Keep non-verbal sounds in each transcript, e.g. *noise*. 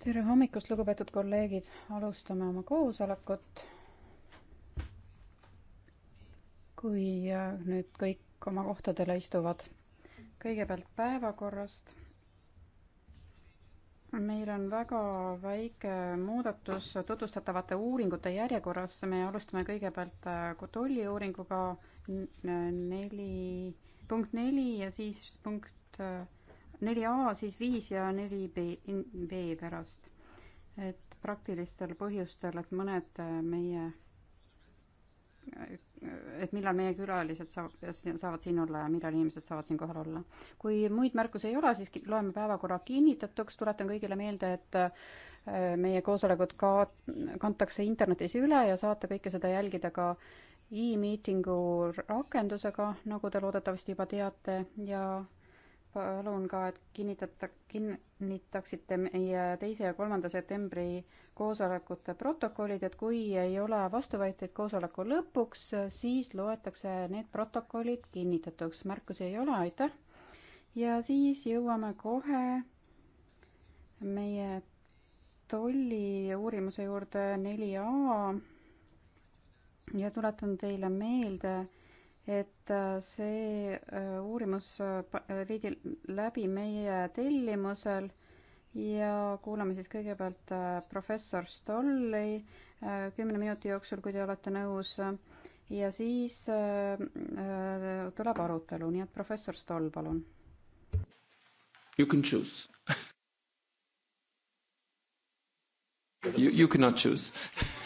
tere hommikust, lugupeetud kolleegid, alustame oma koosolekut. kui äh, nüüd kõik oma kohtadele istuvad. kõigepealt päevakorrast. meil on väga väike muudatus tutvustatavate uuringute järjekorras, me alustame kõigepealt äh, Kotolli uuringuga neli, punkt neli ja siis punkt äh, neli A, siis viis ja neli B, B pärast. et praktilistel põhjustel, et mõned meie, et millal meie külalised saab, saavad siin olla ja millal inimesed saavad siin kohal olla. kui muid märkusi ei ole, siis loeme päevakorra kinnitatuks, tuletan kõigile meelde, et äh, meie koosolekud ka kantakse internetis üle ja saate kõike seda jälgida ka e-meetingu rakendusega, nagu te loodetavasti juba teate ja palun ka, et kinnitata, kinnitaksite meie teise ja kolmanda septembri koosolekute protokollid, et kui ei ole vastuväiteid koosoleku lõpuks, siis loetakse need protokollid kinnitatuks. märkusi ei ole, aitäh. ja siis jõuame kohe meie tolli uurimuse juurde neli A. ja tuletan teile meelde et äh, see äh, uurimus äh, viidi läbi meie tellimusel ja kuulame siis kõigepealt professor Stolli kümne minuti jooksul, kui te olete nõus, ja siis tuleb arutelu, nii et professor Stoll, palun. You can choose *laughs* You, you cannot choose *laughs*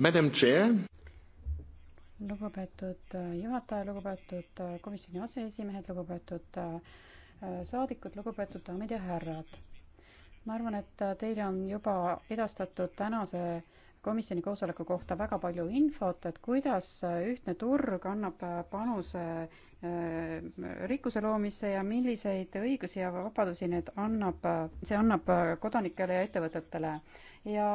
lugupeetud äh, juhataja, lugupeetud äh, komisjoni aseesimehed, lugupeetud äh, saadikud, lugupeetud daamid ja härrad. ma arvan, et teile on juba edastatud tänase komisjoni koosoleku kohta väga palju infot, et kuidas ühtne turg annab panuse äh, rikkuse loomisse ja milliseid õigusi ja vabadusi need annab, see annab kodanikele ja ettevõtetele. ja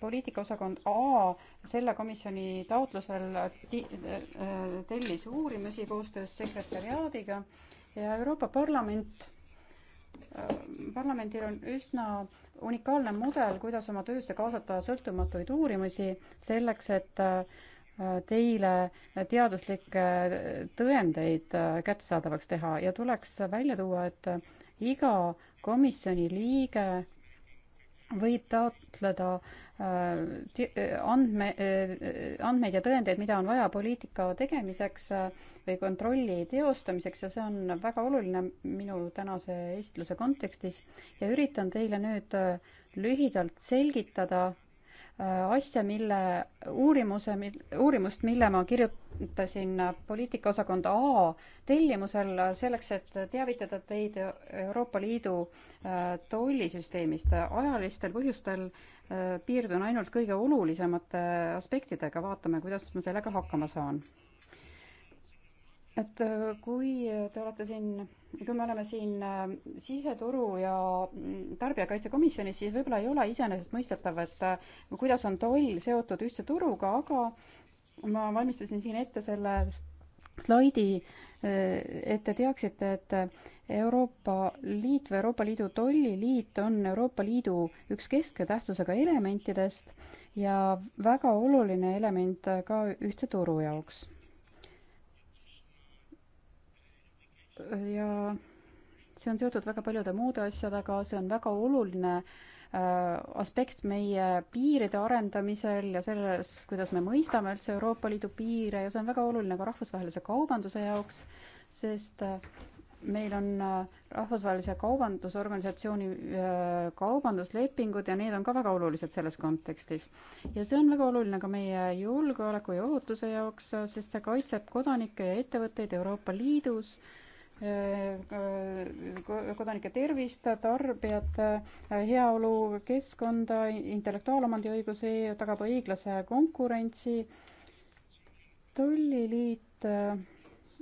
poliitikaosakond A selle komisjoni taotlusel äh, tellis uurimusi koostöös sekretäriaadiga ja Euroopa Parlament parlamendil on üsna unikaalne mudel, kuidas oma töösse kaasata sõltumatuid uurimusi selleks, et äh, teile teaduslikke tõendeid äh, kättesaadavaks teha ja tuleks välja tuua, et iga komisjoni liige võib taotleda äh, äh, andme, äh, andmeid ja tõendeid, mida on vaja poliitika tegemiseks või kontrolli teostamiseks ja see on väga oluline minu tänase esitluse kontekstis ja üritan teile nüüd lühidalt selgitada, Äh, asja, mille uurimuse, uurimust, mille ma kirjutasin poliitikaosakonda A tellimusel selleks, et teavitada teid Euroopa Liidu äh, tollisüsteemist. ajalistel põhjustel äh, piirdun ainult kõige olulisemate aspektidega, vaatame, kuidas ma sellega hakkama saan. et kui te olete siin kui me oleme siin äh, siseturu ja mm, tarbijakaitsekomisjonis, siis võib-olla ei ole iseenesestmõistetav, et äh, kuidas on toll seotud ühtse turuga, aga ma valmistasin siin ette selle slaidi, äh, et te teaksite, et Euroopa Liit või Euroopa Liidu tolliliit on Euroopa Liidu üks kesktähtsusega elementidest ja väga oluline element ka ühtse turu jaoks ja see on seotud väga paljude muude asjadega, see on väga oluline äh, aspekt meie piiride arendamisel ja selles, kuidas me mõistame üldse Euroopa Liidu piire ja see on väga oluline ka rahvusvahelise kaubanduse jaoks, sest äh, meil on äh, Rahvusvahelise Kaubandusorganisatsiooni kaubanduslepingud ja need on ka väga olulised selles kontekstis. ja see on väga oluline ka meie julgeoleku ja ohutuse jaoks, sest see kaitseb kodanikke ja ettevõtteid Euroopa Liidus äh, kodanike tervist, tarbijate heaolu, keskkonda, intellektuaalomandi õigusi, tagab õiglase konkurentsi. tolliliit äh,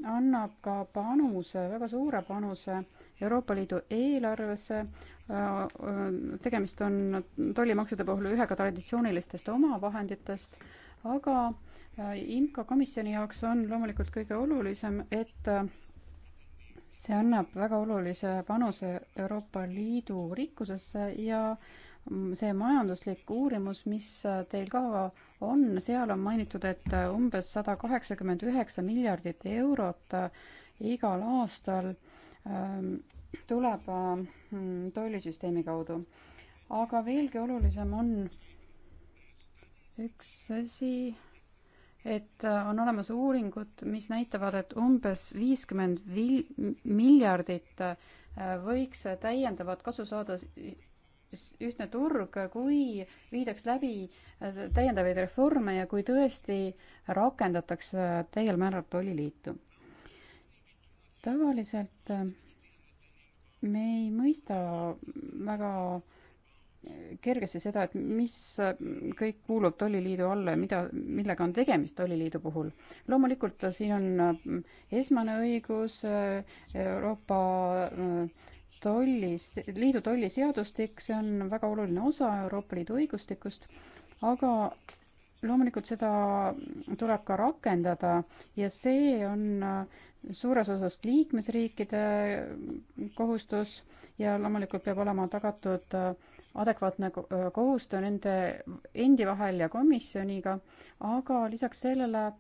annab ka panuse, väga suure panuse Euroopa Liidu eelarvesse. Äh, äh, tegemist on tollimaksude puhul ühega traditsioonilistest omavahenditest, aga IMCO komisjoni jaoks on loomulikult kõige olulisem, et see annab väga olulise panuse Euroopa Liidu rikkusesse ja see majanduslik uurimus, mis teil ka on, seal on mainitud, et umbes sada kaheksakümmend üheksa miljardit eurot igal aastal ähm, tuleb ähm, tollisüsteemi kaudu. aga veelgi olulisem on üks asi, et äh, on olemas uuringud, mis näitavad, et umbes viiskümmend vil-, miljardit äh, võiks täiendavat kasu saada ühtne turg, kui viidaks läbi äh, täiendavaid reforme ja kui tõesti rakendatakse täiel määral tolliliitu. tavaliselt me ei mõista väga äh, kergesti seda, et mis kõik kuulub tolliliidu alla ja mida, millega on tegemist tolliliidu puhul. loomulikult siin on äh, esmane õigus, äh, Euroopa äh, tollis, liidu tolliseadustik, see on väga oluline osa Euroopa Liidu õigustikust, aga loomulikult seda tuleb ka rakendada ja see on suures osas liikmesriikide kohustus ja loomulikult peab olema tagatud äh, adekvaatne koostöö nende endi vahel ja komisjoniga, aga lisaks sellele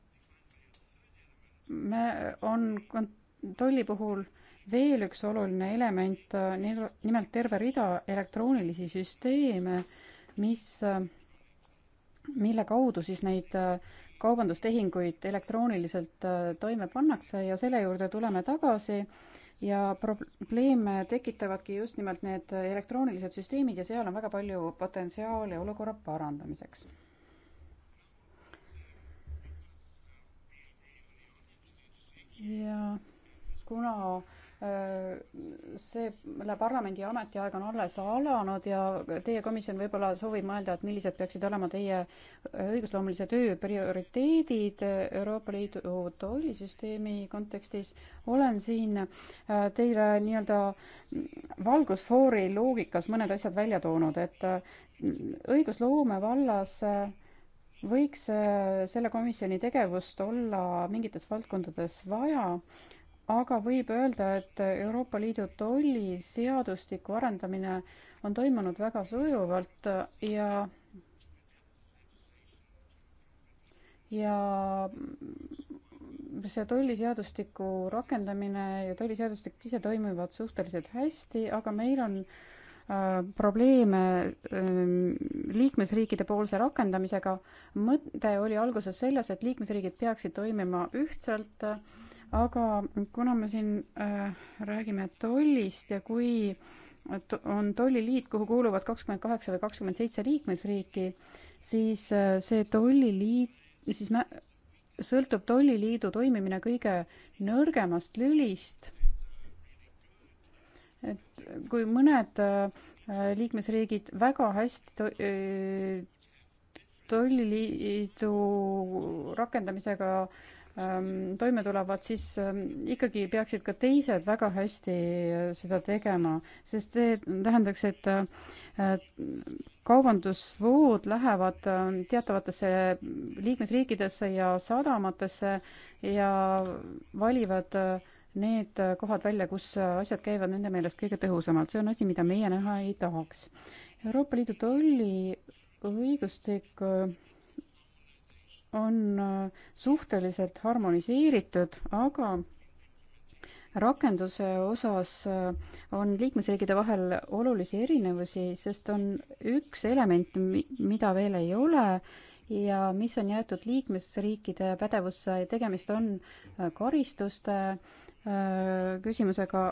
me, on kontrolli puhul veel üks oluline element, nimelt terve rida elektroonilisi süsteeme, mis, mille kaudu siis neid kaubandustehinguid elektrooniliselt toime pannakse ja selle juurde tuleme tagasi ja probleeme tekitavadki just nimelt need elektroonilised süsteemid ja seal on väga palju potentsiaali olukorra parandamiseks. ja kuna Äh, selle parlamendi ametiaeg on alles alanud ja teie komisjon võib-olla soovib mõelda, et millised peaksid olema teie äh, õigusloomelise töö prioriteedid Euroopa Liidu tollisüsteemi kontekstis. olen siin äh, teile nii-öelda valgusfoori loogikas mõned asjad välja toonud, et õigusloome vallas võiks selle komisjoni tegevust olla mingites valdkondades vaja aga võib öelda, et Euroopa Liidu tolliseadustiku arendamine on toimunud väga sujuvalt ja ja see tolliseadustiku rakendamine ja tolliseadustik ise toimivad suhteliselt hästi, aga meil on äh, probleeme äh, liikmesriikide poolse rakendamisega. mõte oli alguses selles, et liikmesriigid peaksid toimima ühtselt äh, aga kuna me siin äh, räägime tollist ja kui on tolliliit, kuhu kuuluvad kakskümmend kaheksa või kakskümmend seitse liikmesriiki, siis äh, see tolliliit, siis mä-, sõltub tolliliidu toimimine kõige nõrgemast lülist. et kui mõned äh, liikmesriigid väga hästi to-, äh, tolliliidu rakendamisega äh, Ähm, toime tulevad, siis ähm, ikkagi peaksid ka teised väga hästi äh, seda tegema, sest see tähendaks, et äh, kaubandusvood lähevad äh, teatavatesse liikmesriikidesse ja sadamatesse ja valivad need kohad välja, kus asjad käivad nende meelest kõige tõhusamalt. see on asi, mida meie näha ei tahaks. Euroopa Liidu tolliõigustik on äh, suhteliselt harmoniseeritud, aga rakenduse osas äh, on liikmesriikide vahel olulisi erinevusi, sest on üks element, mida veel ei ole ja mis on jäetud liikmesriikide pädevusse ja tegemist on äh, karistuste küsimusega,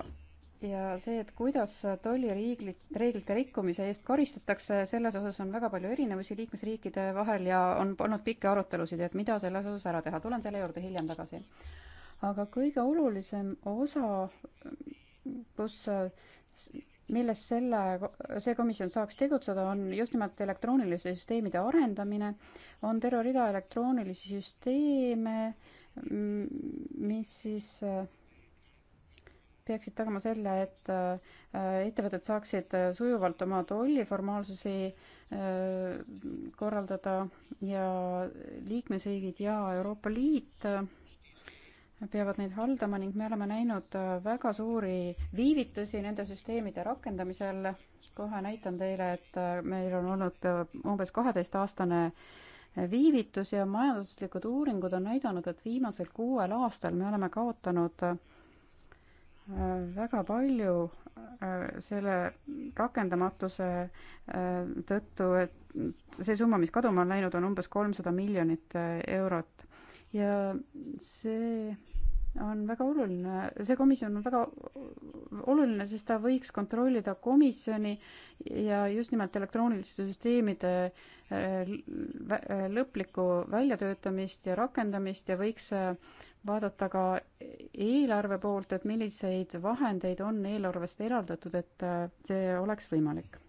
ja see, et kuidas tolliriiglid, reeglite rikkumise eest karistatakse, selles osas on väga palju erinevusi liikmesriikide vahel ja on olnud pikki arutelusid, et mida selles osas ära teha, tulen selle juurde hiljem tagasi. aga kõige olulisem osa, kus, milles selle, see komisjon saaks tegutseda, on just nimelt elektrooniliste süsteemide arendamine, on terve rida elektroonilisi süsteeme, mis siis äh, peaksid tagama selle, et äh, ettevõtted saaksid äh, sujuvalt oma tolliformaalsusi äh, korraldada ja liikmesriigid ja Euroopa Liit peavad neid haldama ning me oleme näinud väga suuri viivitusi nende süsteemide rakendamisel. kohe näitan teile, et meil on olnud umbes kaheteistaastane viivitus ja majanduslikud uuringud on näidanud, et viimasel kuuel aastal me oleme kaotanud väga palju äh, selle rakendamatuse äh, tõttu, et see summa, mis kaduma on läinud, on umbes kolmsada miljonit äh, eurot ja see on väga oluline, see komisjon on väga oluline, sest ta võiks kontrollida komisjoni ja just nimelt elektrooniliste süsteemide äh, äh, lõplikku väljatöötamist ja rakendamist ja võiks äh, vaadata ka eelarve poolt, et milliseid vahendeid on eelarvest eraldatud, et see oleks võimalik.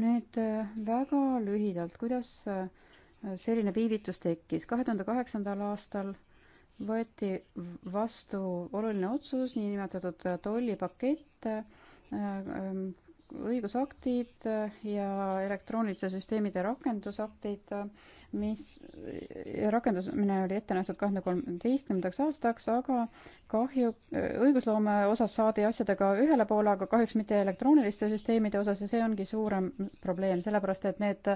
nüüd väga lühidalt, kuidas selline viivitus tekkis? kahe tuhande kaheksandal aastal võeti vastu oluline otsus, niinimetatud tollipakett, äh, ähm, õigusaktid äh, ja elektroonilise süsteemide rakendusaktid, äh, mis, rakendamine oli ette nähtud kahekümne kolmeteistkümnendaks aastaks, aga kahju, äh, õigusloome osas saadi asjadega ühele poole, aga kahjuks mitte elektrooniliste süsteemide osas ja see ongi suurem probleem, sellepärast et need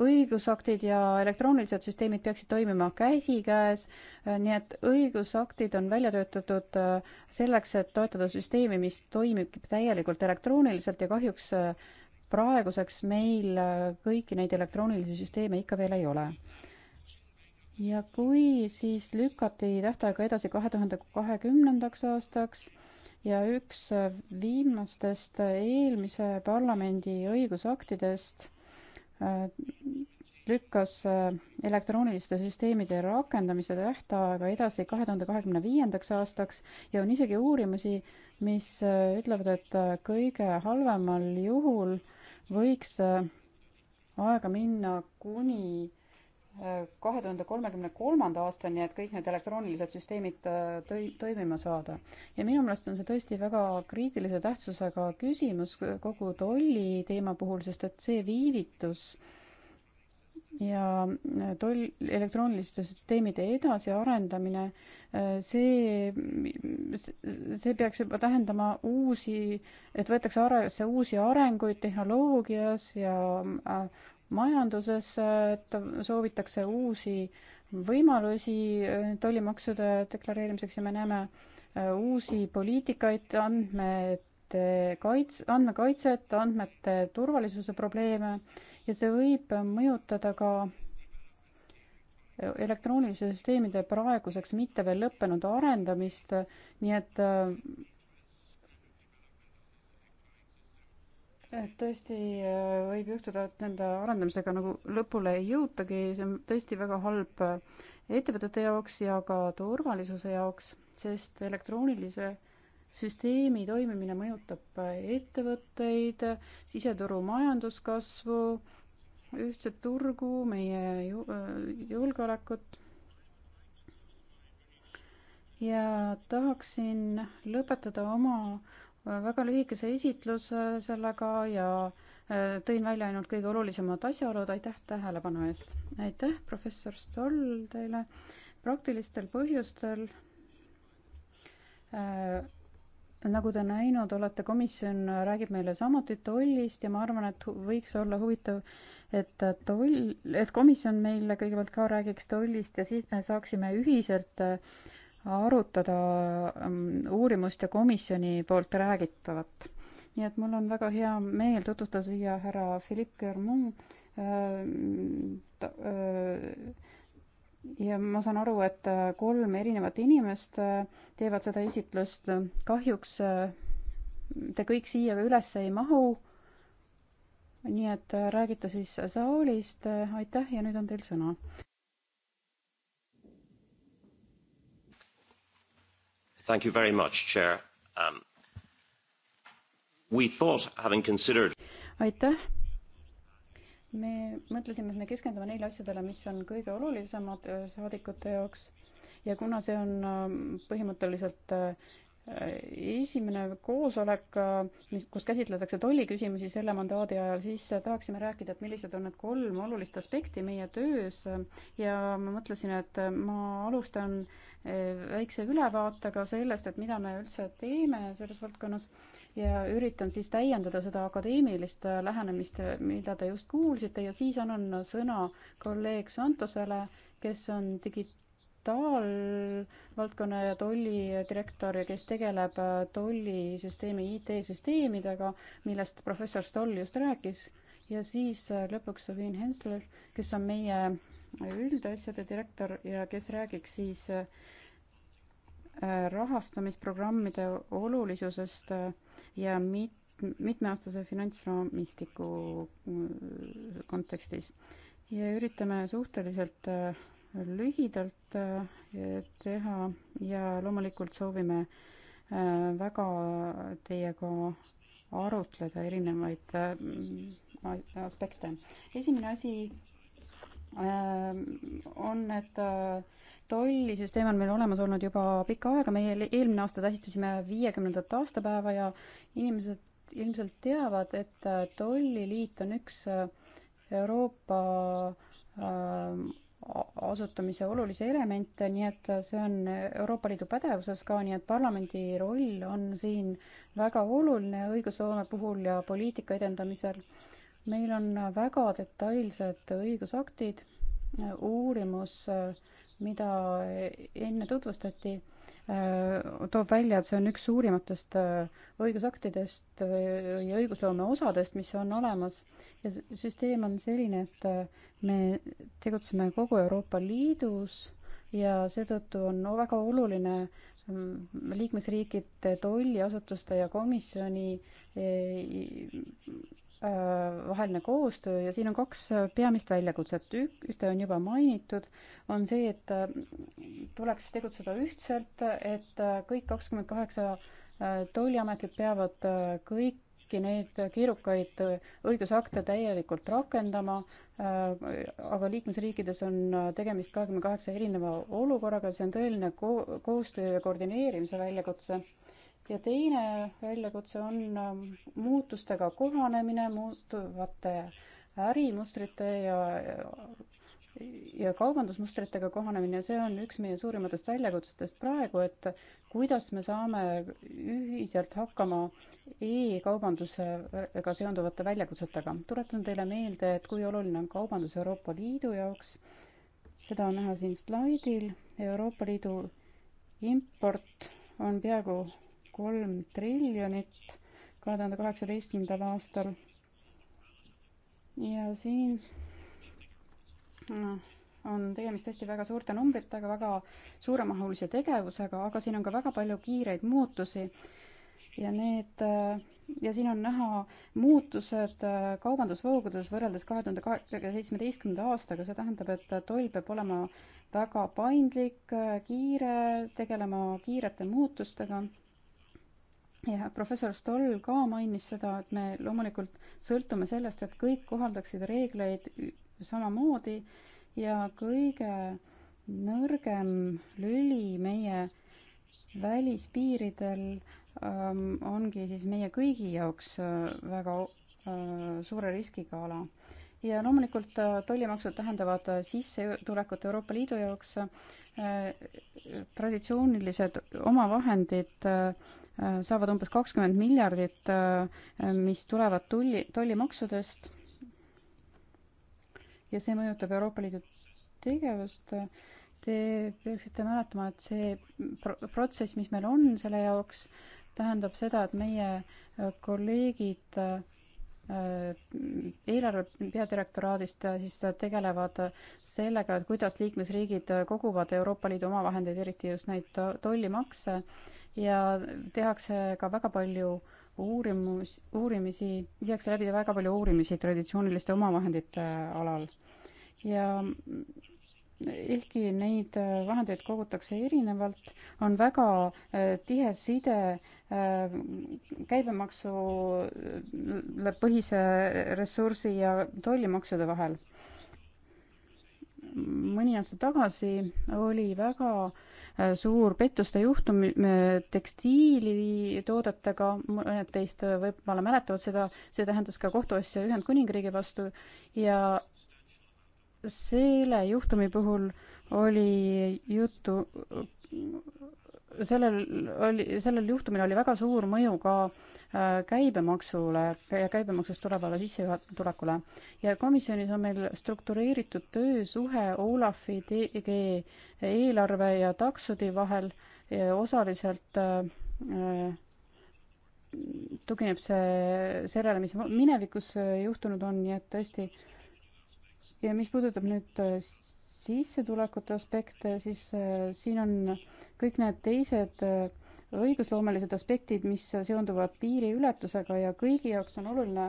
õigusaktid ja elektroonilised süsteemid peaksid toimima käsikäes, nii et õigusaktid on välja töötatud selleks, et toetada süsteemi, mis toimib täielikult elektrooniliselt ja ja kahjuks äh, praeguseks meil äh, kõiki neid elektroonilisi süsteeme ikka veel ei ole. ja kui siis lükati tähtaega edasi kahe tuhande kahekümnendaks aastaks ja üks äh, viimastest eelmise parlamendi õigusaktidest lükkas elektrooniliste süsteemide rakendamise tähtaega edasi kahe tuhande kahekümne viiendaks aastaks ja on isegi uurimusi, mis äh, ütlevad, et äh, kõige halvemal juhul võiks äh, aega minna kuni kahe tuhande kolmekümne kolmanda aastani, et kõik need elektroonilised süsteemid tõi-, toimima saada. ja minu meelest on see tõesti väga kriitilise tähtsusega küsimus kogu tolli teema puhul, sest et see viivitus äh, ja äh, toll, elektrooniliste süsteemide edasiarendamine, äh, see, see peaks juba tähendama uusi, et võetakse arvesse uusi arenguid tehnoloogias ja äh, majanduses, et soovitakse uusi võimalusi tollimaksude deklareerimiseks ja me näeme uusi poliitikaid, andmete kaits-, andmekaitset, andmete turvalisuse probleeme ja see võib mõjutada ka elektrooniliste süsteemide praeguseks mitte veel lõppenud arendamist, nii et et tõesti äh, võib juhtuda, et nende arendamisega nagu lõpule ei jõutagi, see on tõesti väga halb äh, ettevõtete jaoks ja ka turvalisuse jaoks, sest elektroonilise süsteemi toimimine mõjutab ettevõtteid, siseturu majanduskasvu, ühtset turgu, meie julgeolekut. ja tahaksin lõpetada oma äh, väga lühikese esitluse sellega ja äh, tõin välja ainult kõige olulisemad asjaolud, aitäh tähelepanu eest. aitäh, professor Stoll teile praktilistel põhjustel äh, nagu te näinud olete, komisjon räägib meile samuti tollist ja ma arvan, et võiks olla huvitav, et toll, et komisjon meile kõigepealt ka räägiks tollist ja siis me saaksime ühiselt äh, arutada ähm, uurimust ja komisjoni poolt räägitavat. nii et mul on väga hea meel tutvustada siia härra Philippe Germont äh,. Äh, ja ma saan aru, et äh, kolm erinevat inimest äh, teevad seda esitlust. kahjuks äh, te kõik siia üles ei mahu. nii et räägite siis saalist. aitäh ja nüüd on teil sõna. Thank you very much, Chair um,. We thought having considered aitäh me mõtlesime, et me keskendume neile asjadele, mis on kõige olulisemad äh, saadikute jaoks ja kuna see on ähm, põhimõtteliselt äh, esimene koosolek, äh, mis, kus käsitletakse tolliküsimusi selle mandaadi ajal, siis tahaksime rääkida, et millised on need kolm olulist aspekti meie töös ja ma mõtlesin, et ma alustan väikse ülevaatega sellest, et mida me üldse teeme selles valdkonnas ja üritan siis täiendada seda akadeemilist äh, lähenemist, äh, mida te just kuulsite ja siis annan sõna kolleeg Santosele, kes on digitaalvaldkonna ja tolli direktor ja kes tegeleb äh, tollisüsteemi IT-süsteemidega, millest professor Stoll just rääkis, ja siis lõpuks Sabine Hensler, kes on meie üldasjade direktor ja kes räägiks siis äh, Äh, rahastamisprogrammide olulisusest äh, ja mit-, mitmeaastase finantsraamistiku äh, kontekstis. ja üritame suhteliselt lühidalt teha ja loomulikult soovime väga teiega arutleda erinevaid aspekte. esimene asi on, et tollisüsteem on meil olemas olnud juba pikka aega, meie eelmine aasta tähistasime viiekümnendat aastapäeva ja inimesed ilmselt teavad, et äh, tolliliit on üks äh, Euroopa äh, asutamise olulisi elemente, nii et see on Euroopa Liidu pädevuses ka, nii et parlamendi roll on siin väga oluline õigusloome puhul ja poliitika edendamisel. meil on väga detailsed õigusaktid, uurimus äh, mida enne tutvustati, äh, toob välja, et see on üks suurimatest äh, õigusaktidest äh, ja õigusloome osadest, mis on olemas ja süsteem on selline, et me tegutseme kogu Euroopa Liidus ja seetõttu on väga oluline mm, liikmesriikide tolliasutuste ja komisjoni Äh, vaheline koostöö ja siin on kaks äh, peamist väljakutset. ühte on juba mainitud, on see, et äh, tuleks tegutseda ühtselt, et kõik kakskümmend kaheksa tolliametit peavad kõiki neid keerukaid õigusakte täielikult rakendama, aga liikmesriikides on tegemist kahekümne kaheksa erineva olukorraga, see on tõeline ko-, koostöö ja koordineerimise väljakutse ja teine väljakutse on ähm, muutustega kohanemine, muutuvate ärimustrite ja ja kaubandusmustritega kohanemine, see on üks meie suurimatest väljakutsetest praegu, et kuidas me saame ühiselt hakkama e-kaubandusega seonduvate väljakutsetega. tuletan teile meelde, et kui oluline on kaubandus Euroopa Liidu jaoks, seda on näha siin slaidil, Euroopa Liidu import on peaaegu kolm triljonit kahe tuhande kaheksateistkümnendal aastal. ja siin on tegemist tõesti väga suurte numbritega, väga suuremahulise tegevusega, aga siin on ka väga palju kiireid muutusi ja need ja siin on näha muutused kaubandusvoogudes võrreldes kahe tuhande kaheksasaja seitsmeteistkümnenda aastaga, see tähendab, et toll peab olema väga paindlik, kiire, tegelema kiirete muutustega ja professor Stoll ka mainis seda, et me loomulikult sõltume sellest, et kõik kohaldaksid reegleid samamoodi ja kõige nõrgem lüli meie välispiiridel ähm, ongi siis meie kõigi jaoks äh, väga äh, suure riskiga ala. ja loomulikult äh, tollimaksud tähendavad äh, sissetulekut Euroopa Liidu jaoks äh,, traditsioonilised omavahendid äh, saavad umbes kakskümmend miljardit, äh, mis tulevad tulli, tollimaksudest. ja see mõjutab Euroopa Liidu tegevust. Te peaksite mäletama, et see pro-, protsess, mis meil on selle jaoks, tähendab seda, et meie äh, kolleegid äh, eelarve peadirektoraadist siis tegelevad sellega, et kuidas liikmesriigid koguvad Euroopa Liidu omavahendeid, eriti just neid tollimakse ja tehakse ka väga palju uurimus, uurimisi, viiakse läbi väga palju uurimisi traditsiooniliste omavahendite äh, alal. ja ehkki neid äh, vahendeid kogutakse erinevalt, on väga äh, tihe side käibemaksule põhise ressursi ja tollimaksude vahel. mõni aasta tagasi oli väga äh, suur pettuste juhtum tekstiilitoodetega, mõned teist võib-olla mäletavad seda, see tähendas ka kohtuasja Ühendkuningriigi vastu ja selle juhtumi puhul oli juttu, sellel oli, sellel juhtumil oli väga suur mõju ka äh, Äh, käibemaksule ja käibemaksust tulevale sissetulekule. ja komisjonis on meil struktureeritud töösuhe Olafi, DG, eelarve ja taksodi vahel osaliselt äh, äh, tugineb see sellele, mis minevikus äh, juhtunud on, nii et tõesti. ja mis puudutab nüüd sissetulekute aspekte, siis siin on kõik need teised äh, õigusloomelised aspektid, mis seonduvad piiriületusega ja kõigi jaoks on oluline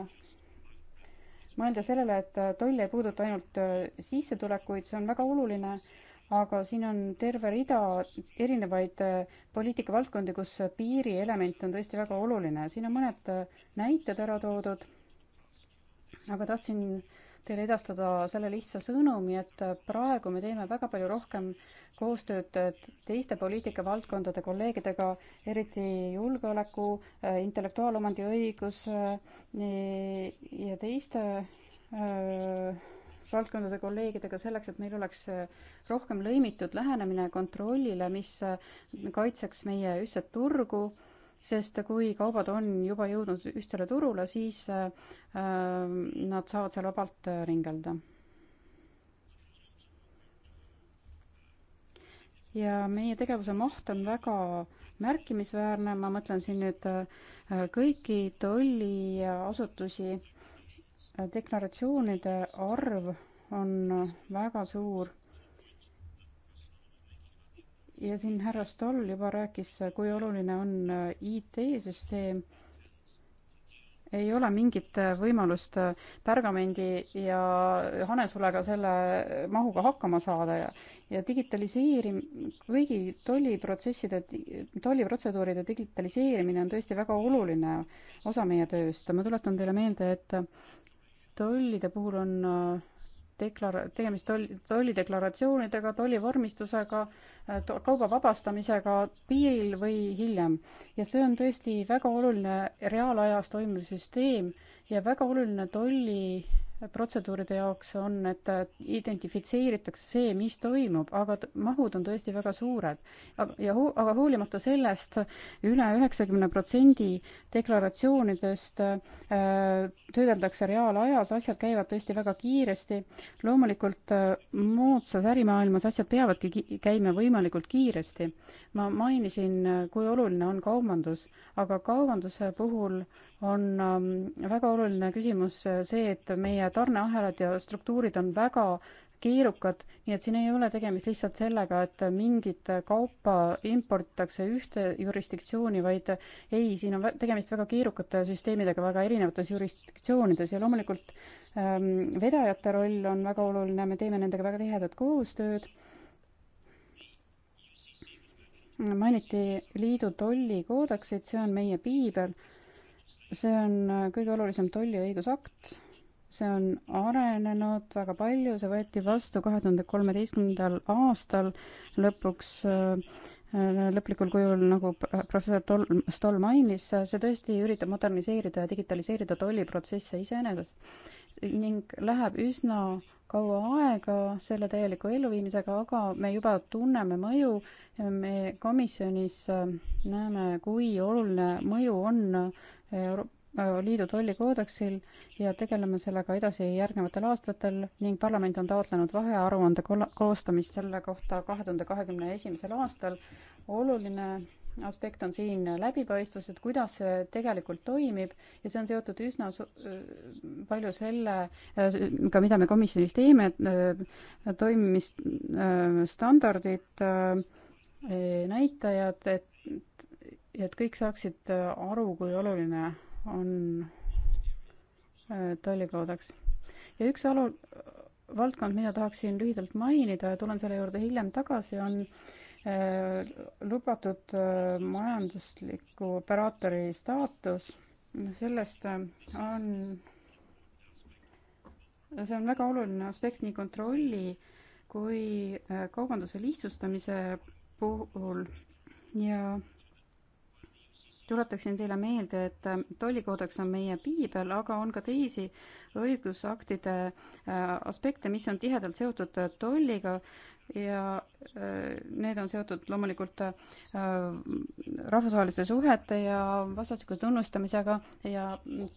mõelda sellele, et toll ei puuduta ainult äh, sissetulekuid, see on väga oluline, aga siin on terve rida erinevaid äh, poliitikavaldkondi, kus piirielement on tõesti väga oluline. siin on mõned äh, näited ära toodud, aga tahtsin äh, teile edastada selle lihtsa sõnumi, et praegu me teeme väga palju rohkem koostööd teiste poliitikavaldkondade kolleegidega, eriti julgeoleku, intellektuaalomandi õigus eh, ja teiste eh, valdkondade kolleegidega selleks, et meil oleks rohkem lõimitud lähenemine kontrollile, mis kaitseks meie ühtset turgu sest kui kaubad on juba jõudnud ühtsele turule, siis äh, nad saavad seal vabalt äh, ringelda. ja meie tegevuse maht on väga märkimisväärne, ma mõtlen siin nüüd äh, kõiki tolliasutusi, deklaratsioonide arv on väga suur ja siin härra Stoll juba rääkis, kui oluline on IT-süsteem. ei ole mingit võimalust pärgamendi ja hanesulega selle mahuga hakkama saada ja, ja digitaliseerim-, kõigi tolliprotsesside, tolliprotseduuride digitaliseerimine on tõesti väga oluline osa meie tööst. ma tuletan teile meelde, et tollide puhul on deklara-, tegemist oli, tollideklaratsioonidega, tollivormistusega, äh, kauba vabastamisega piiril või hiljem. ja see on tõesti väga oluline reaalajas toimuv süsteem ja väga oluline tolli protseduuride jaoks on, et identifitseeritakse see, mis toimub, aga mahud on tõesti väga suured. ja ho-, aga hoolimata sellest üle üheksakümne protsendi deklaratsioonidest äh, töödeldakse reaalajas, asjad käivad tõesti väga kiiresti. loomulikult äh, moodsas ärimaailmas asjad peavadki ki-, käima võimalikult kiiresti. ma mainisin, äh, kui oluline on kaubandus, aga kaubanduse puhul on äh, väga oluline küsimus äh, see, et meie tarneahelad ja struktuurid on väga keerukad, nii et siin ei ole tegemist lihtsalt sellega, et mingit kaupa importitakse ühte jurisdiktsiooni, vaid ei, siin on tegemist väga keerukate süsteemidega väga erinevates jurisdiktsioonides ja loomulikult ähm, vedajate roll on väga oluline, me teeme nendega väga tihedat koostööd. mainiti liidu tollikoodeksit, see on meie piibel, see on äh, kõige olulisem tolliõigusakt see on arenenud väga palju, see võeti vastu kahe tuhande kolmeteistkümnendal aastal lõpuks äh, lõplikul kujul, nagu professor Tol-, Stoll mainis, see tõesti üritab moderniseerida ja digitaliseerida tolliprotsesse iseenesest ning läheb üsna kaua aega selle täieliku elluviimisega, aga me juba tunneme mõju, me komisjonis äh, näeme, kui oluline mõju on Euro-, Äh, Liidu tollikoodeksil ja tegeleme sellega edasi järgnevatel aastatel ning parlament on taotlenud vahearuande koostamist selle kohta kahe tuhande kahekümne esimesel aastal. oluline aspekt on siin läbipaistvus, et kuidas see tegelikult toimib ja see on seotud üsna äh, palju sellega, äh, mida me komisjonis teeme, et toimimisstandardid, näitajad, et, et kõik saaksid aru, kui oluline on äh, tollikoodeks. ja üks alu-, valdkond, mida tahaksin lühidalt mainida ja tulen selle juurde hiljem tagasi, on äh, lubatud äh, majandusliku operaatori staatus. sellest äh, on, see on väga oluline aspekt nii kontrolli kui äh, kaubanduse lihtsustamise puhul ja äh, tuletaksin teile meelde, et ähm, tollikoodeks on meie piibel, aga on ka teisi õigusaktide äh, aspekte, mis on tihedalt seotud äh, tolliga ja äh, need on seotud loomulikult rahvusvaheliste suhete ja vastastikuse tunnustamisega ja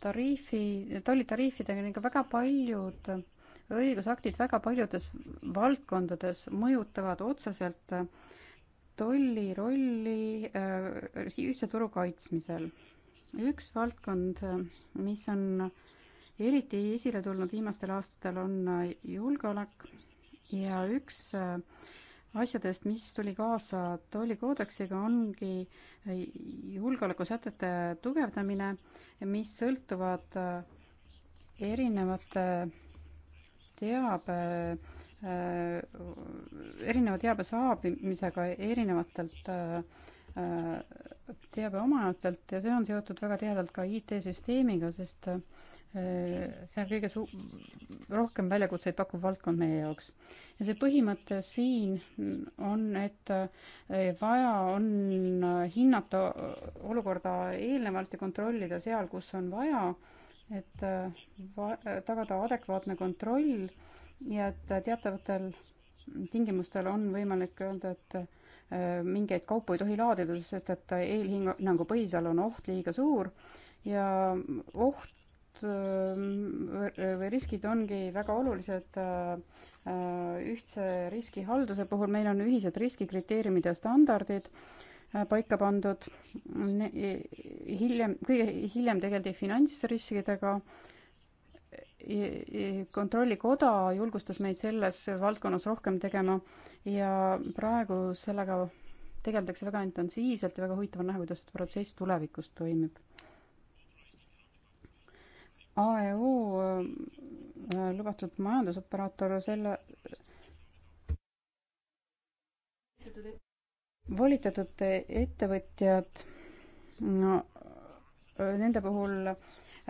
tariifi, tollitariifidega on ikka väga paljud õigusaktid väga paljudes valdkondades mõjutavad otseselt äh, tolli rolli äh, ühtse turu kaitsmisel. üks valdkond, mis on eriti esile tulnud viimastel aastatel, on äh, julgeolek ja üks äh, asjadest, mis tuli kaasa tollikoodeksiga, ongi julgeolekusätete tugevdamine, mis sõltuvad erinevate teabe Äh, erineva teabe saabimisega erinevatelt äh, äh, teabe omajatelt ja see on seotud väga tihedalt ka IT-süsteemiga, sest see on kõige su-, rohkem väljakutseid pakkuv valdkond meie jaoks. ja see põhimõte siin on, et vaja on hinnata olukorda eelnevalt ja kontrollida seal, kus on vaja, et va-, tagada adekvaatne kontroll ja et teatavatel tingimustel on võimalik öelda, et äh, mingeid kaupu ei tohi laadida, sest et eelhinnangu põhisel on oht liiga suur ja oht äh, või riskid ongi väga olulised äh, ühtse riskihalduse puhul, meil on ühised riskikriteeriumid ja standardid paika pandud, hiljem, kõige hiljem tegeldi finantsriskidega, kontrollikoda julgustas meid selles valdkonnas rohkem tegema ja praegu sellega tegeldakse väga intensiivselt ja väga huvitav on näha, kuidas protsess tulevikus toimib. AEU äh, lubatud majandusoperaator selle volitatud ettevõtjad no,, äh, nende puhul äh,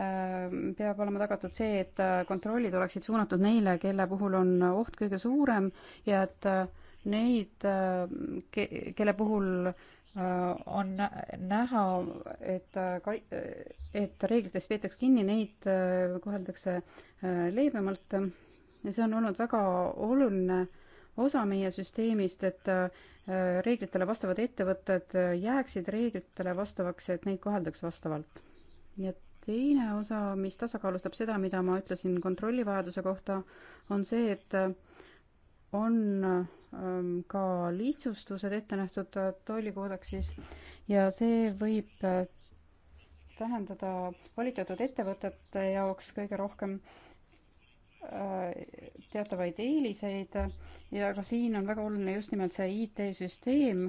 Äh, peab olema tagatud see, et äh, kontrollid oleksid suunatud neile, kelle puhul on oht kõige suurem ja et äh, neid, kelle puhul on näha, et kai-, et reeglitest peetakse kinni, neid koheldakse leebemalt ja see on olnud väga oluline osa meie süsteemist, et reeglitele vastavad ettevõtted jääksid reeglitele vastavaks ja et neid koheldaks vastavalt. nii et teine osa, mis tasakaalustab seda, mida ma ütlesin kontrollivajaduse kohta, on see, et on ähm, ka lihtsustused ette nähtud tollikoodeksis ja see võib äh, tähendada valitatud ettevõtete jaoks kõige rohkem äh, Äh, teatavaid eeliseid ja ka siin on väga oluline just nimelt see IT-süsteem,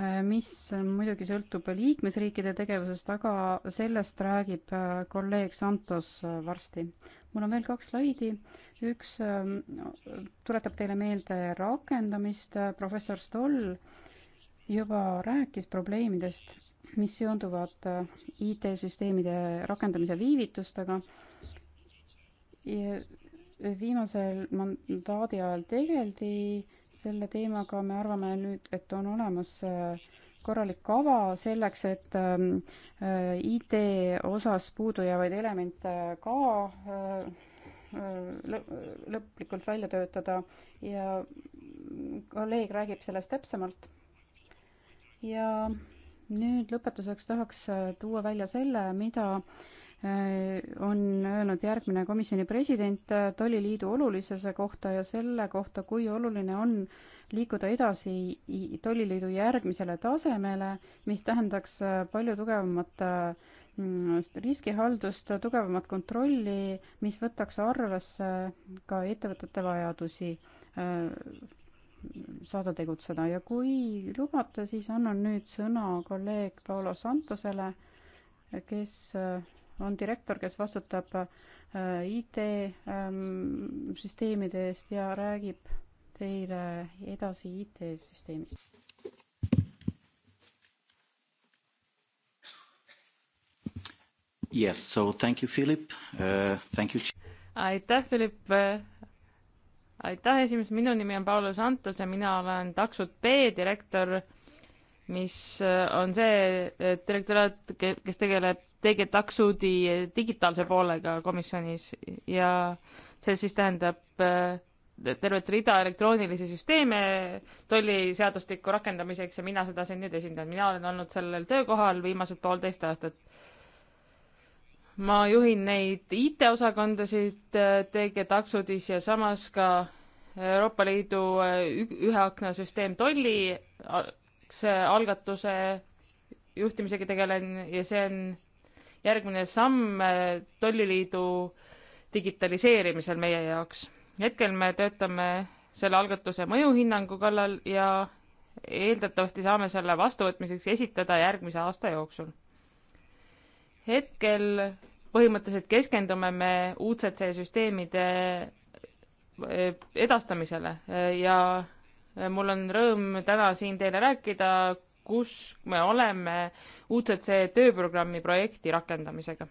äh, mis muidugi sõltub liikmesriikide tegevusest, aga sellest räägib äh, kolleeg Santos varsti. mul on veel kaks slaidi, üks ähm, tuletab teile meelde rakendamist, professor Stoll juba rääkis probleemidest, mis seonduvad IT-süsteemide rakendamise viivitustega ja viimasel mandaadi ajal tegeldi selle teemaga, me arvame nüüd, et on olemas äh, korralik kava selleks, et ähm, äh, IT osas puudujäävaid elemente ka äh, lõplikult välja töötada ja kolleeg räägib sellest täpsemalt. ja nüüd lõpetuseks tahaks tuua välja selle, mida Äh, on öelnud järgmine komisjoni president äh, tolliliidu olulisuse kohta ja selle kohta, kui oluline on liikuda edasi tolliliidu järgmisele tasemele, mis tähendaks äh, palju tugevamat mm, riskihaldust, tugevamat kontrolli, mis võtaks arvesse ka ettevõtete vajadusi saada tegutseda ja kui lubate, siis annan nüüd sõna kolleeg Paolo Santosele, kes on direktor, kes vastutab äh, IT-süsteemide ähm, eest ja räägib teile edasi IT-süsteemist. Yes, so thank you, Philip uh,, thank you. aitäh, Philip. Uh, aitäh, esimees, minu nimi on Paulus Antus ja mina olen Taksot B direktor mis uh, on see direktoraat, kes tegeleb TG Taksudi digitaalse poolega komisjonis ja see siis tähendab äh, tervet rida elektroonilisi süsteeme tolliseadustiku rakendamiseks ja mina seda siin nüüd esindan. mina olen olnud sellel töökohal viimased poolteist aastat. ma juhin neid IT-osakondasid äh, TG Taksudis ja samas ka Euroopa Liidu äh, ühe akna süsteem tolli algatuse juhtimisega tegelen ja see on järgmine samm eh, tolliliidu digitaliseerimisel meie jaoks. hetkel me töötame selle algatuse mõjuhinnangu kallal ja eeldatavasti saame selle vastuvõtmiseks esitada järgmise aasta jooksul. hetkel põhimõtteliselt keskendume me UCC süsteemide eh, edastamisele eh, ja mul on rõõm täna siin teile rääkida kus me oleme UCC tööprogrammi projekti rakendamisega.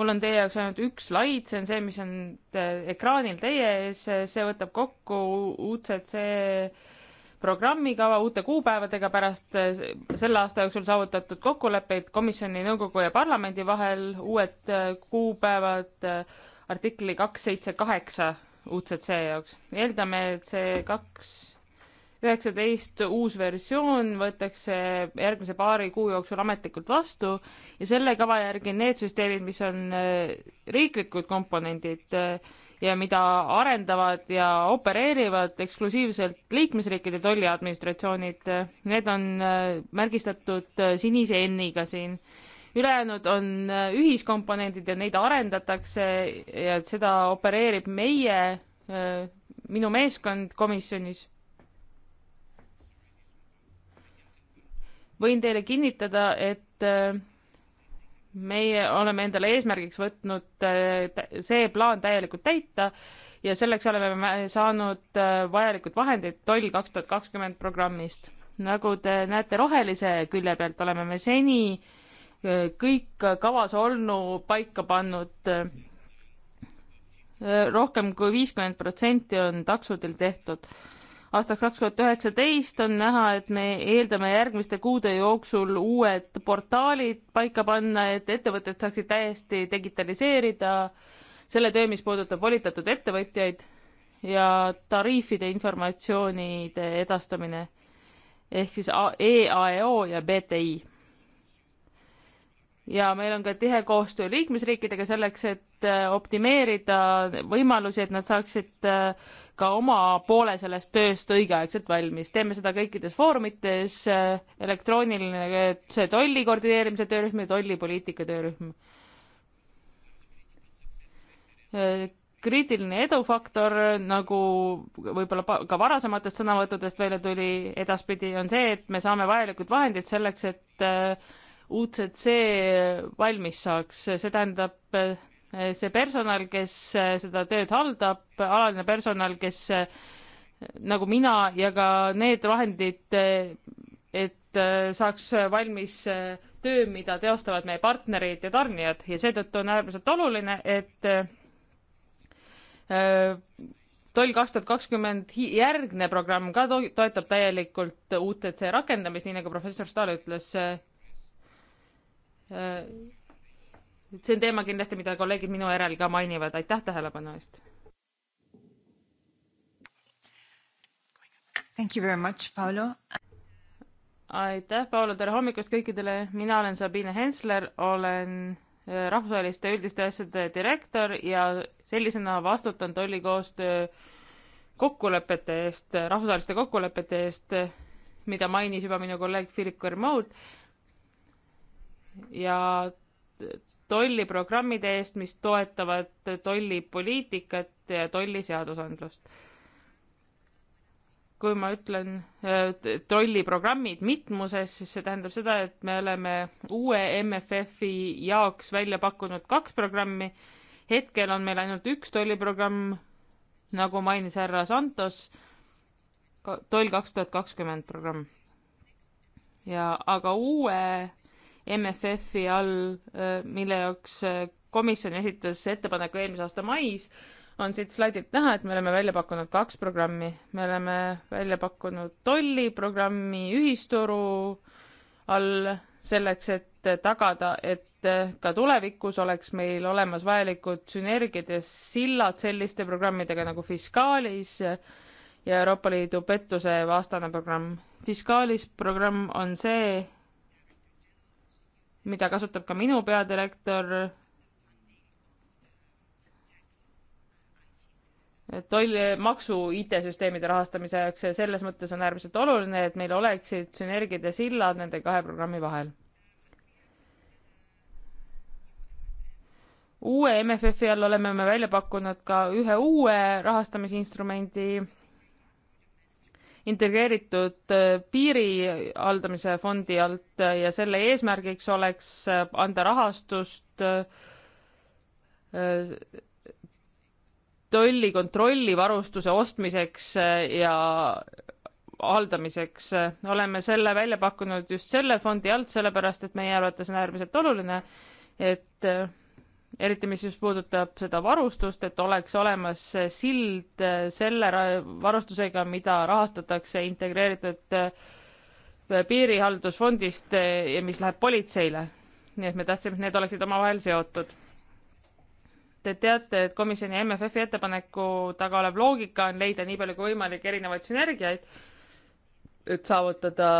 mul on teie jaoks ainult üks slaid, see on see, mis on te ekraanil teie ees, see võtab kokku UCC programmikava uute kuupäevadega pärast selle aasta jooksul saavutatud kokkuleppeid komisjoni, nõukogu ja parlamendi vahel, uued kuupäevad artikli kaks seitse kaheksa UCC jaoks. eeldame, et see kaks üheksateist uus versioon võetakse järgmise paari kuu jooksul ametlikult vastu ja selle kava järgi need süsteemid, mis on äh, riiklikud komponendid äh, ja mida arendavad ja opereerivad eksklusiivselt liikmesriikide tolliadministratsioonid, äh, need on märgistatud sinise N-iga siin ülejäänud on ühiskomponendid ja neid arendatakse ja seda opereerib meie, minu meeskond komisjonis võin teile kinnitada, et äh, meie oleme endale eesmärgiks võtnud äh, see plaan täielikult täita ja selleks oleme saanud äh, vajalikud vahendid Toll kaks tuhat kakskümmend programmist. nagu te näete rohelise külje pealt, oleme me seni kõik kavas olnu paika pannud. rohkem kui viiskümmend protsenti on taksodel tehtud aastaks kaks tuhat üheksateist on näha, et me eeldame järgmiste kuude jooksul uued portaalid paika panna, et ettevõtted saaksid täiesti digitaliseerida selle töö, mis puudutab volitatud ettevõtjaid ja tariifide informatsioonide edastamine ehk siis EAEO ja BTI. ja meil on ka tihe koostöö liikmesriikidega selleks, et äh, optimeerida võimalusi, et nad saaksid äh, ka oma poole sellest tööst õigeaegselt valmis. teeme seda kõikides foorumites, elektrooniline see tolli koordineerimise töörühm ja tollipoliitika töörühm. kriitiline edufaktor, nagu võib-olla ka varasematest sõnavõttudest välja tuli edaspidi, on see, et me saame vajalikud vahendid selleks, et äh, UCC valmis saaks, see tähendab äh, see personal, kes äh, seda tööd haldab, alaline personal, kes äh, nagu mina ja ka need vahendid, äh, et saaks valmis töö, mida teostavad meie partnerid ja tarnijad ja seetõttu on äärmiselt oluline, et toll kaks tuhat kakskümmend järgne programm ka to toetab täielikult UTC rakendamist, nii nagu professor Stahl ütles see on teema kindlasti, mida kolleegid minu järel ka mainivad, aitäh tähelepanu eest. Thank you very much, Paolo. aitäh, Paolo, tere hommikust kõikidele, mina olen Sabine Hensler, olen äh, rahvusvaheliste üldiste asjade direktor ja sellisena vastutan tollikoostöö kokkulepete eest, rahvusvaheliste kokkulepete eest, mida mainis juba minu kolleeg Philip Kermode ja tolliprogrammide eest, mis toetavad tollipoliitikat ja tolliseadusandlust. kui ma ütlen tolliprogrammid mitmuses, siis see tähendab seda, et me oleme uue MFF-i jaoks välja pakkunud kaks programmi. hetkel on meil ainult üks tolliprogramm, nagu mainis härra Santos, toll kaks tuhat kakskümmend programm. ja aga uue MFF-i all, äh, mille jaoks äh, komisjon esitas ettepaneku eelmise aasta mais, on siit slaidilt näha, et me oleme välja pakkunud kaks programmi. me oleme välja pakkunud tolliprogrammi ühisturu all selleks, et tagada, et äh, ka tulevikus oleks meil olemas vajalikud sünergiad ja sillad selliste programmidega nagu Fiskaalis ja Euroopa Liidu pettuse vastane programm. Fiskaalis programm on see, mida kasutab ka minu peadirektor. tolli, maksu IT-süsteemide rahastamise jaoks ja selles mõttes on äärmiselt oluline, et meil oleksid sünergid ja sillad nende kahe programmi vahel. uue MFF-i all oleme me välja pakkunud ka ühe uue rahastamisinstrumendi integreeritud äh, piiri haldamise fondi alt äh, ja selle eesmärgiks oleks äh, anda rahastust tollikontrolli varustuse ostmiseks ja haldamiseks. oleme selle välja pakkunud just selle fondi alt, sellepärast et meie arvates on äärmiselt oluline, et eriti mis just puudutab seda varustust, et oleks olemas sild selle varustusega, mida rahastatakse integreeritud äh, piirihaldusfondist äh, ja mis läheb politseile. nii et me tahtsime, et need oleksid omavahel seotud. Te teate, et komisjoni MFF-i ettepaneku taga olev loogika on leida nii palju kui võimalik erinevaid sünergiaid, et saavutada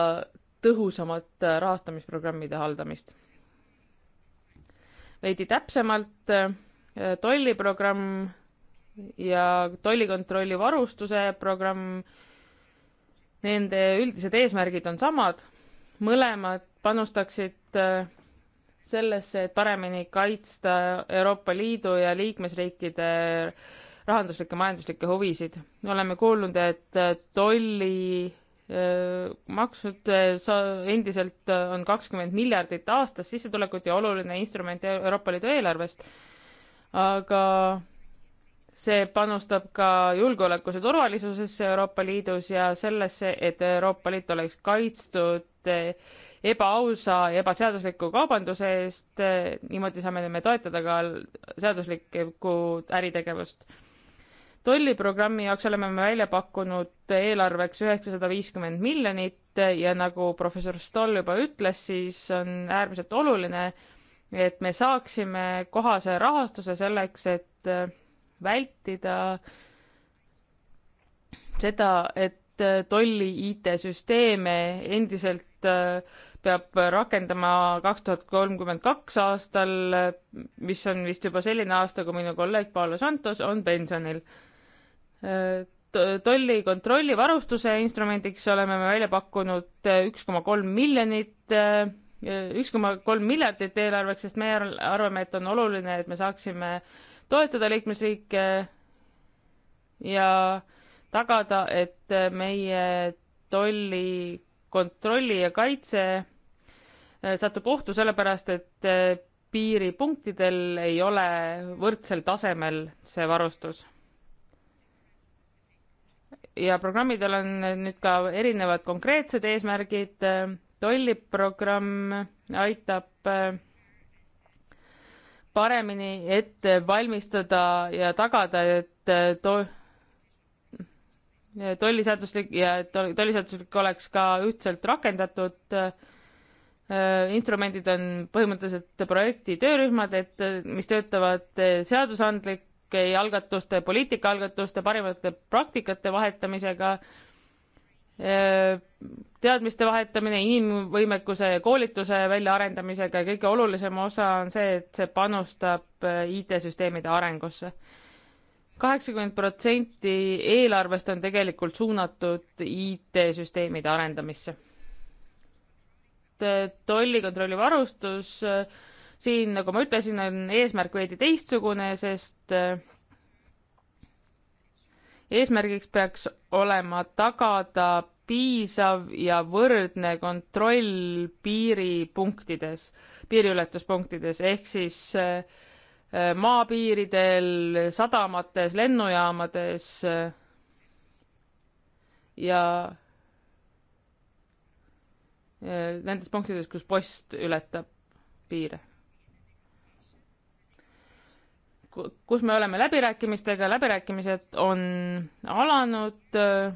tõhusamat äh, rahastamisprogrammide haldamist veidi täpsemalt äh, tolliprogramm ja tollikontrolli varustuse programm, nende üldised eesmärgid on samad, mõlemad panustaksid äh, sellesse, et paremini kaitsta Euroopa Liidu ja liikmesriikide rahanduslikke, majanduslikke huvisid. oleme kuulnud, et äh, tolli maksnud endiselt on kakskümmend miljardit aastas sissetulekut ja oluline instrument e-, Euroopa Liidu eelarvest. aga see panustab ka julgeolekusse, turvalisusesse Euroopa Liidus ja sellesse, et Euroopa Liit oleks kaitstud ebaausa ja ebaseadusliku kaubanduse eest. niimoodi saame me toetada ka seaduslikku äritegevust tolliprogrammi jaoks oleme me välja pakkunud eelarveks üheksasada viiskümmend miljonit ja nagu professor Stoll juba ütles, siis on äärmiselt oluline, et me saaksime kohase rahastuse selleks, et vältida seda, et tolli IT-süsteeme endiselt äh, peab rakendama kaks tuhat kolmkümmend kaks aastal, mis on vist juba selline aasta, kui minu kolleeg Paolo Santos on pensionil Äh, tollikontrolli varustuse instrumendiks oleme me välja pakkunud äh, üks koma kolm miljonit, äh, üks koma kolm miljardit eelarveks, sest meie arvame, et on oluline, et me saaksime toetada liikmesriike ja tagada, et meie tollikontrolli ja kaitse satub ohtu sellepärast, et piiripunktidel ei ole võrdsel tasemel see varustus ja programmidel on nüüd ka erinevad konkreetsed eesmärgid, tolliprogramm aitab äh, paremini ette valmistada ja tagada, et äh, to-, tolliseaduslik ja tolliseaduslik oleks ka ühtselt rakendatud. Äh, instrumendid on põhimõtteliselt projekti töörühmad, et mis töötavad seadusandlik, kodanike algatuste, poliitikaalgatuste, parimate praktikate vahetamisega, teadmiste vahetamine, inimvõimekuse ja koolituse väljaarendamisega ja kõige olulisem osa on see, et see panustab IT-süsteemide arengusse. kaheksakümmend protsenti eelarvest on tegelikult suunatud IT-süsteemide arendamisse. tollikontrolli varustus äh, siin, nagu ma ütlesin, on eesmärk veidi teistsugune, sest äh, eesmärgiks peaks olema tagada piisav ja võrdne kontroll piiripunktides, piiriületuspunktides, ehk siis äh, äh, maapiiridel, sadamates, lennujaamades ja nendes punktides, kus post ületab piire kus me oleme läbirääkimistega, läbirääkimised on alanud äh,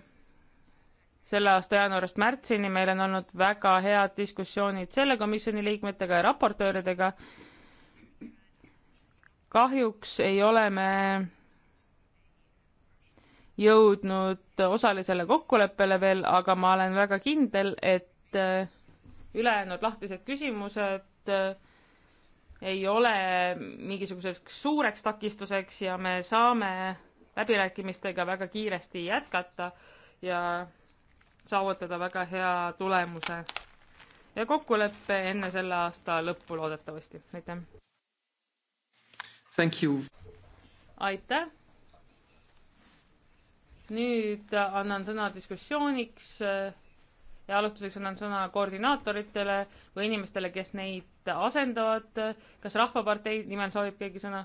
selle aasta jaanuarist märtsini, meil on olnud väga head diskussioonid selle komisjoni liikmetega ja raportööridega. kahjuks ei ole me jõudnud osalisele kokkuleppele veel, aga ma olen väga kindel, et äh, ülejäänud lahtised küsimused äh, ei ole mingisuguseks suureks takistuseks ja me saame läbirääkimistega väga kiiresti jätkata ja saavutada väga hea tulemuse ja kokkuleppe enne selle aasta lõppu loodetavasti. aitäh! aitäh! nüüd annan sõna diskussiooniks ja alustuseks annan sõna koordinaatoritele või inimestele, kes neid asendavad. kas Rahvapartei nimel soovib keegi sõna?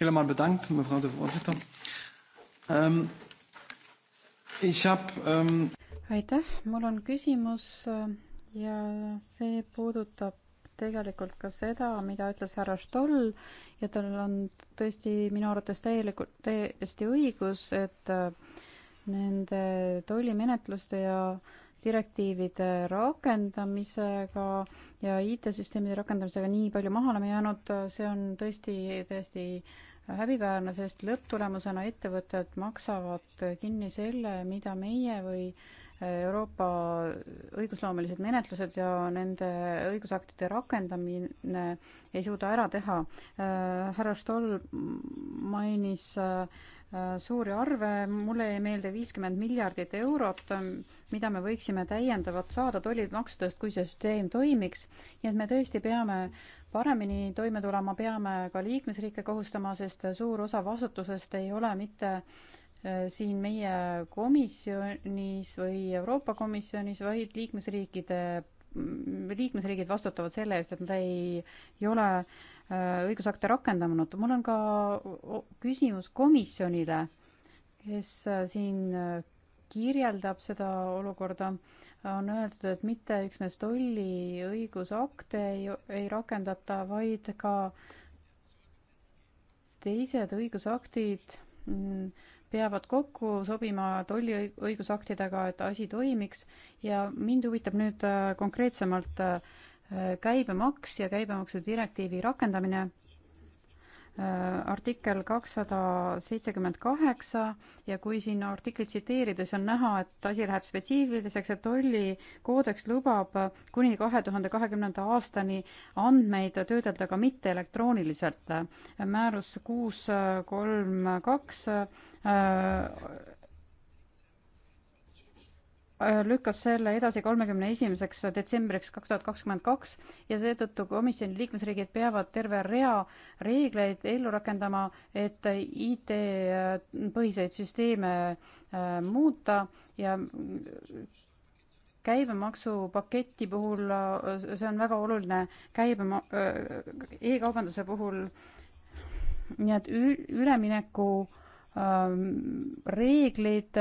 Helemaal bedankt, mevrouw de voorzitter um,. Ehm, ich hab um.... Ehm, aitäh, mul on küsimus eh, ja see puudutab tegelikult ka seda, mida ütles härra Stoll ja tal on tõesti minu arvates täielikult, täiesti õigus, et äh, nende tollimenetluste ja direktiivide rakendamisega ja IT-süsteemide rakendamisega nii palju maha oleme jäänud, see on tõesti täiesti häbiväärne, sest lõpptulemusena ettevõtted maksavad kinni selle, mida meie või Euroopa õigusloomelised menetlused ja nende õigusaktide rakendamine ei suuda ära teha. Äh, härra Stoll mainis äh, Äh, suuri arve, mulle jäi meelde viiskümmend miljardit eurot, ähm, mida me võiksime täiendavat saada tollimaksudest, kui see süsteem toimiks. nii et me tõesti peame paremini toime tulema, peame ka liikmesriike kohustama, sest suur osa vastutusest ei ole mitte äh, siin meie komisjonis või Euroopa Komisjonis, vaid liikmesriikide, liikmesriigid vastutavad selle eest, et nad ei, ei ole äh, Äh, õigusakte rakendanud. mul on ka küsimus komisjonile, kes äh, siin äh, kirjeldab seda olukorda, on öeldud, et mitte üksnes tolli õigusakte ei, ei rakendata, vaid ka teised õigusaktid mm, peavad kokku sobima tolli õigusaktidega, et asi toimiks ja mind huvitab nüüd konkreetsemalt äh, käibemaks ja käibemaksu direktiivi rakendamine, äh, artikkel kakssada seitsekümmend kaheksa ja kui siin artiklit tsiteerides on näha, et asi läheb spetsiifiliseks, et tollikoodeks lubab kuni kahe tuhande kahekümnenda aastani andmeid töödelda ka mitteelektrooniliselt. määrus kuus kolm kaks äh, Äh, lükkas selle edasi kolmekümne esimeseks detsembriks kaks tuhat kakskümmend kaks ja seetõttu komisjoni liikmesriigid peavad terve rea reegleid ellu rakendama, et IT-põhiseid äh, süsteeme äh, muuta ja käibemaksupaketi puhul, see on väga oluline käibema- e, e-kaubanduse puhul, nii et ülemineku ähm, reeglid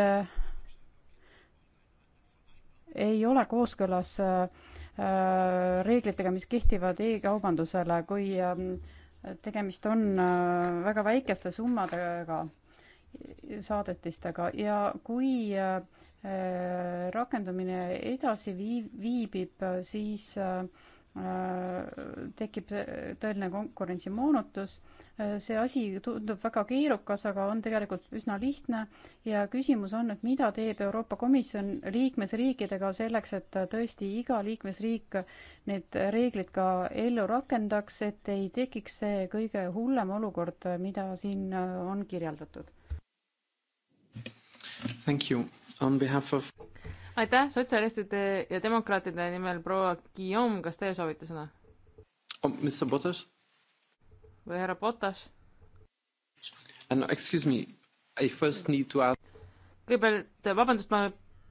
ei ole kooskõlas äh, reeglitega, mis kehtivad e-kaubandusele, kui ähm, tegemist on äh, väga väikeste summadega, saadetistega ja kui äh, rakendumine edasi viib, viibib, siis Äh, tekib tõeline konkurentsimoonutus. Äh, see asi tundub väga keerukas, aga on tegelikult üsna lihtne ja küsimus on, et mida teeb Euroopa Komisjon liikmesriikidega selleks, et tõesti iga liikmesriik need reeglid ka ellu rakendaks, et ei tekiks see kõige hullem olukord, mida siin äh, on kirjeldatud. Thank you on behalf of aitäh, sotsialistide ja demokraatide nimel proua Guillaume, kas teie soovite sõna oh,? mis see Potas? või härra Potas? Uh, no excuse me, I first need to add. kõigepealt, vabandust, ma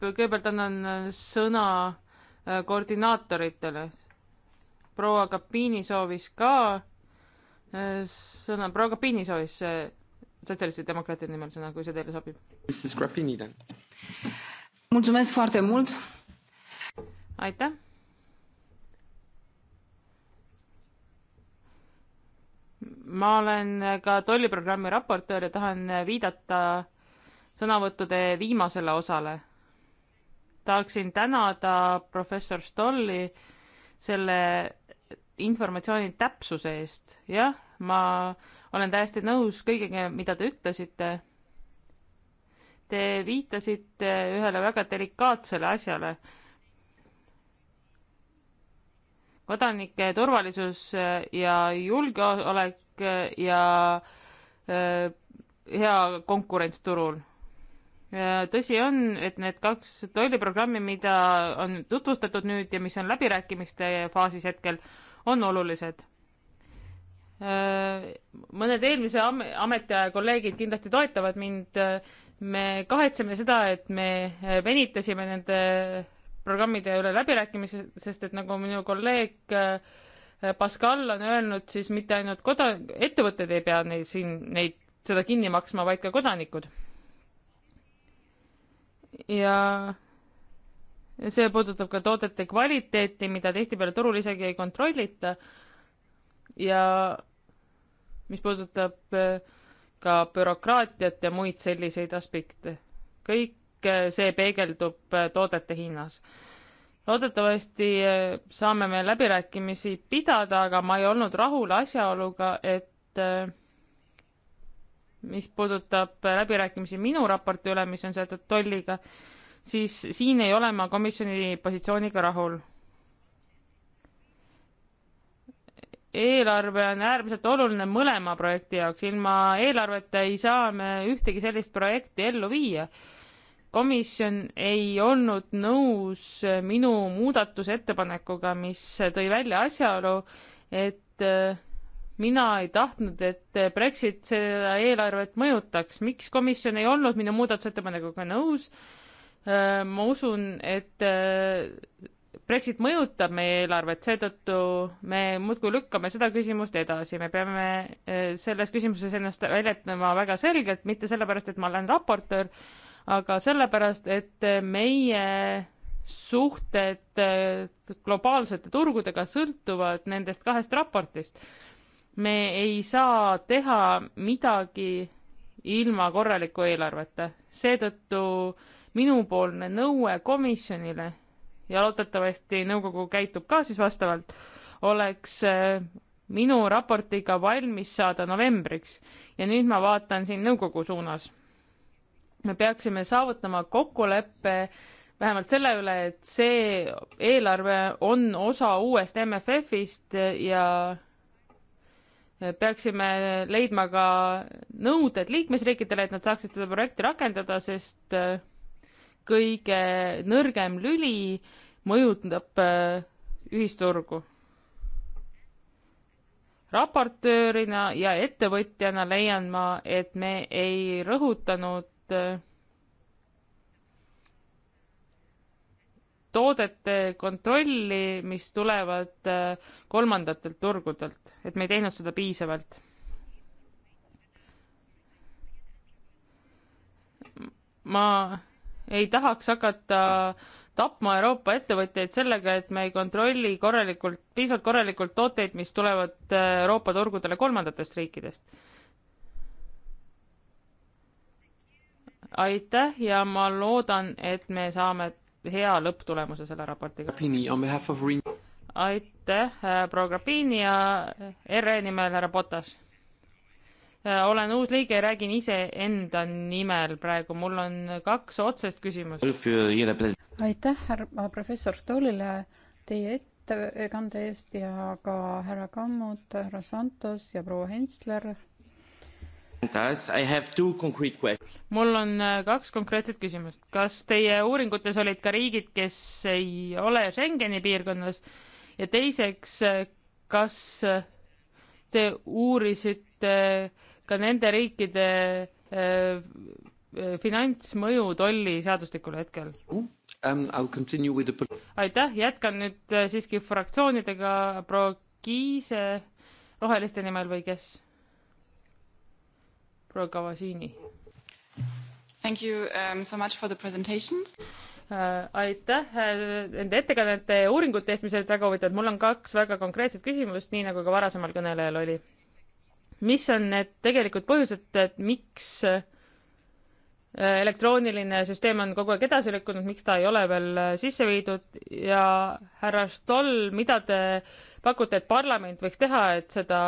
kõigepealt annan uh, sõna uh, koordinaatoritele. proua Kapiini soovis ka sõna, proua Kapiini soovis sotsialistide demokraatide nimel sõna, kui see teile sobib. mis siis Kapiini tähendab? mulțumesc foarte mult! aitäh! ma olen ka tolliprogrammi raportöör ja tahan viidata sõnavõttude viimasele osale. tahaksin tänada professor Stolli selle informatsiooni täpsuse eest. jah, ma olen täiesti nõus kõigega, mida te ütlesite Te viitasite ühele väga delikaatsele asjale. kodanike turvalisus ja julgeolek ja äh, hea konkurents turul. tõsi on, et need kaks tolliprogrammi, mida on tutvustatud nüüd ja mis on läbirääkimiste faasis hetkel, on olulised äh, mõned eelmise ametiaja kolleegid kindlasti toetavad mind äh, me kahetseme seda, et me venitasime nende programmide üle läbirääkimisi, sest et nagu minu kolleeg äh, Pascal on öelnud, siis mitte ainult koda-, ettevõtted ei pea neil siin neid, seda kinni maksma, vaid ka kodanikud. ja see puudutab ka toodete kvaliteeti, mida tihtipeale turul isegi ei kontrollita. ja mis puudutab äh, ka bürokraatiat ja muid selliseid aspekte. kõik eh, see peegeldub eh, toodete hinnas. loodetavasti eh, saame me läbirääkimisi pidada, aga ma ei olnud rahul asjaoluga, et mis puudutab läbirääkimisi minu raporti üle, mis on seotud tolliga, siis siin ei ole ma komisjoni positsiooniga rahul eelarve on äärmiselt oluline mõlema projekti jaoks, ilma eelarveta ei saa me ühtegi sellist projekti ellu viia. komisjon ei olnud nõus minu muudatusettepanekuga, mis tõi välja asjaolu, et äh, mina ei tahtnud, et Brexit seda eelarvet mõjutaks. miks komisjon ei olnud minu muudatusettepanekuga nõus? Äh, ma usun, et äh, Brexit mõjutab meie eelarvet, seetõttu me muudkui lükkame seda küsimust edasi, me peame eh, selles küsimuses ennast väljendama väga selgelt, mitte sellepärast, et ma olen raportöör, aga sellepärast, et eh, meie suhted eh, globaalsete turgudega sõltuvad nendest kahest raportist. me ei saa teha midagi ilma korraliku eelarveta, seetõttu minupoolne nõue komisjonile ja loodetavasti nõukogu käitub ka siis vastavalt, oleks äh, minu raportiga valmis saada novembriks ja nüüd ma vaatan siin nõukogu suunas. me peaksime saavutama kokkuleppe vähemalt selle üle, et see eelarve on osa uuest MFF-ist ja peaksime leidma ka nõuded liikmesriikidele, et nad saaksid seda projekti rakendada, sest äh, kõige nõrgem lüli mõjutab äh, ühisturgu. raportöörina ja ettevõtjana leian ma, et me ei rõhutanud äh, toodete kontrolli, mis tulevad äh, kolmandatelt turgudelt, et me ei teinud seda piisavalt ma ei tahaks hakata tapma Euroopa ettevõtjaid sellega, et me ei kontrolli korralikult, piisavalt korralikult tooteid, mis tulevad äh, Euroopa turgudele kolmandatest riikidest. aitäh ja ma loodan, et me saame hea lõpptulemuse selle raportiga. aitäh, äh, proua Grapini ja RE nimel härra Potas Äh, olen uus liige ja räägin iseenda nimel praegu, mul on kaks otsest küsimust. aitäh härra äh, professor Stolile teie ettekande eest ja ka härra Kammut, härra Santos ja proua Hensler. mul on äh, kaks konkreetset küsimust. kas teie uuringutes olid ka riigid, kes ei ole Schengeni piirkonnas ja teiseks, kas te uurisite äh, ka nende riikide äh, äh, finantsmõju tolliseadustikul hetkel um,? The... aitäh, jätkan nüüd äh, siiski fraktsioonidega, proua Kiise roheliste nimel või kes? proua Kawasiini. Thank you um, so much for the presentations aitäh nende ettekannete ja uuringute eest, mis olid väga huvitavad. mul on kaks väga konkreetset küsimust, nii nagu ka varasemal kõnelejal oli mis on need tegelikud põhjused, et miks äh, elektrooniline süsteem on kogu aeg edasi lükkunud, miks ta ei ole veel äh, sisse viidud ja härra Stoll, mida te pakute, et parlament võiks teha, et seda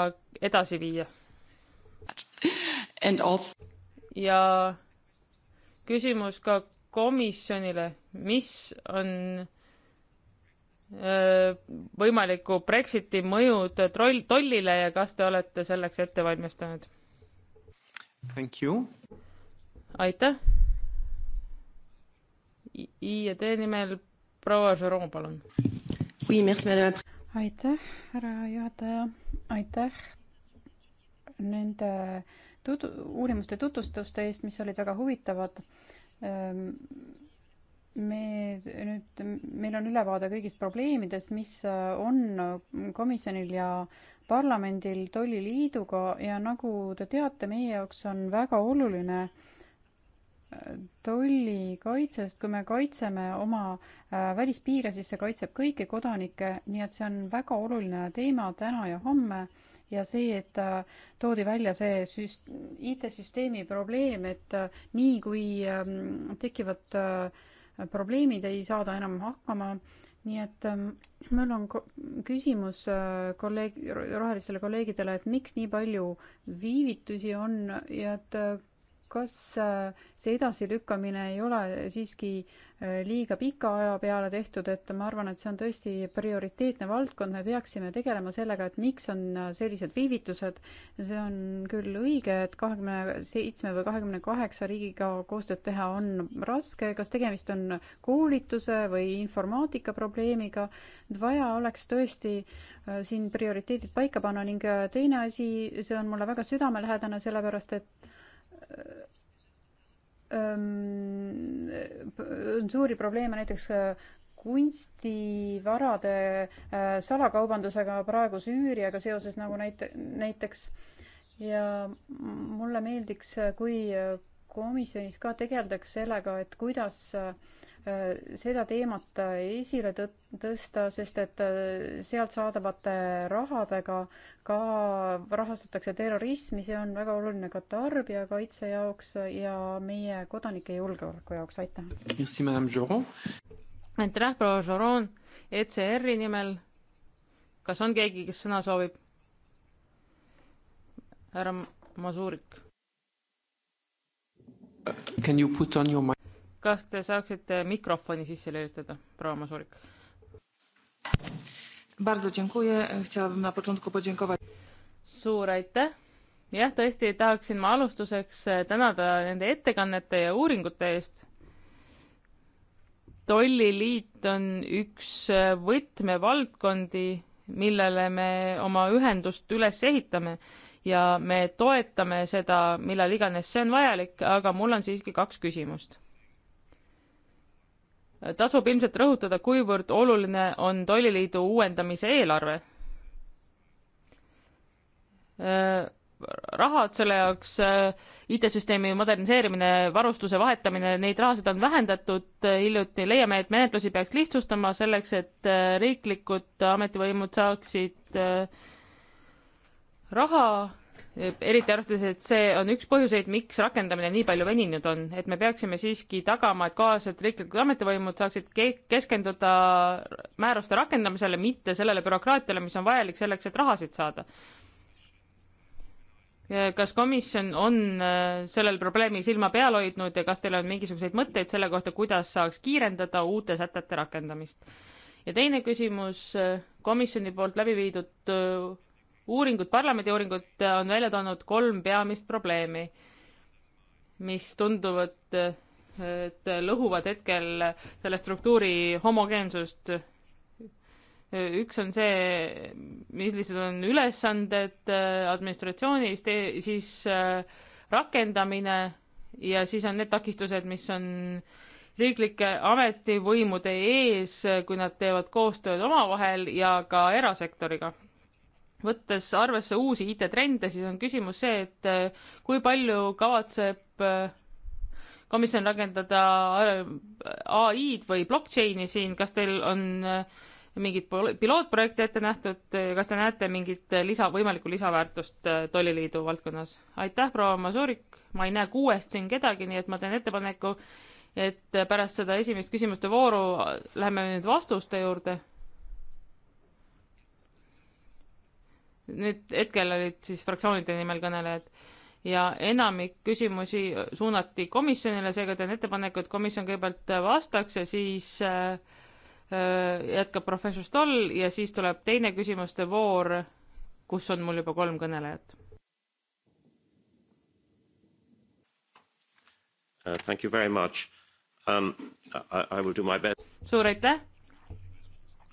edasi viia? Also... ja küsimus ka komisjonile, mis on Äh, võimaliku Brexiti mõjud troll, tollile ja kas te olete selleks ette valmistanud? aitäh. IED nimel proua Žeroon, palun. aitäh, härra juhataja, aitäh nende tutu-, uurimuste tutvustuste eest, mis olid väga huvitavad ähm, me nüüd, meil on ülevaade kõigist probleemidest, mis äh, on äh, komisjonil ja parlamendil tolliliiduga ja nagu te teate, meie jaoks on väga oluline äh, tollikaitse, sest kui me kaitseme oma välispiire, siis see kaitseb kõiki kodanikke, nii et see on väga oluline teema täna ja homme ja see, et toodi välja see süst-, IT-süsteemi probleem, et nii kui ähm, tekivad äh, probleemid, ei saada enam hakkama. nii et ähm, mul on küsimus äh, kolleeg, rohelistele kolleegidele, et miks nii palju viivitusi on ja et äh, kas äh, see edasilükkamine ei ole siiski äh, liiga pika aja peale tehtud, et ma arvan, et see on tõesti prioriteetne valdkond, me peaksime tegelema sellega, et miks on sellised viivitused. see on küll õige, et kahekümne seitsme või kahekümne kaheksa riigiga koostööd teha on raske, kas tegemist on koolituse või informaatika probleemiga, et vaja oleks tõesti äh, siin prioriteedid paika panna ning äh, teine asi, see on mulle väga südamelähedane, sellepärast et äh, on suuri probleeme näiteks äh, kunstivarade äh, salakaubandusega praegu Süüriaga seoses nagu näite, näiteks ja mulle meeldiks, äh, kui komisjonis ka tegeldaks sellega, et kuidas äh, Äh, seda teemat esile tõsta, sest et äh, sealt saadavate rahadega ka rahastatakse terrorismi, see on väga oluline ka tarbijakaitse jaoks ja meie kodanike julgeoleku jaoks, aitäh. aitäh, proua Joron, ECR-i nimel. kas on keegi, kes sõna soovib? härra Masurik. Can you put on your mic? kas te saaksite mikrofoni sisse lülitada, proua Masurik? suur aitäh! jah, tõesti tahaksin ma alustuseks eh, tänada nende ettekannete ja uuringute eest. tolliliit on üks eh, võtmevaldkondi, millele me oma ühendust üles ehitame ja me toetame seda millal iganes see on vajalik, aga mul on siiski kaks küsimust tasub ilmselt rõhutada, kuivõrd oluline on tolliliidu uuendamise eelarve. rahad selle jaoks, IT-süsteemi moderniseerimine, varustuse vahetamine, neid rahasid on vähendatud, hiljuti leiame, et menetlusi peaks lihtsustama selleks, et riiklikud ametivõimud saaksid äh, raha eriti arvestades, et see on üks põhjuseid, miks rakendamine nii palju veninud on, et me peaksime siiski tagama, et kohased riiklikud ametivõimud saaksid keskenduda määruste rakendamisele, mitte sellele bürokraatiale, mis on vajalik selleks, et rahasid saada. kas komisjon on äh, sellel probleemi silma peal hoidnud ja kas teil on mingisuguseid mõtteid selle kohta, kuidas saaks kiirendada uute sätete rakendamist? ja teine küsimus, äh, komisjoni poolt läbi viidud äh, uuringud, parlamendi uuringud äh, on välja toonud kolm peamist probleemi, mis tunduvad, äh, et lõhuvad hetkel selle struktuuri homogeensust. Äh, üks on see, millised on ülesanded administratsioonis, e, siis rakendamine ja siis on need takistused, mis on riiklike ametivõimude ees, kui nad teevad koostööd omavahel ja ka erasektoriga võttes arvesse uusi IT-trende, siis on küsimus see, et eh, kui palju kavatseb eh, komisjon rakendada eh, ai-d või blockchain'i siin, kas teil on mingid pilootprojekte ette nähtud, kas te näete mingit lisa, võimalikku lisaväärtust tolliliidu valdkonnas? aitäh, proua Masurik, ma ei näe kuuest siin kedagi, nii et ma teen ettepaneku, et pärast seda esimest küsimuste vooru läheme nüüd vastuste juurde nüüd hetkel olid siis fraktsioonide nimel kõnelejad ja enamik küsimusi suunati komisjonile, seega teen ettepaneku, et komisjon kõigepealt vastaks ja siis äh, äh, jätkab professor Stoll ja siis tuleb teine küsimuste voor, kus on mul juba kolm kõnelejat uh,. Thank you very much um,. I, I will do my best. suur aitäh.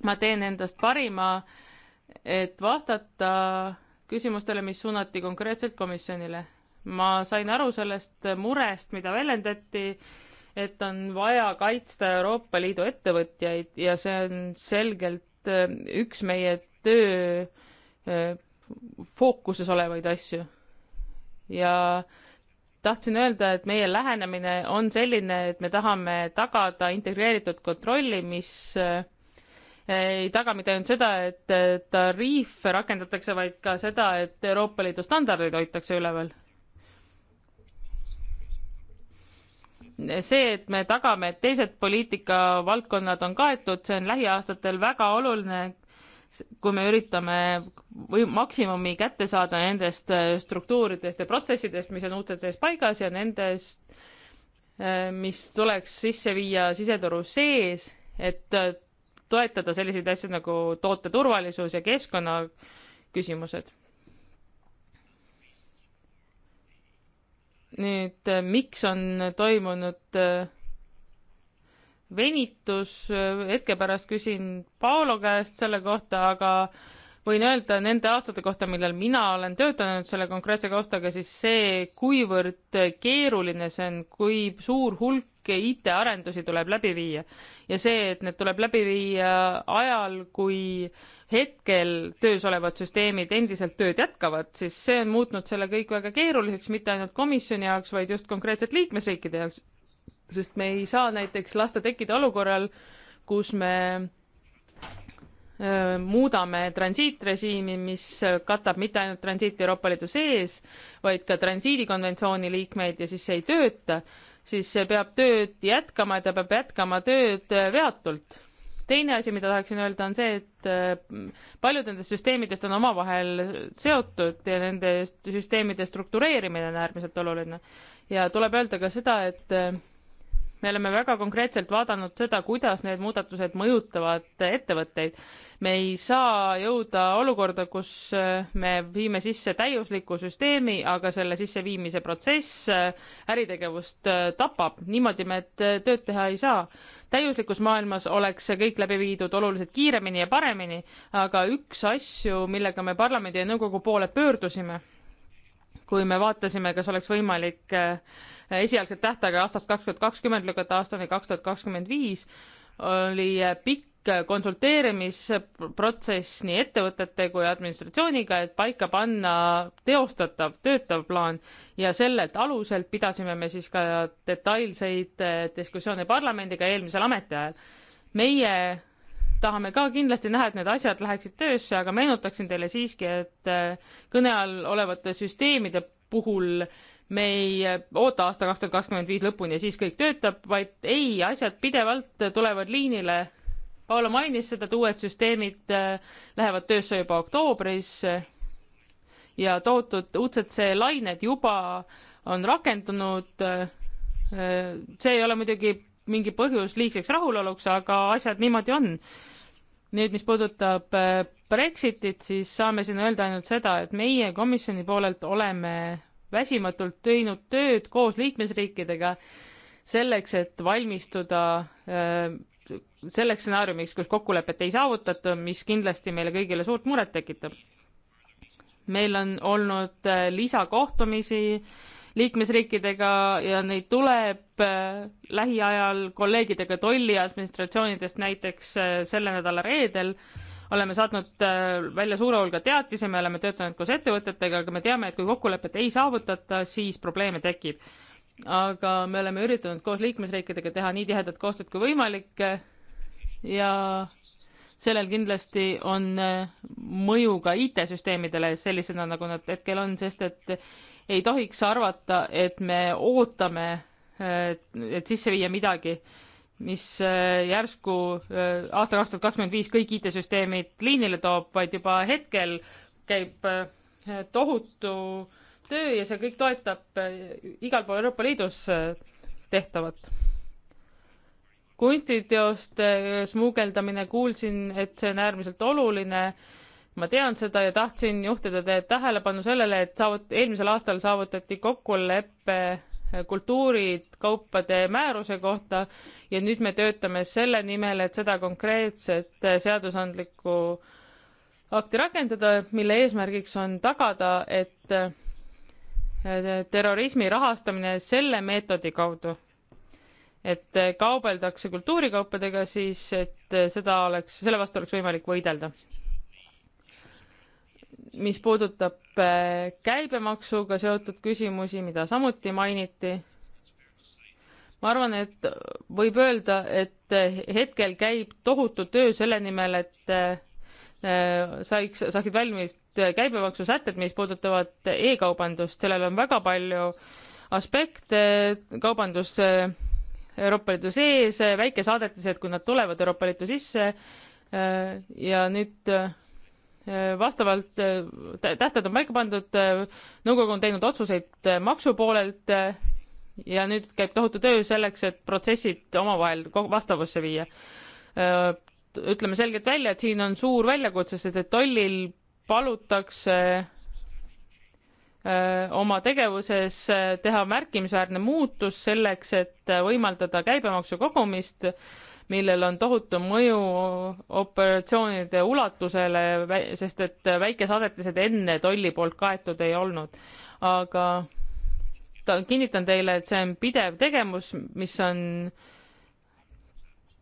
ma teen endast parima et vastata küsimustele, mis suunati konkreetselt komisjonile. ma sain aru sellest murest, mida väljendati, et on vaja kaitsta Euroopa Liidu ettevõtjaid ja see on selgelt äh, üks meie töö äh, fookuses olevaid asju. ja tahtsin öelda, et meie lähenemine on selline, et me tahame tagada integreeritud kontrolli, mis äh, ei taga mitte ainult seda, et tariife rakendatakse, vaid ka seda, et Euroopa Liidu standardeid hoitakse üleval. see, et me tagame, et teised poliitikavaldkonnad on kaetud, see on lähiaastatel väga oluline, kui me üritame või maksimumi kätte saada nendest struktuuridest ja protsessidest, mis on UCC-s paigas ja nendest, mis tuleks sisse viia siseturu sees, et toetada selliseid asju nagu toote turvalisus ja keskkonnaküsimused. nüüd, äh, miks on toimunud äh, venitus, äh, hetke pärast küsin Paolo käest selle kohta, aga võin öelda nende aastate kohta, millal mina olen töötanud selle konkreetse kaustaga, siis see, kuivõrd keeruline see on, kui suur hulk IT-arendusi tuleb läbi viia ja see, et need tuleb läbi viia ajal, kui hetkel töös olevad süsteemid endiselt tööd jätkavad, siis see on muutnud selle kõik väga keeruliseks, mitte ainult komisjoni jaoks, vaid just konkreetselt liikmesriikide jaoks. sest me ei saa näiteks lasta tekkida olukorral, kus me muudame transiitrežiimi, mis katab mitte ainult transiiti Euroopa Liidu sees, vaid ka transiidikonventsiooni liikmeid ja siis see ei tööta, siis see peab tööd jätkama ja ta peab jätkama tööd veatult. teine asi, mida tahaksin öelda, on see, et mm, paljud nendest süsteemidest on omavahel seotud ja nende süsteemide struktureerimine on äärmiselt oluline. ja tuleb öelda ka seda, et me oleme väga konkreetselt vaadanud seda, kuidas need muudatused mõjutavad ettevõtteid. me ei saa jõuda olukorda, kus äh, me viime sisse täiusliku süsteemi, aga selle sisseviimise protsess äh, äritegevust äh, tapab. niimoodi me tööd teha ei saa. täiuslikus maailmas oleks see kõik läbi viidud oluliselt kiiremini ja paremini, aga üks asju, millega me parlamendi ja nõukogu poole pöördusime, kui me vaatasime, kas oleks võimalik esialgset tähtaega aastast kaks tuhat kakskümmend lükata aastani kaks tuhat kakskümmend viis, oli pikk konsulteerimisprotsess nii ettevõtete kui administratsiooniga, et paika panna teostatav, töötav plaan ja sellelt aluselt pidasime me siis ka detailseid äh, diskussioone parlamendiga eelmisel ametiajal. meie tahame ka kindlasti näha, et need asjad läheksid töösse, aga meenutaksin teile siiski, et äh, kõne all olevate süsteemide puhul me ei eh, oota aasta kaks tuhat kakskümmend viis lõpuni ja siis kõik töötab, vaid ei, asjad pidevalt tulevad liinile. Paolo mainis seda, et uued süsteemid eh, lähevad töösse juba oktoobris eh, ja tohutud UCC lained juba on rakendunud. see ei ole muidugi mingi põhjus liigseks rahuloluks, aga asjad niimoodi on. nüüd, mis puudutab Brexitit, siis saame siin öelda ainult seda, et meie komisjoni poolelt oleme väsimatult teinud tööd koos liikmesriikidega selleks, et valmistuda äh, selleks stsenaariumiks, kus kokkulepet ei saavutata, mis kindlasti meile kõigile suurt muret tekitab. meil on olnud äh, lisakohtumisi liikmesriikidega ja neid tuleb äh, lähiajal kolleegidega tolliadministratsioonidest näiteks selle nädala reedel oleme saatnud äh, välja suure hulga teatisi, me oleme töötanud koos ettevõtetega, aga me teame, et kui kokkulepet ei saavutata, siis probleeme tekib. aga me oleme üritanud koos liikmesriikidega teha nii tihedat koostööd kui võimalik ja sellel kindlasti on äh, mõju ka IT-süsteemidele sellisena, nagu nad hetkel on, sest et ei tohiks arvata, et me ootame, äh, et sisse viia midagi mis äh, järsku äh, aasta kaks tuhat kakskümmend viis kõik IT-süsteemid liinile toob, vaid juba hetkel käib äh, tohutu töö ja see kõik toetab igal pool Euroopa Liidus tehtavat. kunstiteoste smugeldamine, kuulsin, et see on äärmiselt oluline ma tean seda ja tahtsin juhtida teie tähelepanu sellele, et saavut-, eelmisel aastal saavutati kokkulepe kultuurikaupade määruse kohta ja nüüd me töötame selle nimel, et seda konkreetset seadusandlikku akti rakendada, mille eesmärgiks on tagada, et terrorismi rahastamine selle meetodi kaudu, et kaubeldakse kultuurikaupadega, siis et seda oleks, selle vastu oleks võimalik võidelda mis puudutab äh, käibemaksuga seotud küsimusi, mida samuti mainiti, ma arvan, et võib öelda, et äh, hetkel käib tohutu töö selle nimel, et äh, saiks, saaksid valmis käibemaksusätted, mis puudutavad e-kaubandust, sellel on väga palju aspekte, kaubandus Euroopa Liidu sees, väikesaadetised, kui nad tulevad Euroopa Liitu sisse ja nüüd Äh, vastavalt äh, tähtajad on paika pandud, äh, nõukogu on teinud otsuseid maksupoolelt ja nüüd käib tohutu töö selleks, et protsessid omavahel vastavusse viia. ütleme selgelt välja, et siin on suur väljakutse, sest et tollil palutakse oma tegevuses teha märkimisväärne muutus selleks, et võimaldada käibemaksu kogumist millel on tohutu mõju operatsioonide ulatusele, sest et väikesaadetised enne tolli poolt kaetud ei olnud. aga ta, kinnitan teile, et see on pidev tegevus, mis on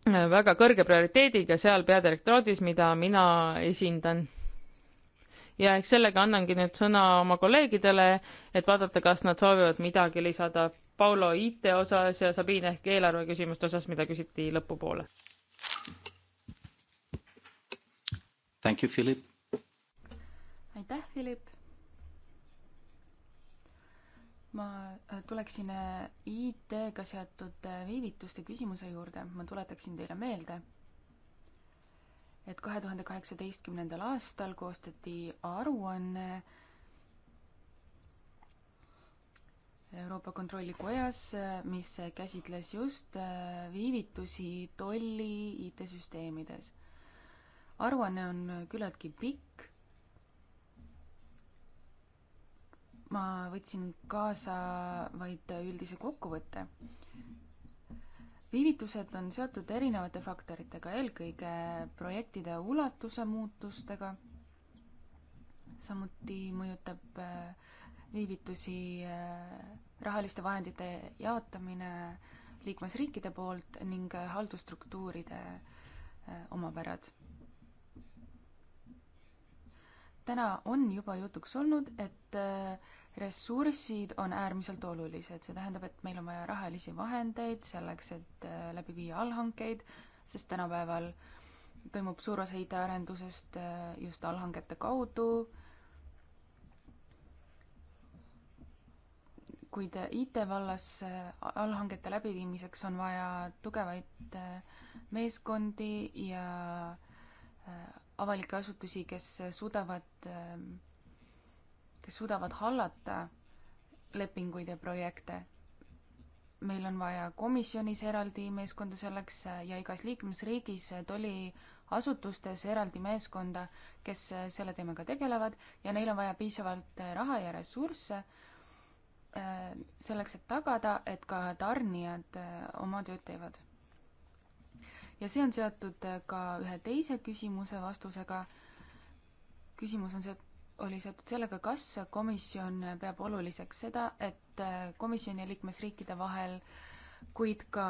väga kõrge prioriteediga seal peadirektoraadis, mida mina esindan ja eks sellega annangi nüüd sõna oma kolleegidele, et vaadata, kas nad soovivad midagi lisada. Paulo IT osas ja Sabine ehk eelarve küsimuste osas, mida küsiti lõpupoole. Thank you, Philip. aitäh, Philip. ma äh, tuleksin äh, IT-ga seotud äh, viivituste küsimuse juurde, ma tuletaksin teile meelde, et kahe tuhande kaheksateistkümnendal aastal koostati aruanne Euroopa Kontrollikojas, mis käsitles just äh, viivitusi tolli IT-süsteemides. aruanne on küllaltki pikk. ma võtsin kaasa vaid üldise kokkuvõtte. viivitused on seotud erinevate faktoritega, eelkõige projektide ulatuse muutustega. samuti mõjutab äh, viivitusi äh, rahaliste vahendite jaotamine liikmesriikide poolt ning äh, haldusstruktuuride äh, omapärad. täna on juba jutuks olnud, et ressursid on äärmiselt olulised, see tähendab, et meil on vaja rahalisi vahendeid selleks, et läbi viia allhankeid, sest tänapäeval toimub suur osa IT-arendusest just allhangete kaudu kuid IT-vallas äh, allhangete läbiviimiseks on vaja tugevaid äh, meeskondi ja äh, avalikke asutusi, kes suudavad, kes suudavad hallata lepinguid ja projekte. meil on vaja komisjonis eraldi meeskonda selleks ja igas liikmesriigis tolliasutustes eraldi meeskonda, kes selle teemaga tegelevad ja neil on vaja piisavalt raha ja ressursse Äh, selleks, et tagada, et ka tarnijad äh, oma tööd teevad. ja see on seotud äh, ka ühe teise küsimuse vastusega. küsimus on seotud, oli seotud sellega, kas komisjon peab oluliseks seda, et komisjoni ja liikmesriikide vahel, kuid ka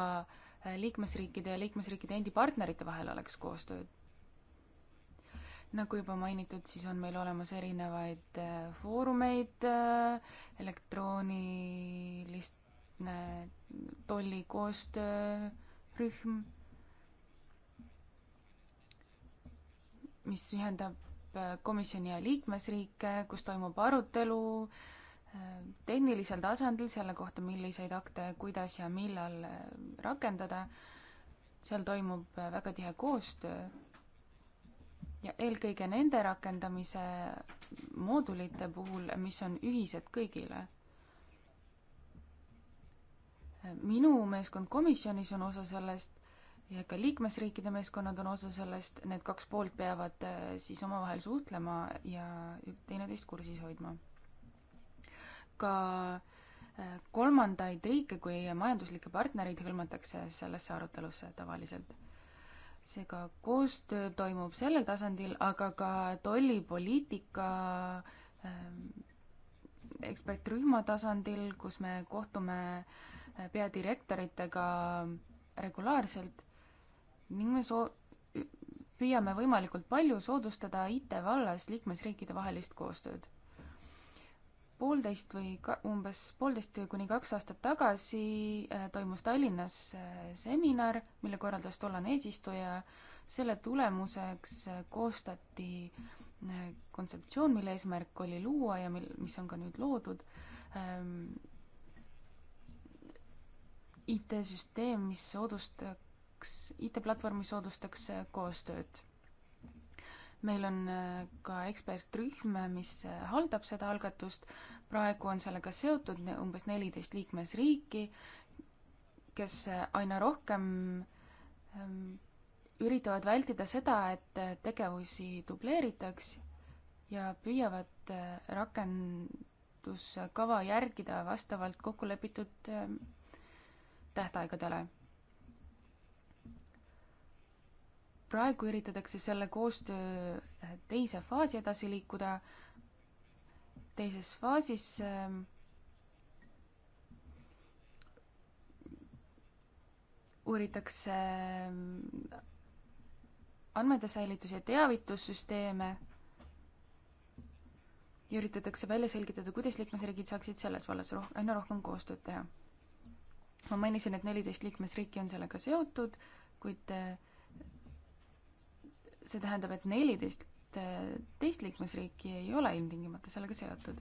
liikmesriikide ja liikmesriikide endi partnerite vahel oleks koostööd nagu juba mainitud, siis on meil olemas erinevaid äh, foorumeid, äh, elektroonilistne tollikoostöörühm, mis ühendab äh, komisjoni ja liikmesriike, kus toimub arutelu tehnilisel tasandil selle kohta, milliseid akte, kuidas ja millal rakendada. seal toimub väga tihe koostöö ja eelkõige nende rakendamise moodulite puhul, mis on ühised kõigile. minu meeskond komisjonis on osa sellest ja ka liikmesriikide meeskonnad on osa sellest, need kaks poolt peavad äh, siis omavahel suhtlema ja teineteist kursis hoidma. ka äh, kolmandaid riike kui majanduslikke partnereid hõlmatakse sellesse arutelusse tavaliselt seega koostöö toimub sellel tasandil, aga ka tollipoliitika ähm, ekspertrühma tasandil, kus me kohtume äh, peadirektoritega regulaarselt ning me soo-, püüame võimalikult palju soodustada IT vallas liikmesriikide vahelist koostööd poolteist või ka umbes poolteist kuni kaks aastat tagasi äh, toimus Tallinnas äh, seminar, mille korraldas tollane eesistuja. selle tulemuseks äh, koostati kontseptsioon, mille eesmärk oli luua ja mil, mis on ka nüüd loodud ähm,, IT-süsteem, mis soodustaks, IT-platvorm, mis soodustaks koostööd meil on äh, ka ekspertrühm, mis äh, haldab seda algatust, praegu on sellega seotud umbes neliteist liikmesriiki, kes äh, aina rohkem ähm, üritavad vältida seda, et tegevusi dubleeritaks ja püüavad rakenduskava järgida vastavalt kokkulepitud ähm, tähtaegadele praegu üritatakse selle koostöö teise faasi edasi liikuda. teises faasis ähm, uuritakse ähm, andmete säilitus- ja teavitussüsteeme ja üritatakse välja selgitada, kuidas liikmesriigid saaksid selles vallas roh-, aina rohkem koostööd teha. ma mainisin, et neliteist liikmesriiki on sellega seotud, kuid äh, see tähendab, et neliteist teist liikmesriiki ei ole ilmtingimata sellega seotud.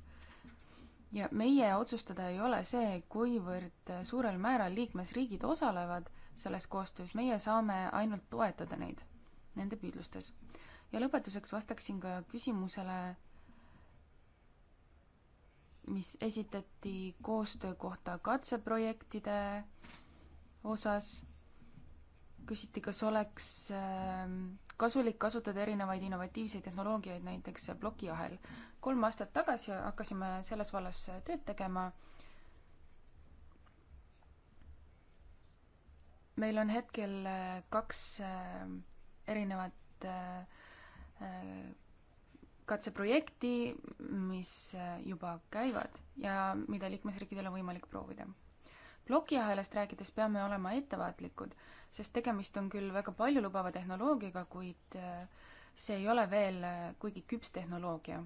ja meie otsustada ei ole see, kuivõrd suurel määral liikmesriigid osalevad selles koostöös, meie saame ainult toetada neid nende püüdlustes. ja lõpetuseks vastaksin ka küsimusele, mis esitati koostöö kohta katseprojektide osas. küsiti, kas oleks äh, kasulik kasutada erinevaid innovatiivseid tehnoloogiaid, näiteks plokiahel. kolm aastat tagasi hakkasime selles vallas tööd tegema. meil on hetkel äh, kaks äh, erinevat äh, katseprojekti, mis juba käivad ja mida liikmesriikidel on võimalik proovida plokiahelast rääkides peame olema ettevaatlikud, sest tegemist on küll väga paljulubava tehnoloogiaga, kuid äh, see ei ole veel äh, kuigi küps tehnoloogia.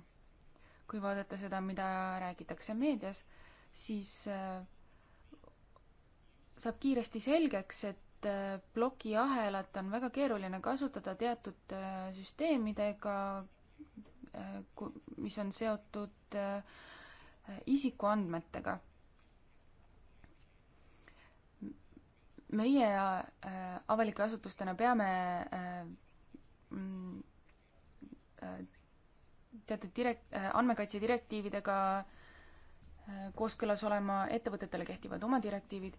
kui vaadata seda, mida räägitakse meedias, siis äh, saab kiiresti selgeks, et plokiahelat on väga keeruline kasutada teatud süsteemidega, mis on seotud isikuandmetega meie äh, avalike asutustena peame äh, mm, äh, teatud direkt-, andmekaitse direktiividega kooskõlas olema ettevõtetele kehtivad oma direktiivid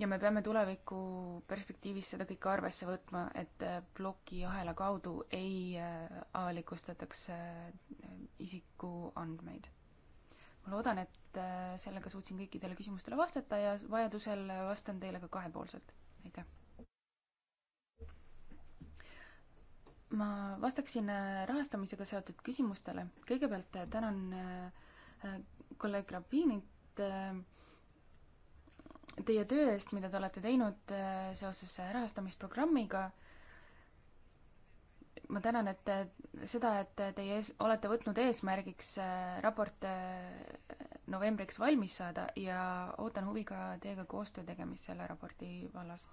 ja me peame tuleviku perspektiivis seda kõike arvesse võtma, et plokiahela kaudu ei avalikustataks isikuandmeid ma loodan, et äh, sellega suutsin kõikidele küsimustele vastata ja vajadusel äh, vastan teile ka kahepoolselt. aitäh! ma vastaksin äh, rahastamisega seotud küsimustele. kõigepealt tänan kolleeg Rabinit teie töö eest, mida te olete teinud seoses rahastamisprogrammiga. ma tänan, et seda, et teie ees, olete võtnud eesmärgiks äh, raport äh, novembriks valmis saada ja ootan huviga teiega koostöö tegemist selle raporti vallas.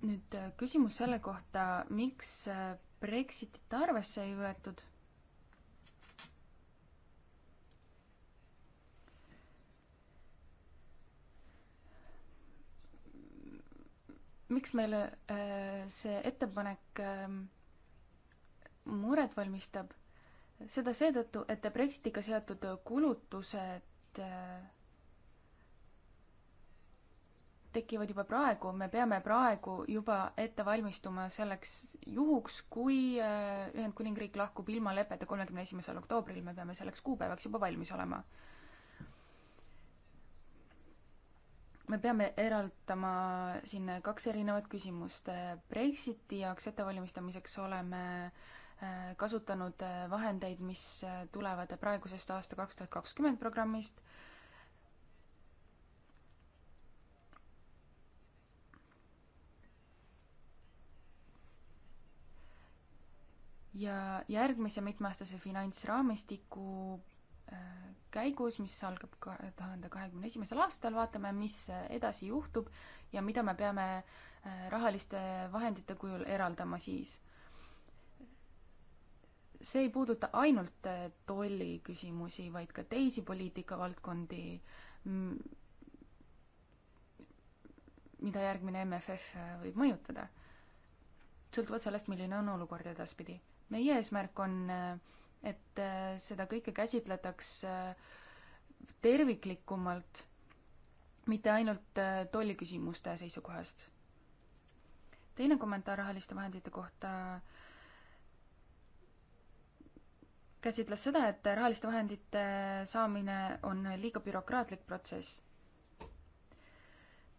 nüüd äh, küsimus selle kohta, miks Brexitit arvesse ei võetud miks meile äh, see ettepanek ähm, muret valmistab? seda seetõttu, et Brexitiga seotud kulutused äh, tekivad juba praegu, me peame praegu juba ette valmistuma selleks juhuks, kui äh, Ühendkuningriik lahkub ilma lepeta kolmekümne esimesel oktoobril, me peame selleks kuupäevaks juba valmis olema me peame eraldama siin kaks erinevat küsimust. Brexiti jaoks ettevalmistamiseks oleme äh, kasutanud äh, vahendeid, mis äh, tulevad praegusest aasta kaks tuhat kakskümmend programmist. ja järgmise mitmeaastase finantsraamistiku käigus, mis algab kahe tuhande kahekümne esimesel aastal, vaatame, mis edasi juhtub ja mida me peame äh, rahaliste vahendite kujul eraldama siis. see ei puuduta ainult äh, tolli küsimusi, vaid ka teisi poliitikavaldkondi, mida järgmine MFF äh, võib mõjutada. sõltuvalt sellest, milline on olukord edaspidi. meie eesmärk on äh, et äh, seda kõike käsitletaks äh, terviklikumalt, mitte ainult äh, tolliküsimuste seisukohast. teine kommentaar rahaliste vahendite kohta käsitles seda, et rahaliste vahendite saamine on liiga bürokraatlik protsess.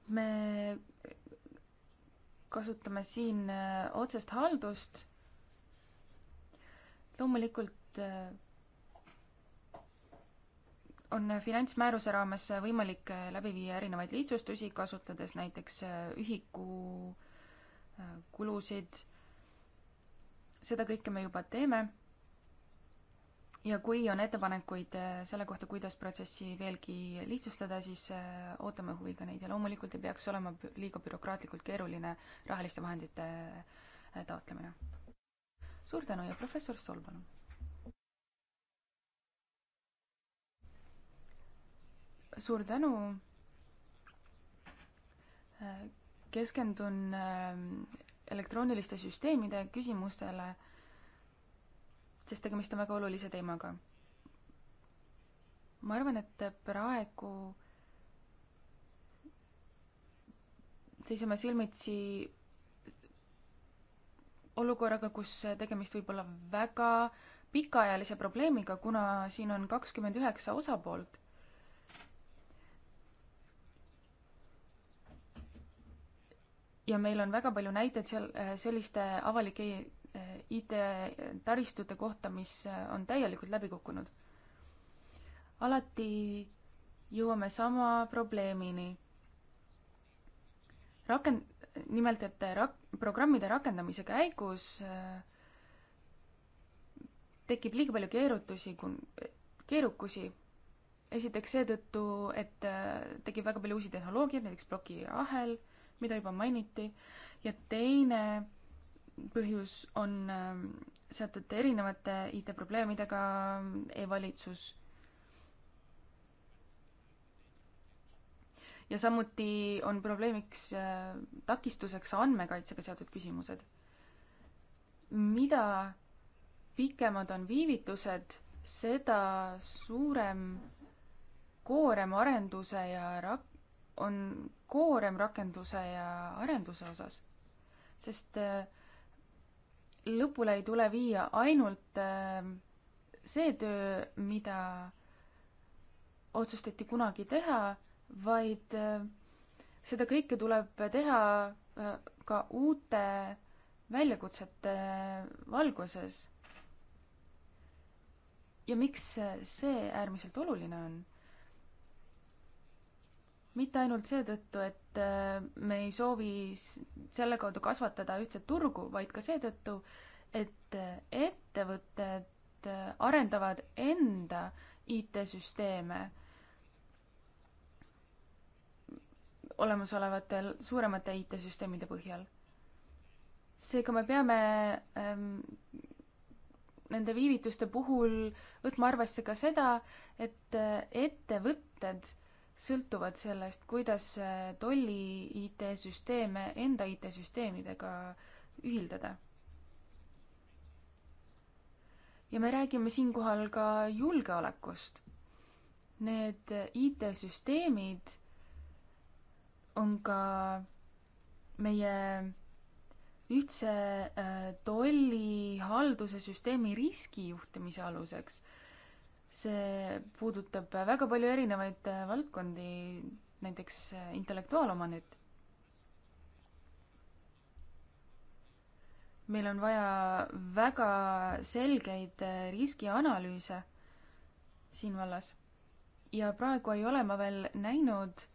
me kasutame siin otsest haldust. loomulikult Äh, on finantsmääruse raames võimalik äh, läbi viia erinevaid lihtsustusi, kasutades näiteks äh, ühiku kulusid. seda kõike me juba teeme. ja kui on ettepanekuid selle kohta, kuidas protsessi veelgi lihtsustada, siis ootame huviga neid ja loomulikult ei peaks olema liiga bürokraatlikult keeruline rahaliste vahendite taotlemine. suur tänu ja professor Stolbanu suur tänu. keskendun ähm, elektrooniliste süsteemide küsimustele, sest tegemist on väga olulise teemaga. ma arvan, et praegu seisame silmitsi olukorraga, kus tegemist võib olla väga pikaajalise probleemiga, kuna siin on kakskümmend üheksa osapoolt ja meil on väga palju näiteid seal äh, selliste avalike äh, IT-taristute kohta, mis äh, on täielikult läbi kukkunud. alati jõuame sama probleemini. rakend-, nimelt, et rak-, programmide rakendamise käigus tekib liiga palju keerutusi, keerukusi. esiteks seetõttu, et tekib väga palju uusi tehnoloogiaid, näiteks plokiahel mida juba mainiti, ja teine põhjus on ähm, seotud erinevate IT-probleemidega ähm, e-valitsus ja samuti on probleemiks äh, takistuseks andmekaitsega seotud küsimused. mida pikemad on viivitused, seda suurem koorem arenduse ja rak-, on koorem rakenduse ja arenduse osas, sest äh, lõpule ei tule viia ainult äh, see töö, mida otsustati kunagi teha, vaid äh, seda kõike tuleb teha ka uute väljakutsete valguses. ja miks see äärmiselt oluline on? mitte ainult seetõttu, et äh, me ei soovi selle kaudu kasvatada ühtset turgu, vaid ka seetõttu, et äh, ettevõtted äh, arendavad enda IT-süsteeme olemasolevatel suuremate IT-süsteemide põhjal. seega me peame ähm, nende viivituste puhul võtma arvesse ka seda, et ettevõtted sõltuvad sellest, kuidas tolli IT-süsteeme enda IT-süsteemidega ühildada. ja me räägime siinkohal ka julgeolekust. Need IT-süsteemid on ka meie ühtse äh, tollihalduse süsteemi riskijuhtimise aluseks see puudutab väga palju erinevaid äh, valdkondi, näiteks äh, intellektuaalomandit. meil on vaja väga selgeid äh, riskianalüüse siin vallas ja praegu ei ole ma veel näinud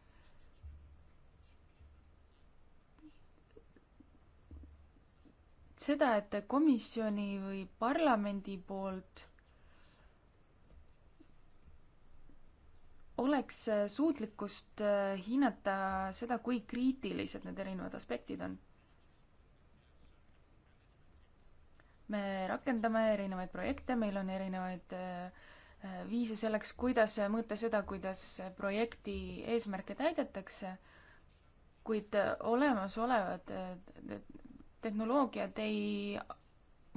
seda, et komisjoni või parlamendi poolt oleks äh, suutlikkust äh, hinnata seda, kui kriitilised need erinevad aspektid on. me rakendame erinevaid projekte, meil on erinevaid äh, viise selleks, kuidas mõõta seda, kuidas projekti eesmärke täidetakse, kuid olemasolevad tehnoloogiad ei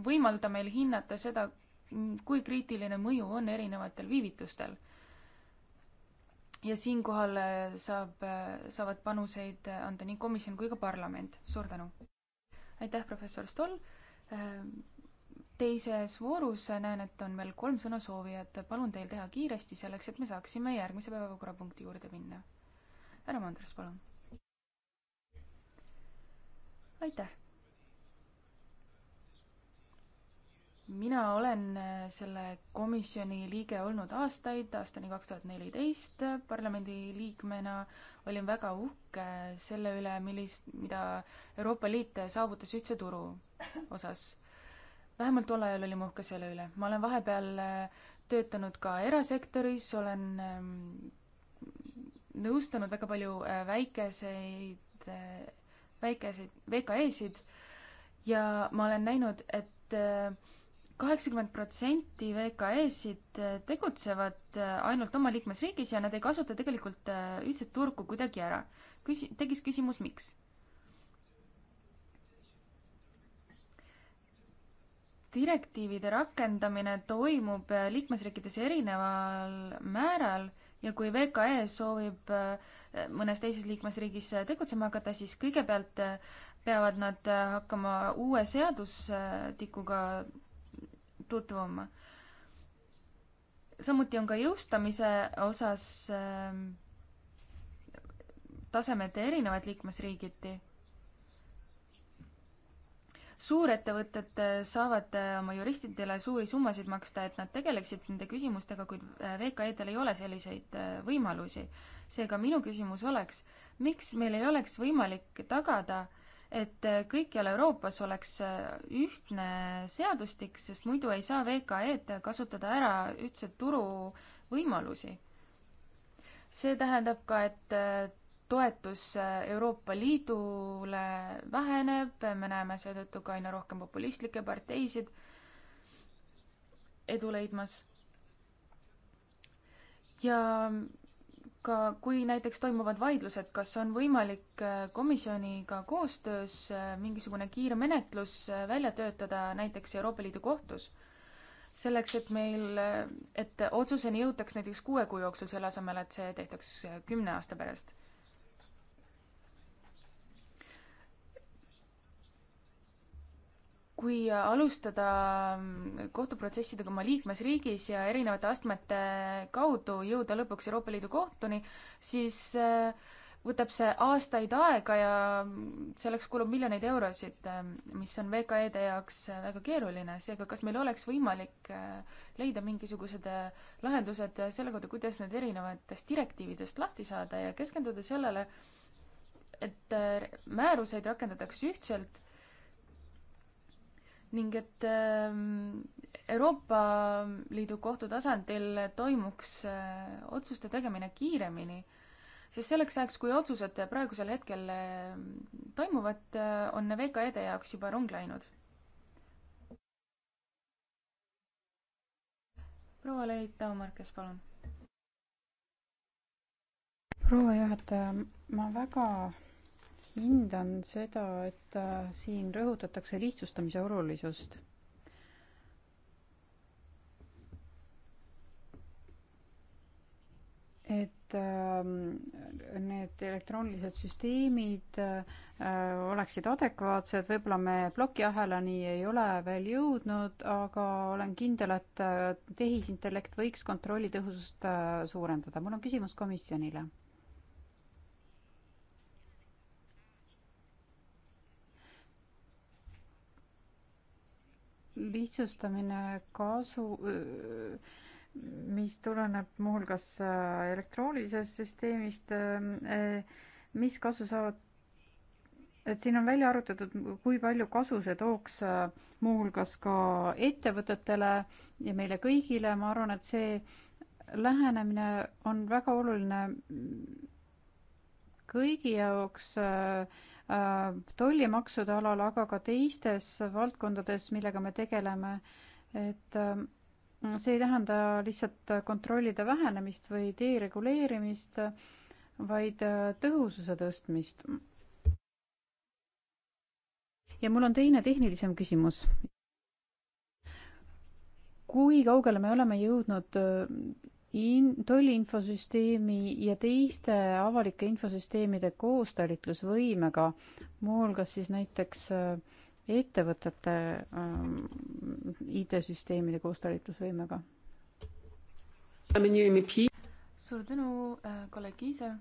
võimalda meil hinnata seda, kui kriitiline mõju on erinevatel viivitustel ja siinkohal äh, saab, äh, saavad panuseid äh, anda nii komisjon kui ka parlament. suur tänu! aitäh, professor Stoll! teises voorus näen, et on veel kolm sõnasoovijat. palun teil teha kiiresti selleks, et me saaksime järgmise päevakorrapunkti juurde minna. härra Mandras, palun! aitäh! mina olen äh, selle komisjoni liige olnud aastaid, aastani kaks tuhat neliteist parlamendiliikmena olin väga uhke selle üle, millist, mida Euroopa Liit saavutas ühtse turu osas. vähemalt tol ajal olin uhke selle üle. ma olen vahepeal äh, töötanud ka erasektoris, olen ähm, nõustanud väga palju äh, väikeseid, väikeseid VKE-sid ja ma olen näinud, et kaheksakümmend protsenti VKE-sid äh, tegutsevad äh, ainult oma liikmesriigis ja nad ei kasuta tegelikult äh, üldset turgu kuidagi ära. küsi-, tekkis küsimus, miks? direktiivide rakendamine toimub liikmesriikides erineval määral ja kui VKE soovib mõnes teises liikmesriigis tegutsema hakata, siis kõigepealt peavad nad hakkama uue seadustikuga tutvume. samuti on ka jõustamise osas ähm, tasemed erinevad liikmesriigiti. suurettevõtted saavad äh, oma juristidele suuri summasid maksta, et nad tegeleksid nende küsimustega, kuid äh, VKE-del ei ole selliseid äh, võimalusi. seega minu küsimus oleks, miks meil ei oleks võimalik tagada et äh, kõikjal Euroopas oleks äh, ühtne seadustik, sest muidu ei saa VKE-d kasutada ära ühtse turu võimalusi. see tähendab ka, et äh, toetus Euroopa Liidule väheneb, me näeme seetõttu ka aina rohkem populistlikke parteisid edu leidmas. ja ka kui näiteks toimuvad vaidlused, kas on võimalik äh, komisjoniga koostöös äh, mingisugune kiire menetlus äh, välja töötada näiteks Euroopa Liidu kohtus? selleks, et meil, et otsuseni jõutaks näiteks kuue kuu jooksul, selle asemel, et see tehtaks kümne aasta pärast. kui alustada mm, kohtuprotsessidega oma liikmesriigis ja erinevate astmete kaudu jõuda lõpuks Euroopa Liidu kohtuni, siis äh, võtab see aastaid aega ja mm, selleks kulub miljoneid eurosid, äh, mis on VKE-de jaoks äh, väga keeruline, seega kas meil oleks võimalik leida mingisugused lahendused selle kohta, kuidas need erinevatest direktiividest lahti saada ja keskenduda sellele, et määruseid rakendatakse ühtselt ning et ähm, Euroopa Liidu kohtu tasandil toimuks äh, otsuste tegemine kiiremini, sest selleks ajaks, kui otsused praegusel hetkel ähm, toimuvad, äh, on VKE-de jaoks juba rong läinud. proua Leit Taumarkes, palun. proua juhataja, ma väga hindan seda, et äh, siin rõhutatakse lihtsustamise olulisust. et ähm, need elektroonilised süsteemid äh, oleksid adekvaatsed, võib-olla me plokiahelani ei ole veel jõudnud, aga olen kindel, et äh, tehisintellekt võiks kontrolli tõhusust suurendada. mul on küsimus komisjonile lihtsustamine kasu, mis tuleneb muuhulgas äh, elektroonilisest süsteemist, äh, mis kasu saavad, et siin on välja arutatud, kui palju kasu see tooks äh, muuhulgas ka ettevõtetele ja meile kõigile, ma arvan, et see lähenemine on väga oluline kõigi jaoks äh, Äh, tollimaksude alal, aga ka teistes valdkondades, millega me tegeleme, et äh, see ei tähenda lihtsalt kontrollide vähenemist või dereguleerimist, vaid äh, tõhususe tõstmist. ja mul on teine tehnilisem küsimus. kui kaugele me oleme jõudnud in-, tolliinfosüsteemi ja teiste avalike infosüsteemide koostalitlusvõimega, muuhulgas siis näiteks äh, ettevõtete ähm, IT-süsteemide koostalitlusvõimega. suur tänu, äh, kolleeg Kiisa.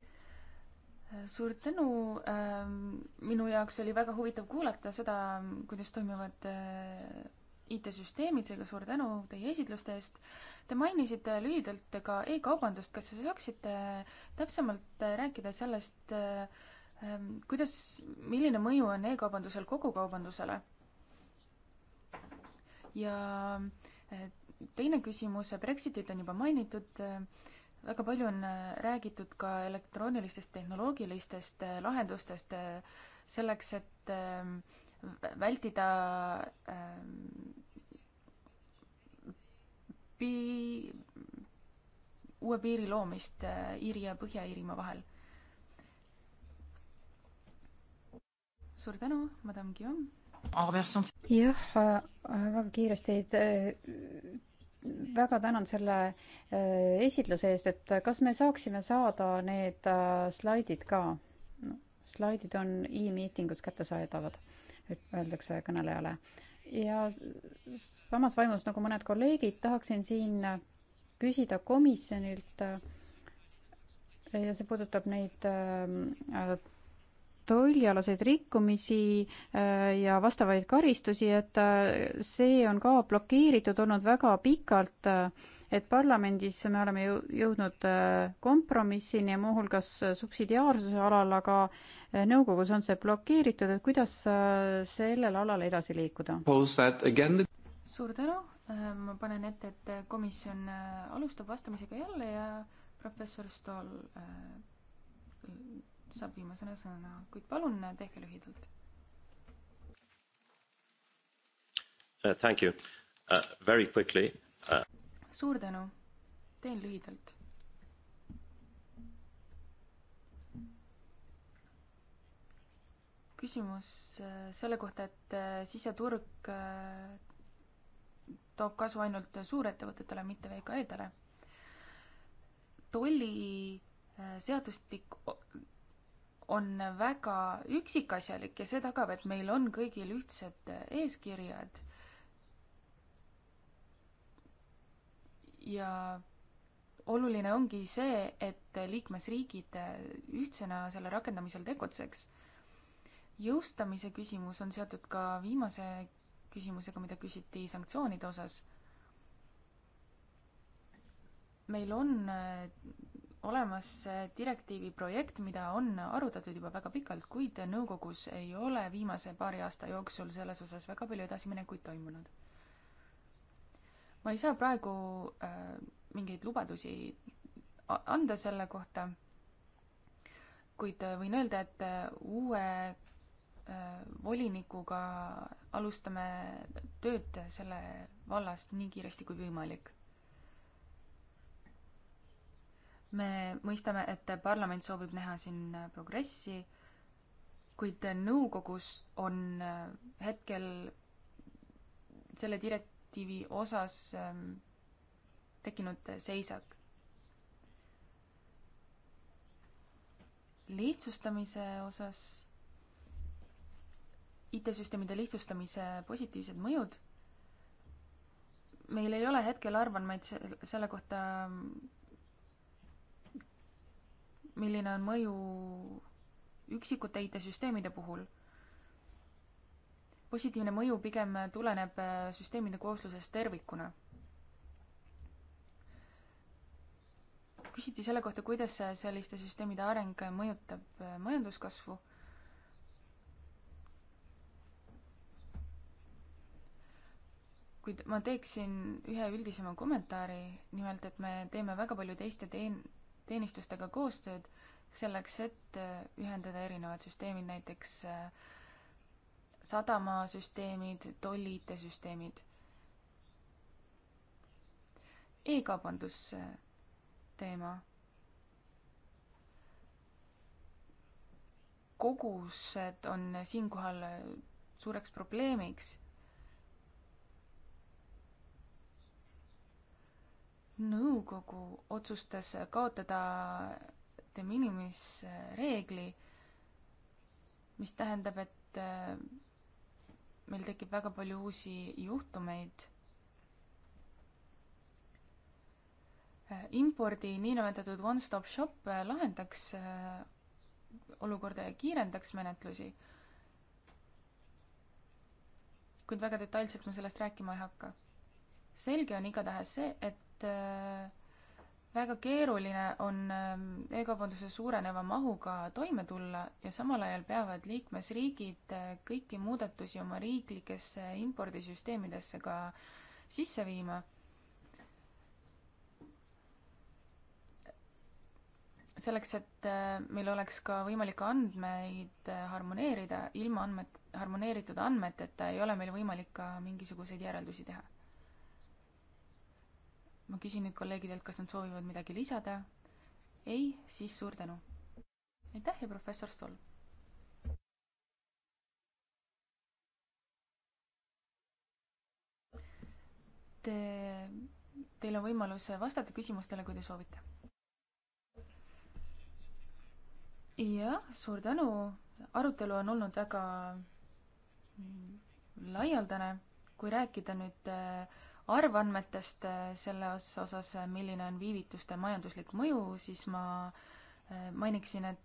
Äh, suur tänu, ähm, minu jaoks oli väga huvitav kuulata seda, kuidas toimuvad IT-süsteemid, seega suur tänu teie esitluste eest. Te mainisite lühidalt ka e-kaubandust, kas te saaksite täpsemalt äh, rääkida sellest, äh, ähm, kuidas, milline mõju on e-kaubandusel kogu kaubandusele? ja äh, teine küsimus, Brexitit on juba mainitud, väga palju on räägitud ka elektroonilistest tehnoloogilistest lahendustest selleks, et ähm, vältida ähm, pii-, uue piiri loomist äh, Iiri ja Põhja-Iirimaa vahel. suur tänu, madam Guillaume. jah, äh, äh, väga kiiresti väga tänan selle esitluse eest, et kas me saaksime saada need slaidid ka? slaidid on e-miitingus kättesaadavad, öeldakse kõnelejale ja samas vaimus nagu mõned kolleegid, tahaksin siin küsida komisjonilt äh, ja see puudutab neid äh, tollialaseid rikkumisi äh, ja vastavaid karistusi, et see on ka blokeeritud olnud väga pikalt äh, et parlamendis me oleme jõudnud äh, kompromissini ja muuhulgas äh, subsidiaarsuse alal, aga äh, nõukogus on see blokeeritud, et kuidas sellel alal edasi liikuda? suur tänu, ma panen ette, et komisjon alustab vastamisega jälle ja professor Stoll saab viimasena sõna, kuid palun tehke lühidalt uh,. Thank you uh,. Very quickly suur tänu, teen lühidalt. küsimus äh, selle kohta, et äh, siseturg äh, toob kasu ainult suurettevõtetele, mitte VKE-dele. tolliseadustik on väga üksikasjalik ja see tagab, et meil on kõigil ühtsed eeskirjad ja oluline ongi see, et liikmesriigid ühtsena selle rakendamisel tegutseks. jõustamise küsimus on seotud ka viimase küsimusega, mida küsiti sanktsioonide osas. meil on äh, olemas äh, direktiivi projekt, mida on arutatud juba väga pikalt, kuid nõukogus ei ole viimase paari aasta jooksul selles osas väga palju edasiminekuid toimunud ma ei saa praegu äh, mingeid lubadusi anda selle kohta, kuid äh, võin öelda, et äh, uue äh, volinikuga alustame tööd selle vallas nii kiiresti kui võimalik me mõistame, et parlament soovib näha siin äh, progressi, kuid nõukogus on hetkel selle direk-, direktiivi osas ähm, tekkinud seisak. lihtsustamise osas, IT-süsteemide lihtsustamise positiivsed mõjud. meil ei ole hetkel arvandmeid selle kohta, milline on mõju üksikute IT-süsteemide puhul positiivne mõju pigem tuleneb äh, süsteemide kooslusest tervikuna. küsiti selle kohta, kuidas selliste süsteemide areng mõjutab äh, majanduskasvu. kuid ma teeksin ühe üldisema kommentaari, nimelt et me teeme väga palju teiste teen-, teenistustega koostööd selleks, et äh, ühendada erinevad süsteemid, näiteks äh, sadamasüsteemid, tolli IT-süsteemid e. e-kaubandus teema. kogused on siinkohal suureks probleemiks. nõukogu otsustas kaotada de minimis reegli, mis tähendab, et meil tekib väga palju uusi juhtumeid. impordi niinimetatud one-stop shop lahendaks äh, olukorda ja kiirendaks menetlusi. kuid väga detailselt ma sellest rääkima ei hakka. selge on igatahes see, et äh, väga keeruline on ähm, e-kaubanduse suureneva mahuga toime tulla ja samal ajal peavad liikmesriigid äh, kõiki muudatusi oma riiklikesse impordisüsteemidesse ka sisse viima. selleks, et äh, meil oleks ka võimalik andmeid äh, harmoneerida, ilma andmed, harmoneeritud andmeteta ei ole meil võimalik ka mingisuguseid järeldusi teha ma küsin nüüd kolleegidelt, kas nad soovivad midagi lisada. ei, siis suur tänu. aitäh ja professor Stoll. Te, teil on võimalus vastata küsimustele, kui te soovite. jah, suur tänu. arutelu on olnud väga laialdane. kui rääkida nüüd äh, arvandmetest äh, selles osas, äh, milline on viivituste majanduslik mõju, siis ma äh, mainiksin, et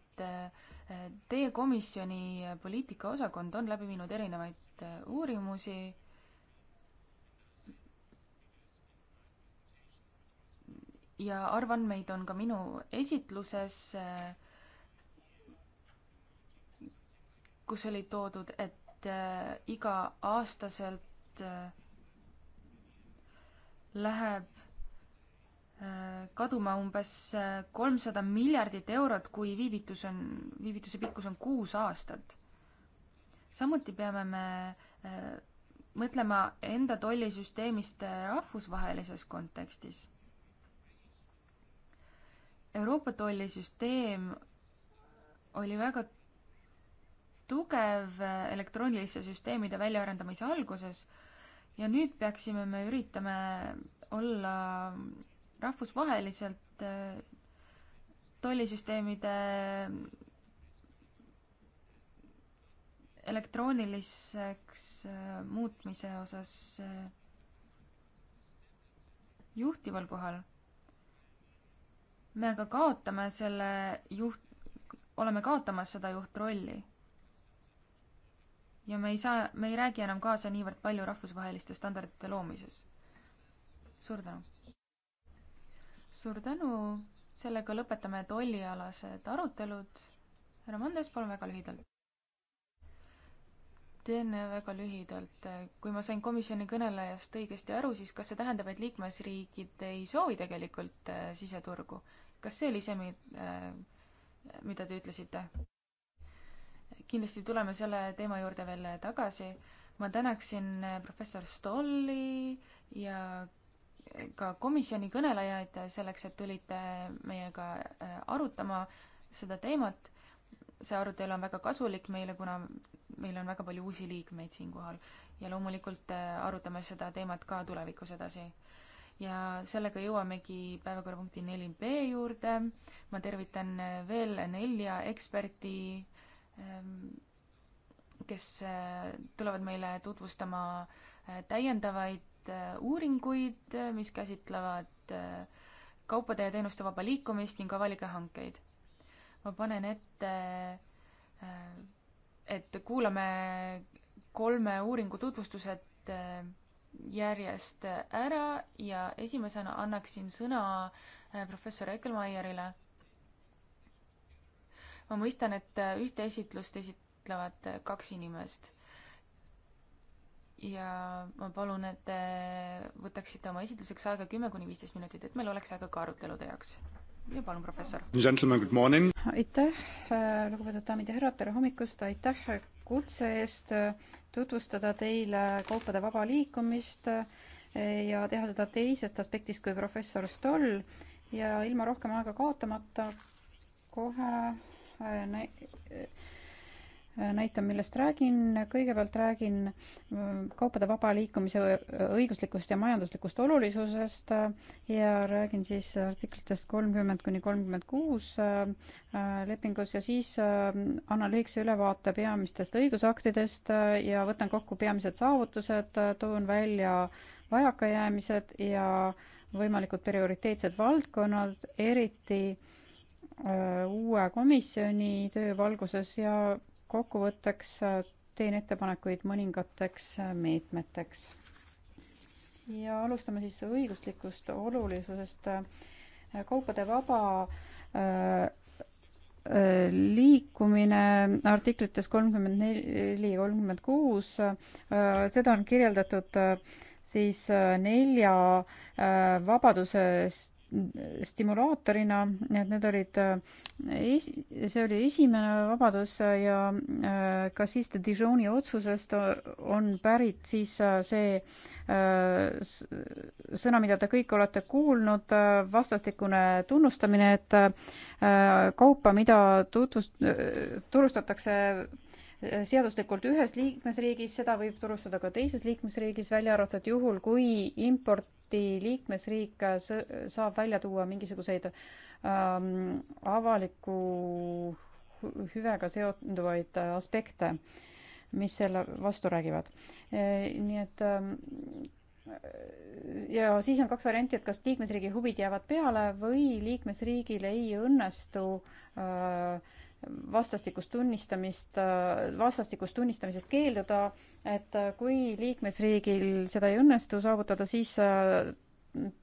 teie komisjoni poliitikaosakond on läbi viinud erinevaid uurimusi ja arvandmeid on ka minu esitluses, kus oli toodud, et iga-aastaselt läheb äh, kaduma umbes äh, kolmsada miljardit eurot, kui viivitus on, viivituse pikkus on kuus aastat. samuti peame me äh, mõtlema enda tollisüsteemist rahvusvahelises kontekstis. Euroopa tollisüsteem oli väga tugev elektrooniliste süsteemide väljaarendamise alguses ja nüüd peaksime me üritame olla rahvusvaheliselt äh, tollisüsteemide elektrooniliseks äh, muutmise osas äh, juhtival kohal. me aga kaotame selle juht, oleme kaotamas seda juhtrolli ja me ei saa, me ei räägi enam kaasa niivõrd palju rahvusvaheliste standardite loomises. suur tänu! suur tänu, sellega lõpetame tollialased arutelud. härra Mandes, palun väga lühidalt. teen väga lühidalt. kui ma sain komisjoni kõnelejast õigesti aru, siis kas see tähendab, et liikmesriigid ei soovi tegelikult äh, siseturgu? kas see oli see, äh, mida te ütlesite? kindlasti tuleme selle teema juurde veel tagasi. ma tänaksin eh, professor Stolli ja ka komisjoni kõnelejaid selleks, et tulite meiega eh, arutama seda teemat. see arutelu on väga kasulik meile, kuna meil on väga palju uusi liikmeid siinkohal ja loomulikult eh, arutame seda teemat ka tulevikus edasi ja sellega jõuamegi päevakorrapunkti neli B juurde. ma tervitan veel nelja eksperti Ehm, kes eh, tulevad meile tutvustama eh, täiendavaid eh, uuringuid, mis käsitlevad kaupade ja teenuste vaba liikumist ning avalikke hankeid. ma panen ette, et kuulame kolme uuringu tutvustused järjest ära ja esimesena annaksin sõna professor Ekelmeierile ma mõistan, et äh, ühte esitlust esitlevad äh, kaks inimest. ja ma palun, et te äh, võtaksite oma esitluseks aega kümme kuni viisteist minutit, et meil oleks aega ka arutelude jaoks. ja palun, professor. aitäh, lugupeetud daamid ja härrad, tere hommikust, aitäh kutse eest tutvustada teile kaupade vaba liikumist ja teha seda teisest aspektist kui professor Stoll ja ilma rohkem aega kaotamata kohe Äh, äh, näitan, millest räägin. kõigepealt räägin äh, kaupade vaba liikumise õiguslikust ja majanduslikust olulisusest ja räägin siis artiklitest kolmkümmend kuni kolmkümmend kuus lepingus ja siis annan lühikese ülevaate peamistest õigusaktidest ja võtan kokku peamised saavutused, toon välja vajakajäämised ja võimalikud prioriteetsed valdkonnad, eriti Äh, uue komisjoni töö valguses ja kokkuvõtteks äh, teen ettepanekuid mõningateks äh, meetmeteks. ja alustame siis õiguslikust olulisusest. kaupade vaba liikumine artiklites kolmkümmend neli, kolmkümmend kuus, seda on kirjeldatud siis nelja vabadusest stimulaatorina, et need olid, äh, see oli esimene vabadus ja äh, ka siis Dijoni otsusest on pärit siis äh, see sõna, mida te kõik olete kuulnud, vastastikune tunnustamine, et kaupa, mida tutvust-, turustatakse seaduslikult ühes liikmesriigis, seda võib turustada ka teises liikmesriigis, välja arvatud juhul, kui import samuti liikmesriik äh, saab välja tuua mingisuguseid ähm, avaliku hüvega seonduvaid äh, aspekte, mis selle vastu räägivad e,. nii et ähm, ja siis on kaks varianti, et kas liikmesriigi huvid jäävad peale või liikmesriigil ei õnnestu äh, vastastikust tunnistamist, vastastikust tunnistamisest keelduda, et kui liikmesriigil seda ei õnnestu saavutada, siis äh,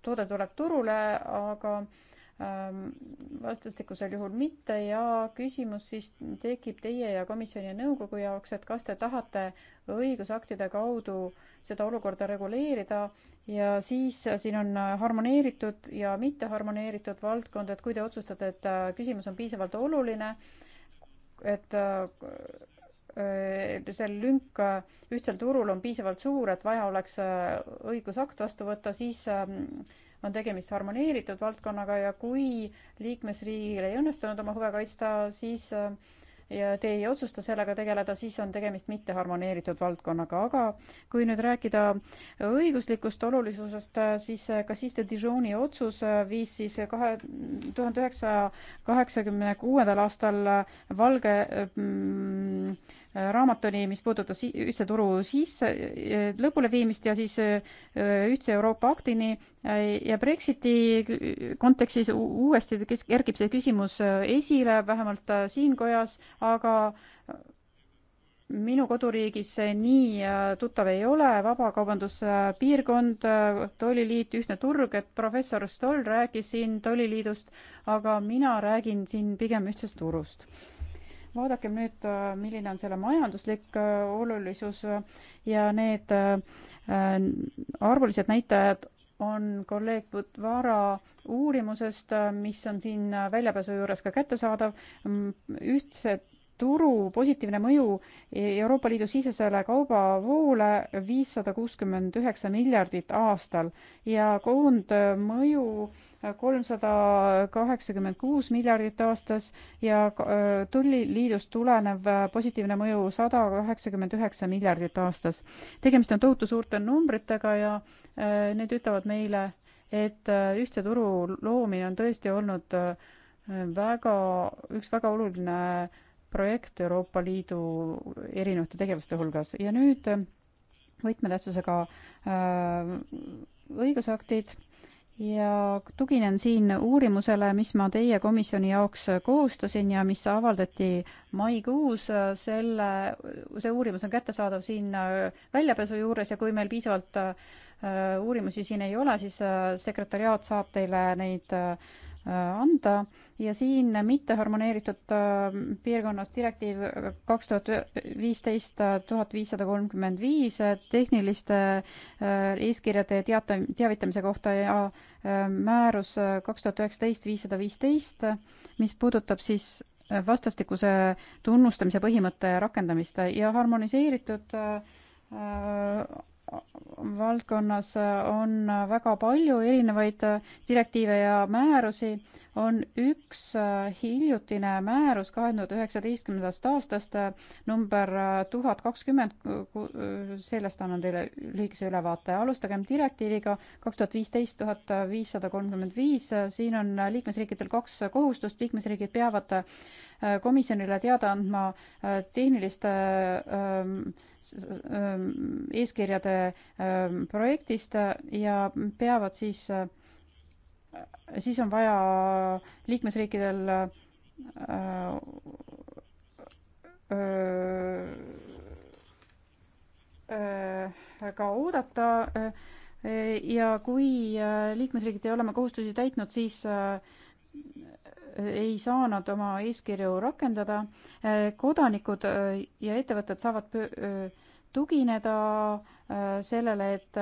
toode tuleb turule, aga ähm, vastastikusel juhul mitte ja küsimus siis tekib teie ja komisjoni ja nõukogu jaoks, et kas te tahate õigusaktide kaudu seda olukorda reguleerida ja siis siin on harmoneeritud ja mitteharmoneeritud valdkond, et kui te otsustate, et äh, küsimus on piisavalt oluline, et see lünk ühtsel turul on piisavalt suur, et vaja oleks äh, õigusakt vastu võtta, siis äh, on tegemist harmoneeritud valdkonnaga ja kui liikmesriigil ei õnnestunud oma huve kaitsta, siis äh, ja te ei otsusta sellega tegeleda, siis on tegemist mitte harmoneeritud valdkonnaga, aga kui nüüd rääkida õiguslikust olulisusest, siis ka siis te Dijoni otsus viis siis kahe, tuhande üheksasaja kaheksakümne kuuendal aastal valge mm, Äh, raamat oli, mis puudutas ühtse turu sisse, äh, lõpuleviimist ja siis äh, ühtse Euroopa aktini ja Brexiti kontekstis uuesti kerkib see küsimus esile, vähemalt siin kojas, aga minu koduriigis see nii tuttav ei ole, vabakaubanduspiirkond, tolliliit, ühtne turg, et professor Stoll rääkis siin tolliliidust, aga mina räägin siin pigem ühtsest turust vaadakem nüüd, äh, milline on selle majanduslik äh, olulisus äh, ja need arvulised näitajad on kolleeg Butvara uurimusest, mis on siin väljapääsu juures ka kättesaadav. ühtsed turu positiivne mõju Euroopa Liidu sisesele kaubavoole viissada kuuskümmend üheksa miljardit aastal ja koondmõju kolmsada kaheksakümmend kuus miljardit aastas ja äh, tulliliidust tulenev positiivne mõju sada kaheksakümmend üheksa miljardit aastas. tegemist on tohutu suurte numbritega ja äh, need ütlevad meile, et äh, ühtse turu loomine on tõesti olnud väga, üks väga oluline projekt Euroopa Liidu erinevate tegevuste hulgas ja nüüd äh, võtmetähtsusega äh, õigusaktid ja tuginen siin uurimusele, mis ma teie komisjoni jaoks koostasin ja mis avaldati maikuus, äh, selle, see uurimus on kättesaadav siin väljapesu juures ja kui meil piisavalt uurimusi siin ei ole, siis sekretäriaat saab teile neid äh, Äh, anda ja siin mitteharmoneeritud äh, piirkonnas direktiiv kaks tuhat viisteist tuhat viissada kolmkümmend viis tehniliste äh, eeskirjade teata-, teavitamise kohta ja määrus kaks tuhat üheksateist viissada viisteist, mis puudutab siis vastastikuse tunnustamise põhimõtte rakendamist ja harmoniseeritud valdkonnas on väga palju erinevaid direktiive ja määrusi, on üks hiljutine määrus kahe tuhande üheksateistkümnendast aastast, number tuhat kakskümmend, sellest annan teile lühikese ülevaate. alustagem direktiiviga kaks tuhat viisteist tuhat viissada kolmkümmend viis, siin on liikmesriikidel kaks kohustust, liikmesriigid peavad Äh, komisjonile teada andma äh, tehniliste ähm, ähm, eeskirjade ähm, projektist äh, ja peavad siis, siis on vaja liikmesriikidel ka oodata ja kui liikmesriigid ei ole oma kohustusi täitnud, siis ei saa nad oma eeskirju rakendada. kodanikud äh, ja ettevõtted saavad äh, tugineda äh, sellele, et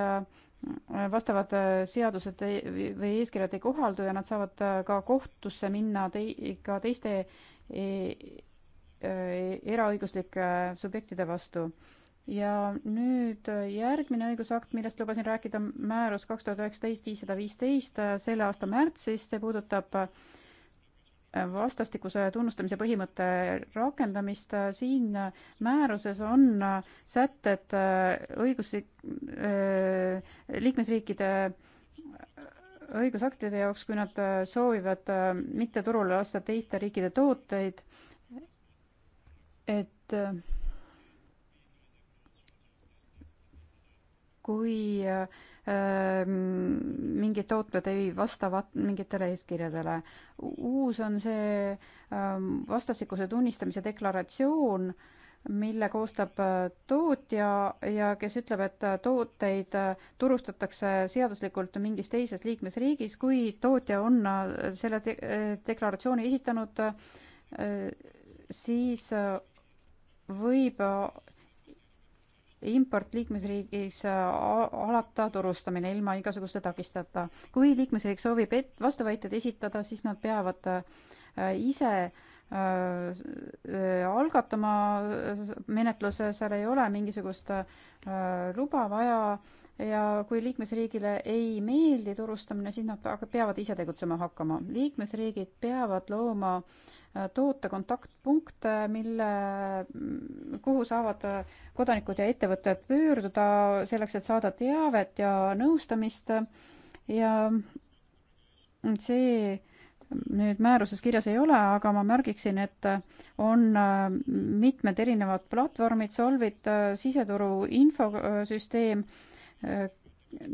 vastavad seadused või eeskirjad ei kohaldu ja nad saavad ka kohtusse minna tei-, ka teiste e, e, eraõiguslike subjektide vastu ja nüüd järgmine õigusakt, millest lubasin rääkida, määrus kaks tuhat üheksateist viissada viisteist selle aasta märtsist, see puudutab äh, vastastikuse tunnustamise põhimõtte rakendamist. siin määruses on sätted õiguslik, äh, liikmesriikide õigusaktide jaoks, kui nad soovivad mitte turule lasta teiste riikide tooteid, et äh, kui äh, mingid tooted ei vasta mingitele eeskirjadele. uus on see ähm, vastastikuse tunnistamise deklaratsioon, mille koostab äh, tootja ja kes ütleb, et äh, tooteid äh, turustatakse seaduslikult mingis teises liikmesriigis, kui tootja on selle de deklaratsiooni esitanud, siis võib import liikmesriigis äh, alata turustamine ilma igasuguste takistata. kui liikmesriik soovib et-, vastuväited esitada, siis nad peavad äh, ise äh, algatama menetluse, seal ei ole mingisugust luba vaja ja kui liikmesriigile ei meeldi turustamine, siis nad peavad ise tegutsema hakkama. liikmesriigid peavad looma äh, tootekontaktpunkte, mille, mm, kuhu saavad äh, kodanikud ja ettevõtted pöörduda selleks, et saada teavet ja nõustamist ja see nüüd määruses kirjas ei ole, aga ma märgiksin, et on äh, mitmed erinevad platvormid, Solvit, siseturu infosüsteem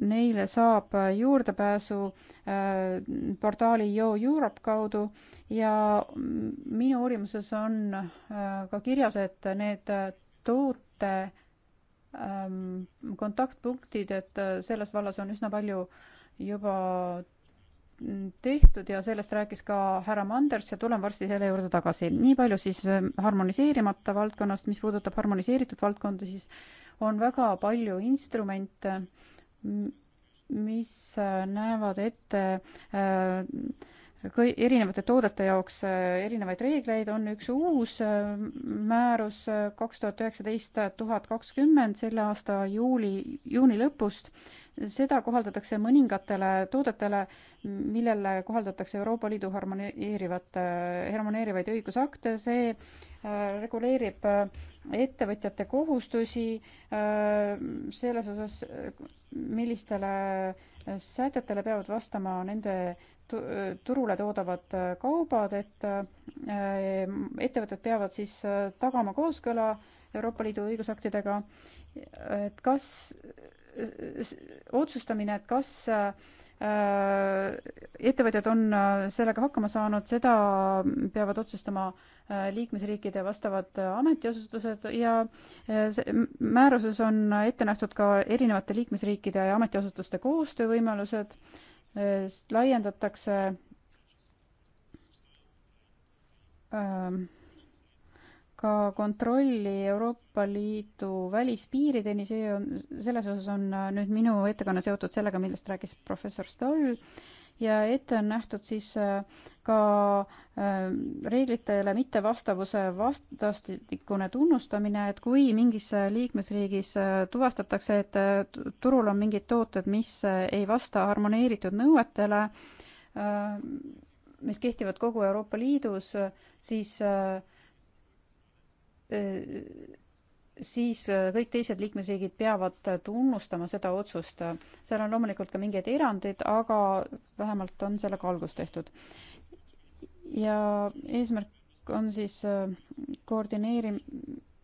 neile saab juurdepääsu äh, portaali Yo Europe kaudu ja minu uurimuses on äh, ka kirjas, et need toote ähm, kontaktpunktid, et äh, selles vallas on üsna palju juba tehtud ja sellest rääkis ka härra Manders ja tulen varsti selle juurde tagasi. nii palju siis harmoniseerimata valdkonnast, mis puudutab harmoniseeritud valdkonda, siis on väga palju instrumente, mis äh, näevad ette äh, kõi-, erinevate toodete jaoks äh, erinevaid reegleid, on üks uus määrus kaks tuhat üheksateist tuhat kakskümmend selle aasta juuli, juuni lõpust. seda kohaldatakse mõningatele toodetele, millele kohaldatakse Euroopa Liidu harmoneerivat, harmoneerivaid õigusakte, see Äh, reguleerib äh, ettevõtjate kohustusi äh, selles osas, millistele sätetele peavad vastama nende turule toodavad kaubad, et ettevõtted peavad siis tagama kooskõla Euroopa Liidu õigusaktidega, et kas otsustamine, et kas ettevõtjad on sellega hakkama saanud, seda peavad otsustama äh, Äh, liikmesriikide vastavad ametiasutused ja äh, määruses on ette nähtud ka erinevate liikmesriikide ja ametiasutuste koostöövõimalused, äh, laiendatakse ähm, ka kontrolli Euroopa Liidu välispiirideni, see on, selles osas on nüüd minu ettekanne seotud sellega, millest rääkis professor Stoll ja ette on nähtud siis äh, ka äh, reeglitele mittevastavuse vastastikune tunnustamine, et kui mingis äh, liikmesriigis tuvastatakse, et turul on mingid tooted, mis ei vasta harmoneeritud nõuetele, mis kehtivad kogu Euroopa Liidus, siis siis äh, kõik teised liikmesriigid peavad äh, tunnustama seda otsust. seal on loomulikult ka mingeid erandeid, aga vähemalt on sellega algus tehtud. ja eesmärk on siis äh, koordineeri-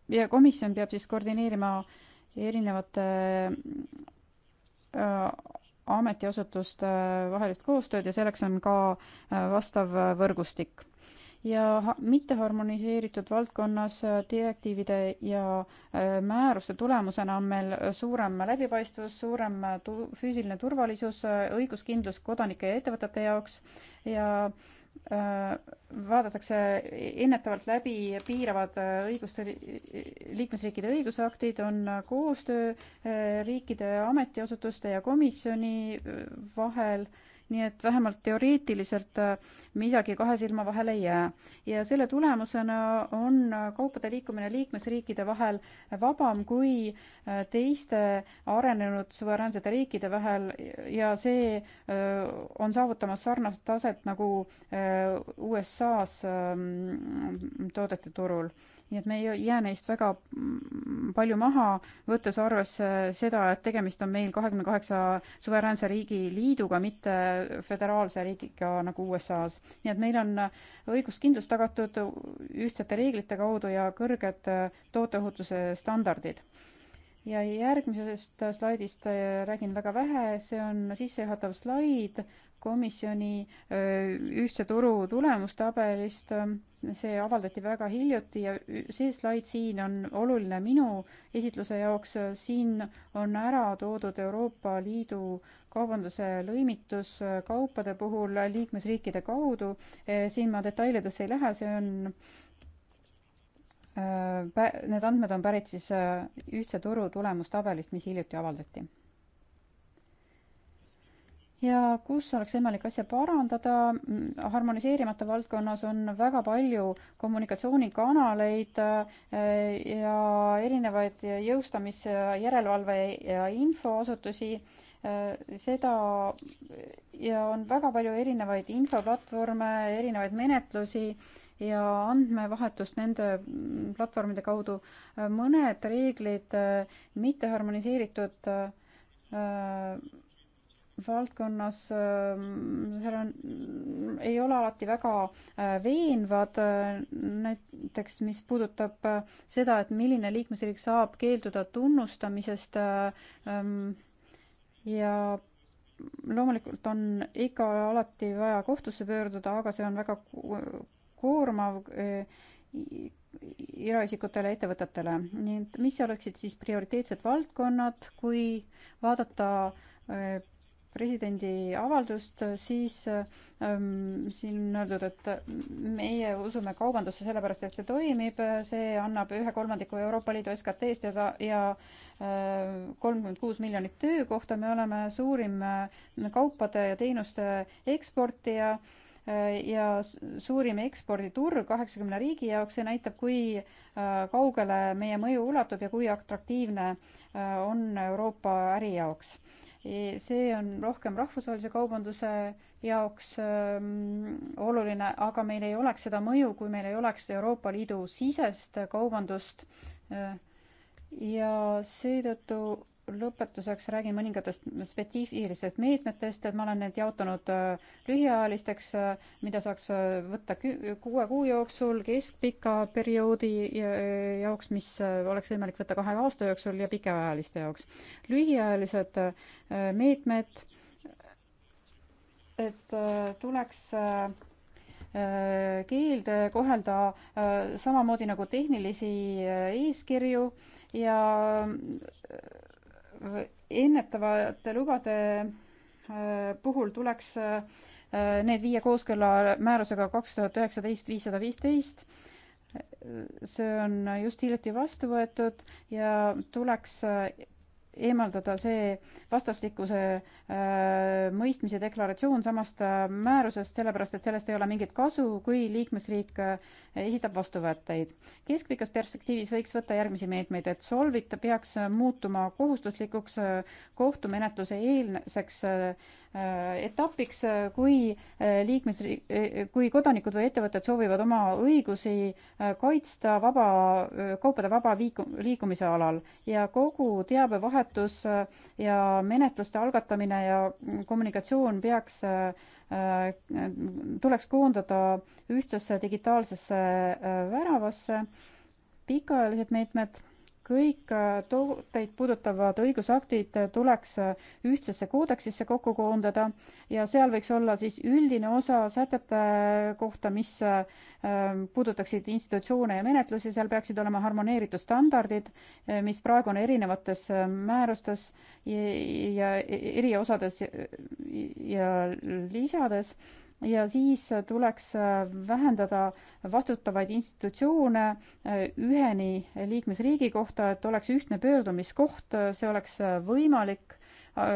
ja komisjon peab siis koordineerima erinevate ametiasutuste vahelist koostööd ja selleks on ka vastav võrgustik ja mitteharmoniseeritud valdkonnas äh, direktiivide ja äh, määruste tulemusena on meil suurem läbipaistvus, suurem äh, tu-, füüsiline turvalisus, õiguskindlus kodanike ja ettevõtete jaoks ja vaadatakse ennetavalt läbi piiravad õiguste, liikmesriikide õigusaktid, on koostöö riikide ametiasutuste ja komisjoni vahel äh, nii et vähemalt teoreetiliselt äh, midagi kahe silma vahele ei jää. ja selle tulemusena on äh, kaupade liikumine liikmesriikide vahel vabam kui äh, teiste arenenud suveräänsete riikide vahel ja see on saavutamas sarnast taset nagu USA-s ähm, toodete turul nii et me ei jää neist väga mm, palju maha, võttes arvesse seda, et tegemist on meil kahekümne kaheksa suveräänse riigi liiduga, mitte föderaalse riigiga nagu USA-s. nii et meil on õiguskindlus tagatud ühtsete reeglite kaudu ja kõrged tooteohutuse standardid ja järgmisest slaidist räägin väga vähe, see on sissejuhatav slaid, komisjoni ühtse turu tulemustabelist. see avaldati väga hiljuti ja see slaid siin on oluline minu esitluse jaoks. siin on ära toodud Euroopa Liidu kaubanduse lõimitus kaupade puhul liikmesriikide kaudu. siin ma detailidesse ei lähe, see on Need andmed on pärit siis ühtse turu tulemustabelist, mis hiljuti avaldati ja kus oleks võimalik asja parandada. Mm, harmoniseerimata valdkonnas on väga palju kommunikatsioonikanaleid äh, ja erinevaid jõustamis-, järelevalve ja infoasutusi. Äh, seda ja on väga palju erinevaid infoplatvorme, erinevaid menetlusi ja andmevahetust nende mm, platvormide kaudu. Äh, mõned reeglid mitteharmoniseeritud valdkonnas ähm, seal on, ei ole alati väga äh, veenvad, äh, näiteks mis puudutab äh, seda, et milline liikmesriik saab keelduda tunnustamisest ähm, ja loomulikult on ikka alati vaja kohtusse pöörduda, aga see on väga koormav eraisikutele ja ettevõtetele. nii et mis oleksid siis prioriteetsed valdkonnad, kui vaadata presidendi avaldust, siis ähm, siin on öeldud, et meie usume kaubandusse sellepärast, et see toimib, see annab ühe kolmandiku Euroopa Liidu SKT-st ja ta ja äh, kolmkümmend kuus miljonit töökohta, me oleme suurim äh, kaupade ja teenuste eksportija äh, ja suurim eksporditurg kaheksakümne riigi jaoks, see näitab, kui kaugele meie mõju ulatub ja kui atraktiivne on Euroopa äri jaoks see on rohkem rahvusvahelise kaubanduse jaoks ähm, oluline, aga meil ei oleks seda mõju, kui meil ei oleks Euroopa Liidu sisest kaubandust äh,. ja seetõttu lõpetuseks räägin mõningatest spetsiifilisest meetmetest, et ma olen need jaotanud äh, lühiajalisteks, äh, mida saaks äh, võtta kuue kuu jooksul, keskpika perioodi jaoks, mis oleks võimalik võtta kahe aasta jooksul ja pikaajaliste jaoks. lühiajalised meetmed, et tuleks keelde kohelda samamoodi nagu tehnilisi eeskirju ja ennetavate lubade äh, puhul tuleks äh, need viia kooskõlla määrusega kaks tuhat üheksateist viissada viisteist. Äh, see on just hiljuti vastu võetud ja tuleks eemaldada see vastastikuse äh, mõistmise deklaratsioon samast äh, määrusest, sellepärast et sellest ei ole mingit kasu, kui liikmesriik äh, esitab vastuvõtteid. keskpikas perspektiivis võiks võtta järgmisi meetmeid, et solvita peaks muutuma kohustuslikuks äh, kohtumenetluse eelseks äh, Äh, etapiks, äh, kui äh, liikmesriik, kui kodanikud või ettevõtted soovivad oma õigusi kaitsta vaba, kaupade vaba viiku-, liikumise alal ja kogu teabevahetus ja menetluste algatamine ja mm, kommunikatsioon peaks, tuleks koondada ühtsesse digitaalsesse väravasse, pikaajalised meetmed kõik äh, tooteid puudutavad õigusaktid tuleks äh, ühtsesse koodeksisse kokku koondada ja seal võiks olla siis üldine osa sätete äh, kohta, mis ähm, puudutaksid institutsioone ja menetlusi, seal peaksid olema harmoneeritud standardid, mis praegu on erinevates määrustes ja e-, eri osades ja lisades ja siis äh, tuleks äh, vähendada vastutavaid institutsioone äh, üheni liikmesriigi kohta, et oleks ühtne pöördumiskoht, see oleks võimalik.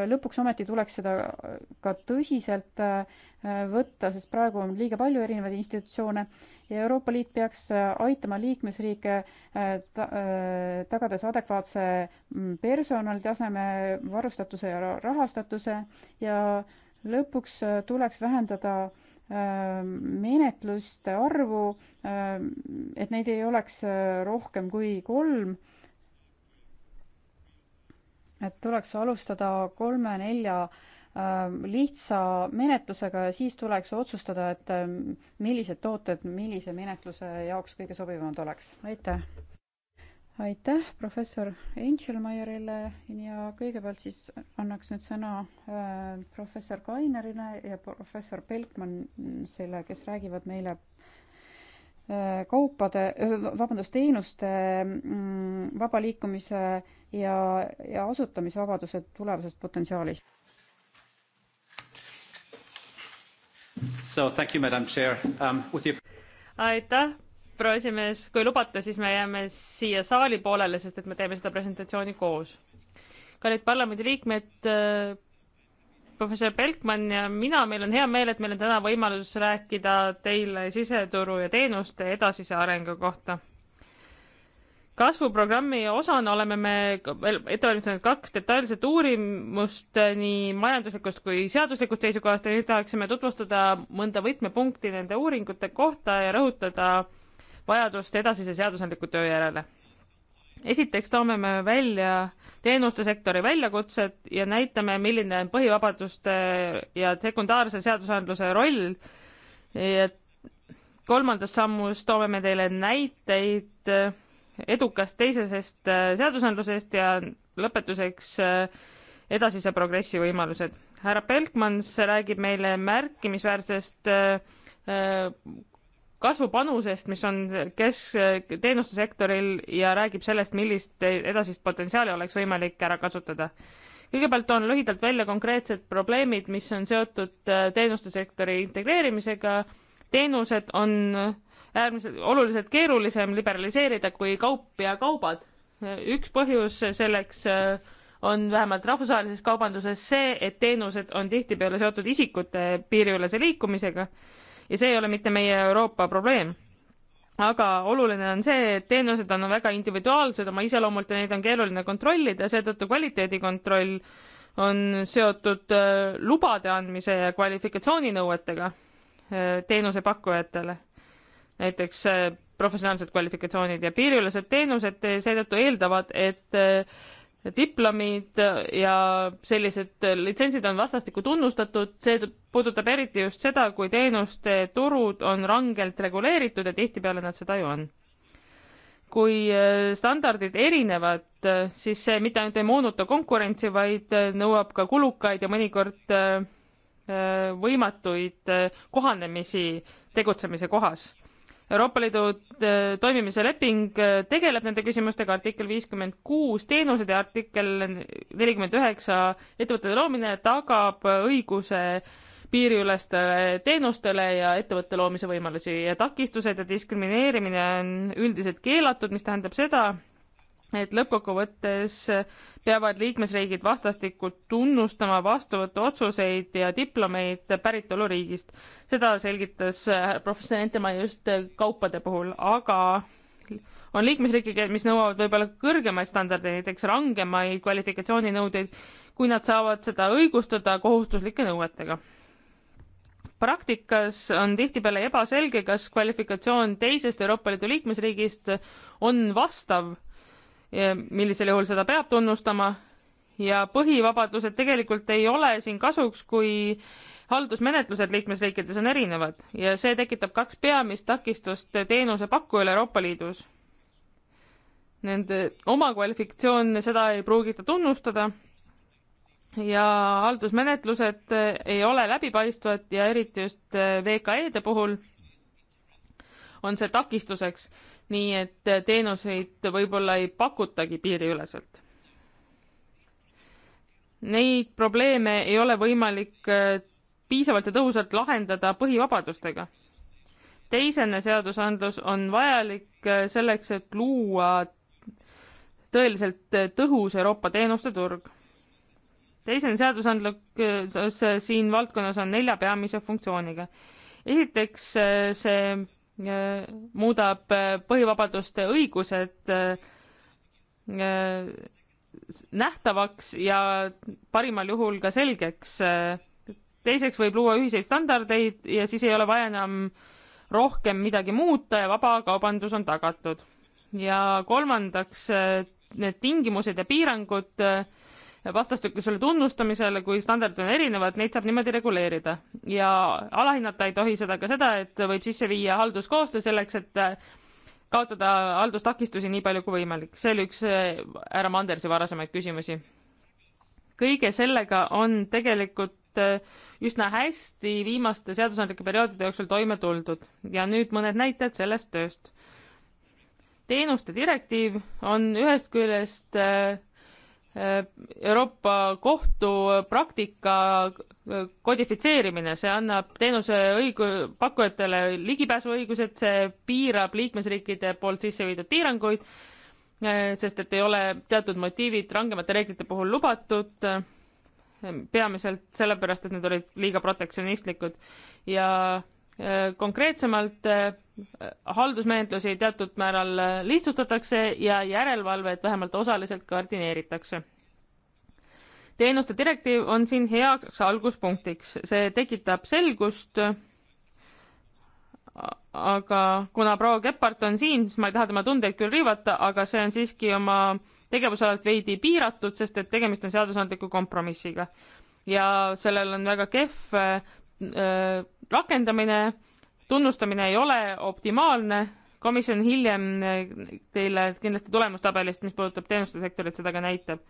lõpuks ometi tuleks seda ka tõsiselt võtta, sest praegu on liiga palju erinevaid institutsioone ja Euroopa Liit peaks aitama liikmesriike ta, tagades adekvaatse mm, personalitaseme, varustatuse ja rahastatuse ja äh, lõpuks äh, tuleks vähendada äh, menetluste arvu, äh, et neid ei oleks rohkem kui kolm. et tuleks alustada kolme-nelja lihtsa menetlusega ja siis tuleks otsustada, et millised tooted millise menetluse jaoks kõige sobivamad oleks. aitäh! aitäh professor Angelmeierile ja kõigepealt siis annaks nüüd sõna äh, professor Kainerile ja professor Belkmannsile, kes räägivad meile äh, kaupade, äh, vabandust, teenuste mm, vaba liikumise ja, ja asutamisvabaduse tulevasest potentsiaalist. So thank you, madam chair um,. With your aitäh proua esimees, kui lubate, siis me jääme siia saali poolele, sest et me teeme seda presentatsiooni koos. kallid parlamendiliikmed, professor Belkmann ja mina, meil on hea meel, et meil on täna võimalus rääkida teile siseturu ja teenuste edasise arengu kohta. kasvuprogrammi osana oleme me ette valmistanud kaks detailset uurimust nii majanduslikust kui seaduslikust seisukohast ja nüüd tahaksime tutvustada mõnda võtmepunkti nende uuringute kohta ja rõhutada vajadust edasise seadusandliku töö järele. esiteks toome me välja teenuste sektori väljakutsed ja näitame, milline on põhivabaduste ja sekundaarse seadusandluse roll. kolmandas sammus toome me teile näiteid edukast teisesest äh, seadusandlusest ja lõpetuseks äh, edasise progressi võimalused. härra Pelkmans räägib meile märkimisväärsest äh, kasvupanusest, mis on kesk, teenustesektoril ja räägib sellest, millist edasist potentsiaali oleks võimalik ära kasutada. kõigepealt on lühidalt välja konkreetsed probleemid, mis on seotud äh, teenustesektori integreerimisega, teenused on äärmiselt oluliselt keerulisem liberaliseerida kui kaup ja kaubad. üks põhjus selleks äh, on vähemalt rahvusvahelises kaubanduses see, et teenused on tihtipeale seotud isikute piiriülese liikumisega ja see ei ole mitte meie Euroopa probleem. aga oluline on see, et teenused on väga individuaalsed oma iseloomult ja neid on keeruline kontrollida, seetõttu kvaliteedikontroll on seotud äh, lubade andmise ja kvalifikatsiooninõuetega äh, teenusepakkujatele. näiteks äh, professionaalsed kvalifikatsioonid ja piiriülesed teenused seetõttu eeldavad, et diplomid ja sellised litsentsid on vastastikku tunnustatud, see puudutab eriti just seda, kui teenuste turud on rangelt reguleeritud ja tihtipeale nad seda ju on. kui äh, standardid erinevad, siis see mitte ainult ei moonuta konkurentsi, vaid äh, nõuab ka kulukaid ja mõnikord äh, võimatuid kohanemisi tegutsemise kohas Euroopa Liidu äh, toimimise leping äh, tegeleb nende küsimustega, artikkel viiskümmend kuus teenused ja artikkel nelikümmend üheksa ettevõtete loomine tagab õiguse piiriülestele teenustele ja ettevõtte loomise võimalusi ja takistused ja diskrimineerimine on üldiselt keelatud, mis tähendab seda, et lõppkokkuvõttes peavad liikmesriigid vastastikult tunnustama vastuvõtuotsuseid ja diplomeid päritoluriigist. seda selgitas äh, professor Entemaa just äh, kaupade puhul, aga on liikmesriike, mis nõuavad võib-olla kõrgemaid standardeid, näiteks rangemaid kvalifikatsiooninõudeid, kui nad saavad seda õigustada kohustuslike nõuetega. praktikas on tihtipeale ebaselge, kas kvalifikatsioon teisest Euroopa Liidu liikmesriigist on vastav millisel juhul seda peab tunnustama ja põhivabadused tegelikult ei ole siin kasuks, kui haldusmenetlused liikmesriikides on erinevad ja see tekitab kaks peamist takistust teenusepakkujale Euroopa Liidus. Nende oma kvalifikatsioon, seda ei pruugita tunnustada ja haldusmenetlused ei ole läbipaistvad ja eriti just VKE-de puhul on see takistuseks nii et teenuseid võib-olla ei pakutagi piiriüleselt. Neid probleeme ei ole võimalik äh, piisavalt ja tõhusalt lahendada põhivabadustega. teisene seadusandlus on vajalik äh, selleks, et luua tõeliselt äh, tõhus Euroopa teenuste turg. teisene seadusandlus siin valdkonnas on nelja peamise funktsiooniga. esiteks see Äh, muudab äh, põhivabaduste õigused äh, nähtavaks ja parimal juhul ka selgeks. teiseks võib luua ühiseid standardeid ja siis ei ole vaja enam rohkem midagi muuta ja vaba kaubandus on tagatud. ja kolmandaks, need tingimused ja piirangud äh, vastastikusele tunnustamisele, kui standardid on erinevad, neid saab niimoodi reguleerida. ja alahinnata ei tohi seda ka seda, et võib sisse viia halduskoostöö selleks, et äh, kaotada haldustakistusi nii palju kui võimalik. see oli üks äh, härra Mandersi varasemaid küsimusi. kõige sellega on tegelikult äh, üsna hästi viimaste seadusandlike perioodide jooksul toime tuldud ja nüüd mõned näited sellest tööst teenuste direktiiv on ühest küljest Euroopa Kohtu praktika kodifitseerimine, see annab teenuse õigu-, pakkujatele ligipääsuõigused, see piirab liikmesriikide poolt sisse viidud piiranguid, sest et ei ole teatud motiivid rangemate reeglite puhul lubatud, peamiselt sellepärast, et need olid liiga protektsionistlikud ja eh, konkreetsemalt eh, haldusmenetlusi teatud määral äh, lihtsustatakse ja järelevalvet vähemalt osaliselt koordineeritakse. teenuste direktiiv on siin heaks alguspunktiks, see tekitab selgust, aga kuna proua Keppart on siin, siis ma ei taha tema tundeid küll riivata, aga see on siiski oma tegevusalalt veidi piiratud, sest et tegemist on seadusandliku kompromissiga. ja sellel on väga kehv äh, rakendamine äh, tunnustamine ei ole optimaalne, komisjon hiljem eh, teile kindlasti tulemustabelist, mis puudutab teenuste sektorit, seda ka näitab.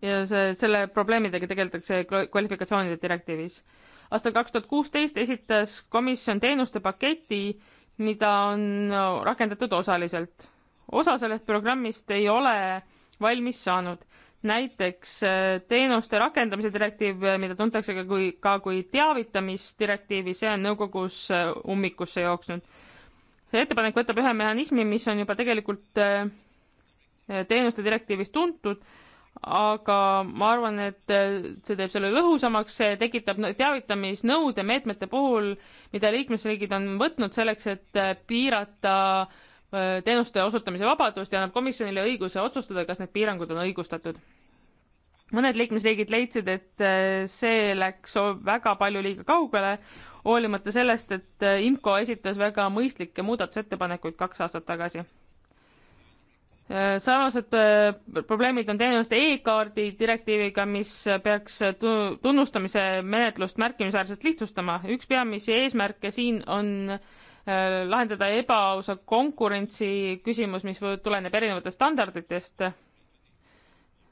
ja see, selle probleemidega tegeletakse kvalifikatsioonide direktiivis. aastal kaks tuhat kuusteist esitas komisjon teenuste paketi, mida on rakendatud osaliselt. osa sellest programmist ei ole valmis saanud näiteks äh, teenuste rakendamise direktiiv, äh, mida tuntakse ka kui, ka kui teavitamisdirektiivi, see on nõukogus äh, ummikusse jooksnud. see ettepanek võtab ühe mehhanismi, mis on juba tegelikult teenuste direktiivis tuntud, aga ma arvan, et see teeb selle lõhusamaks, see tekitab teavitamisnõude meetmete puhul, mida liikmesriigid on võtnud selleks, et piirata äh, Äh, teenuste osutamise vabadust ja annab komisjonile õiguse otsustada, kas need piirangud on õigustatud. mõned liikmesriigid leidsid, et äh, see läks väga palju liiga kaugele, hoolimata sellest, et äh, IMCO esitas väga mõistlikke muudatusettepanekuid kaks aastat tagasi. sarnased probleemid on teenuste e-kaardi direktiiviga, mis peaks tunnustamise menetlust märkimisväärselt lihtsustama. üks peamisi eesmärke siin on äh, Äh, lahendada ebaausa konkurentsi küsimus, mis tuleneb erinevatest standarditest.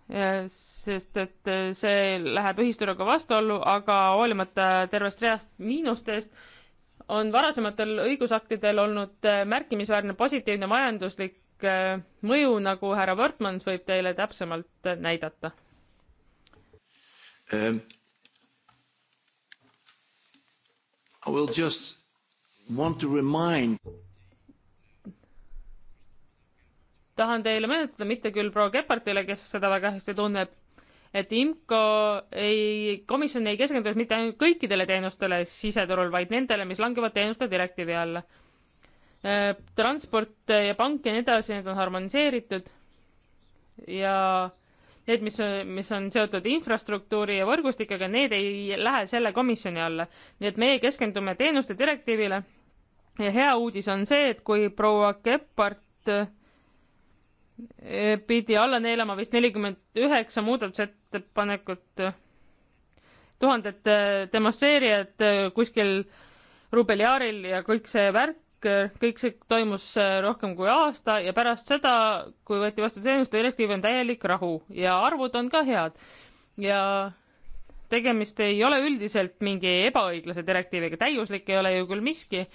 Äh, sest et äh, see läheb ühisturuga vastuollu, aga hoolimata tervest reast miinustest on varasematel õigusaktidel olnud märkimisväärne positiivne majanduslik mõju, nagu härra Wortmans võib teile täpsemalt näidata um,. I will just want to remind tahan teile meenutada, mitte küll proua Kepartile, kes seda väga hästi tunneb, et IMCO ei, komisjon ei keskendu mitte ainult kõikidele teenustele siseturul, vaid nendele, mis langevad teenuste direktiivi alla. Äh, transport ja pank ja nii edasi, need on harmoniseeritud ja need, mis, mis on seotud infrastruktuuri ja võrgustikega, need ei lähe selle komisjoni alla. nii et meie keskendume teenuste direktiivile ja hea uudis on see, et kui proua Keppart eh, pidi alla neelama vist nelikümmend üheksa muudatusettepanekut, tuhanded eh, demonstreerijad eh, kuskil Rubeliaaril ja kõik see värk, kõik see toimus rohkem kui aasta ja pärast seda, kui võeti vastu teenusdirektiiv, on täielik rahu ja arvud on ka head. ja tegemist ei ole üldiselt mingi ebaõiglase direktiiviga, täiuslik ei ole ju küll miski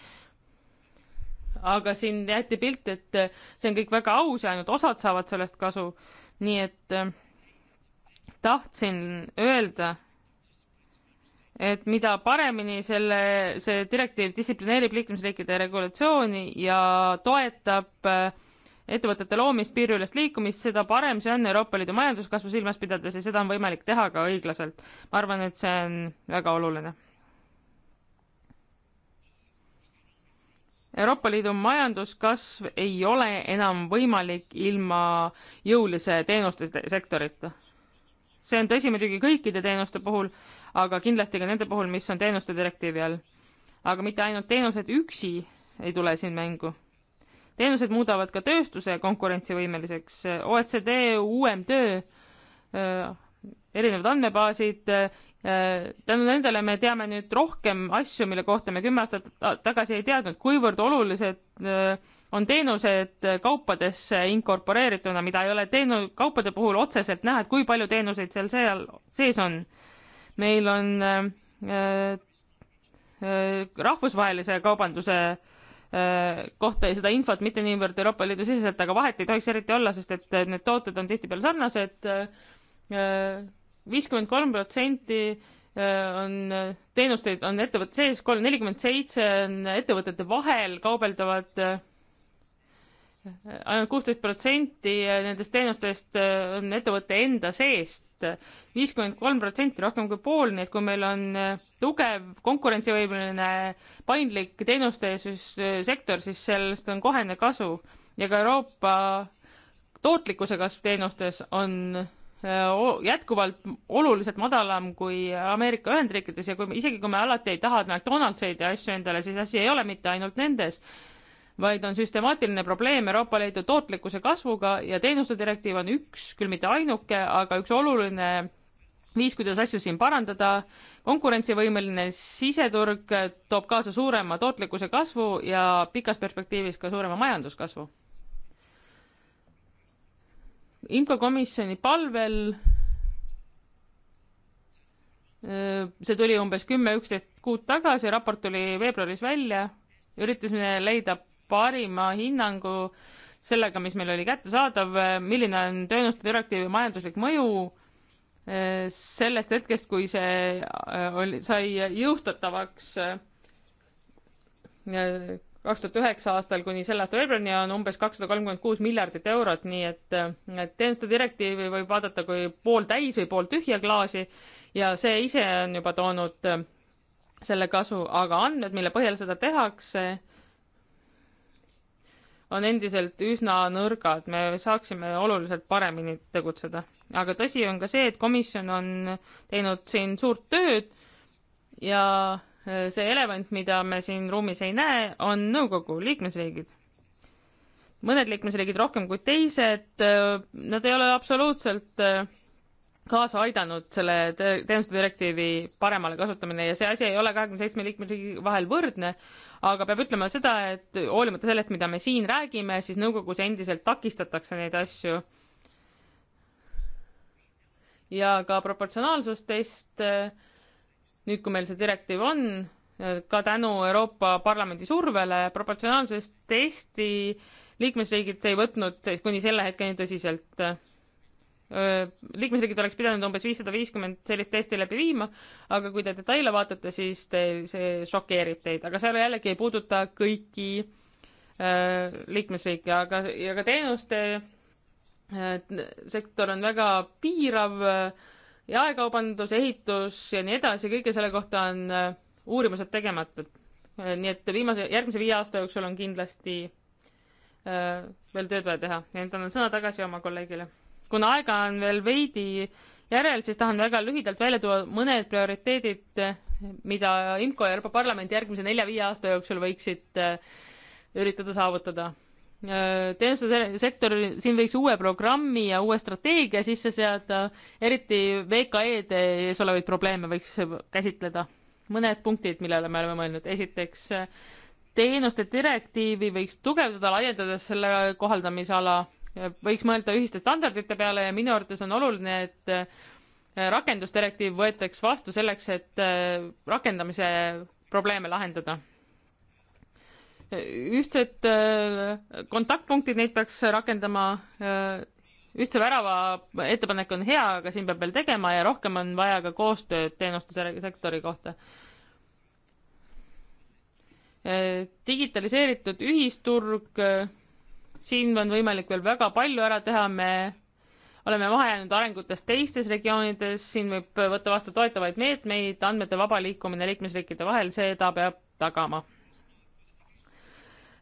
aga siin jäeti pilt, et see on kõik väga aus ja ainult osad saavad sellest kasu. nii et äh, tahtsin öelda, et mida paremini selle, see direktiiv distsiplineerib liikmesriikide regulatsiooni ja toetab äh, ettevõtete loomist, piiriülest liikumist, seda parem see on Euroopa Liidu majanduskasvu silmas pidades ja seda on võimalik teha ka õiglaselt. ma arvan, et see on väga oluline Euroopa Liidu majanduskasv ei ole enam võimalik ilma jõulise teenuste sektorita. see on tõsi muidugi kõikide teenuste puhul, aga kindlasti ka nende puhul, mis on teenuste direktiivi all. aga mitte ainult teenused üksi ei tule siin mängu. teenused muudavad ka tööstuse konkurentsivõimeliseks. OECD uuem töö, erinevad andmebaasid, tänu nendele me teame nüüd rohkem asju, mille kohta me kümme aastat tagasi ei teadnud, kuivõrd olulised äh, on teenused kaupadesse inkorporeerituna, mida ei ole teenu-, kaupade puhul otseselt näha, et kui palju teenuseid seal seal sees on. meil on äh, äh, rahvusvahelise kaubanduse äh, kohta ja seda infot mitte niivõrd Euroopa Liidu siseselt, aga vahet ei tohiks eriti olla, sest et need tooted on tihtipeale sarnased äh, viiskümmend kolm protsenti äh, on äh, teenusteid, on ettevõtte sees, kolm, nelikümmend seitse on ettevõtete vahel kaubeldavad äh, ainult kuusteist protsenti nendest teenustest on ettevõtte enda seest, viiskümmend kolm protsenti, rohkem kui pool, nii et kui meil on tugev, konkurentsivõimeline, paindlik teenuste sektor, siis sellest on kohene kasu ja ka Euroopa tootlikkuse kasv teenustes on jätkuvalt oluliselt madalam kui Ameerika Ühendriikides ja kui me, isegi kui me alati ei taha McDonaldseid ja asju endale, siis asi ei ole mitte ainult nendes, vaid on süstemaatiline probleem Euroopa Liidu tootlikkuse kasvuga ja teenuste direktiiv on üks, küll mitte ainuke, aga üks oluline viis, kuidas asju siin parandada. konkurentsivõimeline siseturg toob kaasa suurema tootlikkuse kasvu ja pikas perspektiivis ka suurema majanduskasvu infokomisjoni palvel see tuli umbes kümme, üksteist kuud tagasi, raport tuli veebruaris välja, üritasime leida parima hinnangu sellega, mis meil oli kättesaadav, milline on tööõnnestuste direktiivi majanduslik mõju sellest hetkest, kui see oli, sai jõustatavaks kaks tuhat üheksa aastal kuni selle aasta veebruarini on umbes kakssada kolmkümmend kuus miljardit eurot, nii et, et teenuste direktiivi võib vaadata kui pooltäis või pooltühja klaasi ja see ise on juba toonud äh, selle kasu, aga andmed, mille põhjal seda tehakse, on endiselt üsna nõrgad, me saaksime oluliselt paremini tegutseda. aga tõsi on ka see, et komisjon on teinud siin suurt tööd ja see elevant, mida me siin ruumis ei näe, on nõukogu liikmesriigid. mõned liikmesriigid rohkem kui teised, nad ei ole absoluutselt äh, kaasa aidanud selle teenuste direktiivi paremale kasutamine ja see asi ei ole kahekümne seitsme liikmesriigi vahel võrdne, aga peab ütlema seda, et hoolimata sellest, mida me siin räägime, siis nõukogus endiselt takistatakse neid asju. ja ka proportsionaalsustest äh, nüüd, kui meil see direktiiv on, ka tänu Euroopa Parlamendi survele proportsionaalsest testi liikmesriigid ei võtnud kuni selle hetkeni tõsiselt. liikmesriigid oleks pidanud umbes viissada viiskümmend sellist testi läbi viima, aga kui te detaile vaatate, siis teil see šokeerib teid, aga seal jällegi ei puuduta kõiki äh, liikmesriike, aga, ja ka teenuste äh, sektor on väga piirav äh, jaekaubandus, ehitus ja nii edasi, kõige selle kohta on äh, uurimused tegemata. Äh, nii et viimase, järgmise viie aasta jooksul on kindlasti äh, veel tööd vaja teha. nii et annan sõna tagasi oma kolleegile. kuna aega on veel veidi järel, siis tahan väga lühidalt välja tuua mõned prioriteedid, mida IMCO ja Euroopa Parlament järgmise nelja-viie aasta jooksul võiksid äh, üritada saavutada Äh, teenuste sektor, siin võiks uue programmi ja uue strateegia sisse seada, eriti VKE-de ees olevaid probleeme võiks käsitleda. mõned punktid, millele me oleme mõelnud, esiteks teenuste direktiivi võiks tugevdada, laiendades selle kohaldamisala, võiks mõelda ühiste standardite peale ja minu arvates on oluline, et äh, rakendusdirektiiv võetaks vastu selleks, et äh, rakendamise probleeme lahendada ühtsed äh, kontaktpunktid, neid peaks rakendama, äh, ühtse värava ettepanek on hea, aga siin peab veel tegema ja rohkem on vaja ka koostööd teenuste sektori kohta. Äh, digitaliseeritud ühisturg, siin on võimalik veel väga palju ära teha, me oleme maha jäänud arengutest teistes regioonides, siin võib võtta vastu toetavaid meetmeid, andmete vaba liikumine liikmesriikide vahel, seda peab tagama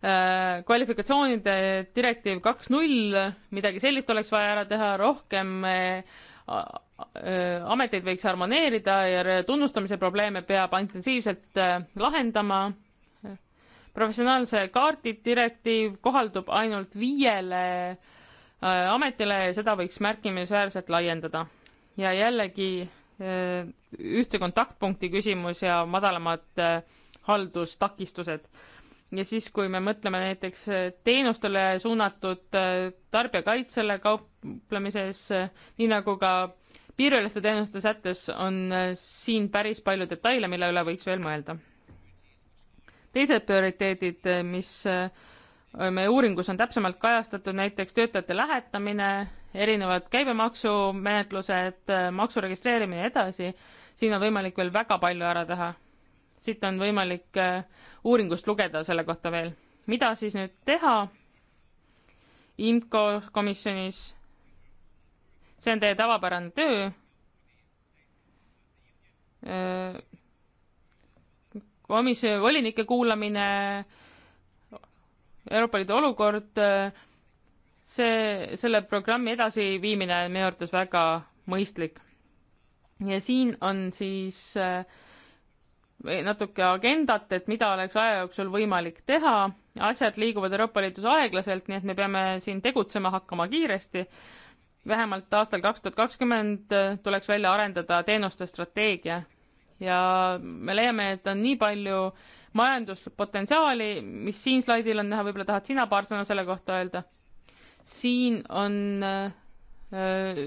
Äh, kvalifikatsioonide direktiiv kaks null, midagi sellist oleks vaja ära teha, rohkem äh, äh, ameteid võiks harmoneerida ja tunnustamise probleeme peab intensiivselt lahendama. professionaalse kaardi direktiiv kohaldub ainult viiele ametile ja seda võiks märkimisväärselt laiendada. ja jällegi ühtse kontaktpunkti küsimus ja madalamad haldustakistused ja siis, kui me mõtleme näiteks äh, teenustele suunatud äh, tarbijakaitsele kauplemises, äh, nii nagu ka piiriüleste teenuste sättes on siin päris palju detaile, mille üle võiks veel mõelda. teised prioriteedid, mis meie uuringus on täpsemalt kajastatud, näiteks töötajate lähetamine, erinevad käibemaksumenetlused, maksu registreerimine ja edasi, siin on võimalik veel väga palju ära teha siit on võimalik äh, uuringust lugeda selle kohta veel. mida siis nüüd teha IMCO komisjonis? see on teie tavapärane töö. Äh, komisjoni volinike kuulamine, Euroopa Liidu olukord, äh, see, selle programmi edasiviimine on minu arvates väga mõistlik. ja siin on siis äh, natuke agendat, et mida oleks aja jooksul võimalik teha. asjad liiguvad Euroopa Liidus aeglaselt, nii et me peame siin tegutsema hakkama kiiresti. vähemalt aastal kaks tuhat kakskümmend tuleks välja arendada teenuste strateegia ja me leiame, et on nii palju majanduspotentsiaali, mis siin slaidil on näha, võib-olla tahad sina paar sõna selle kohta öelda? siin on äh,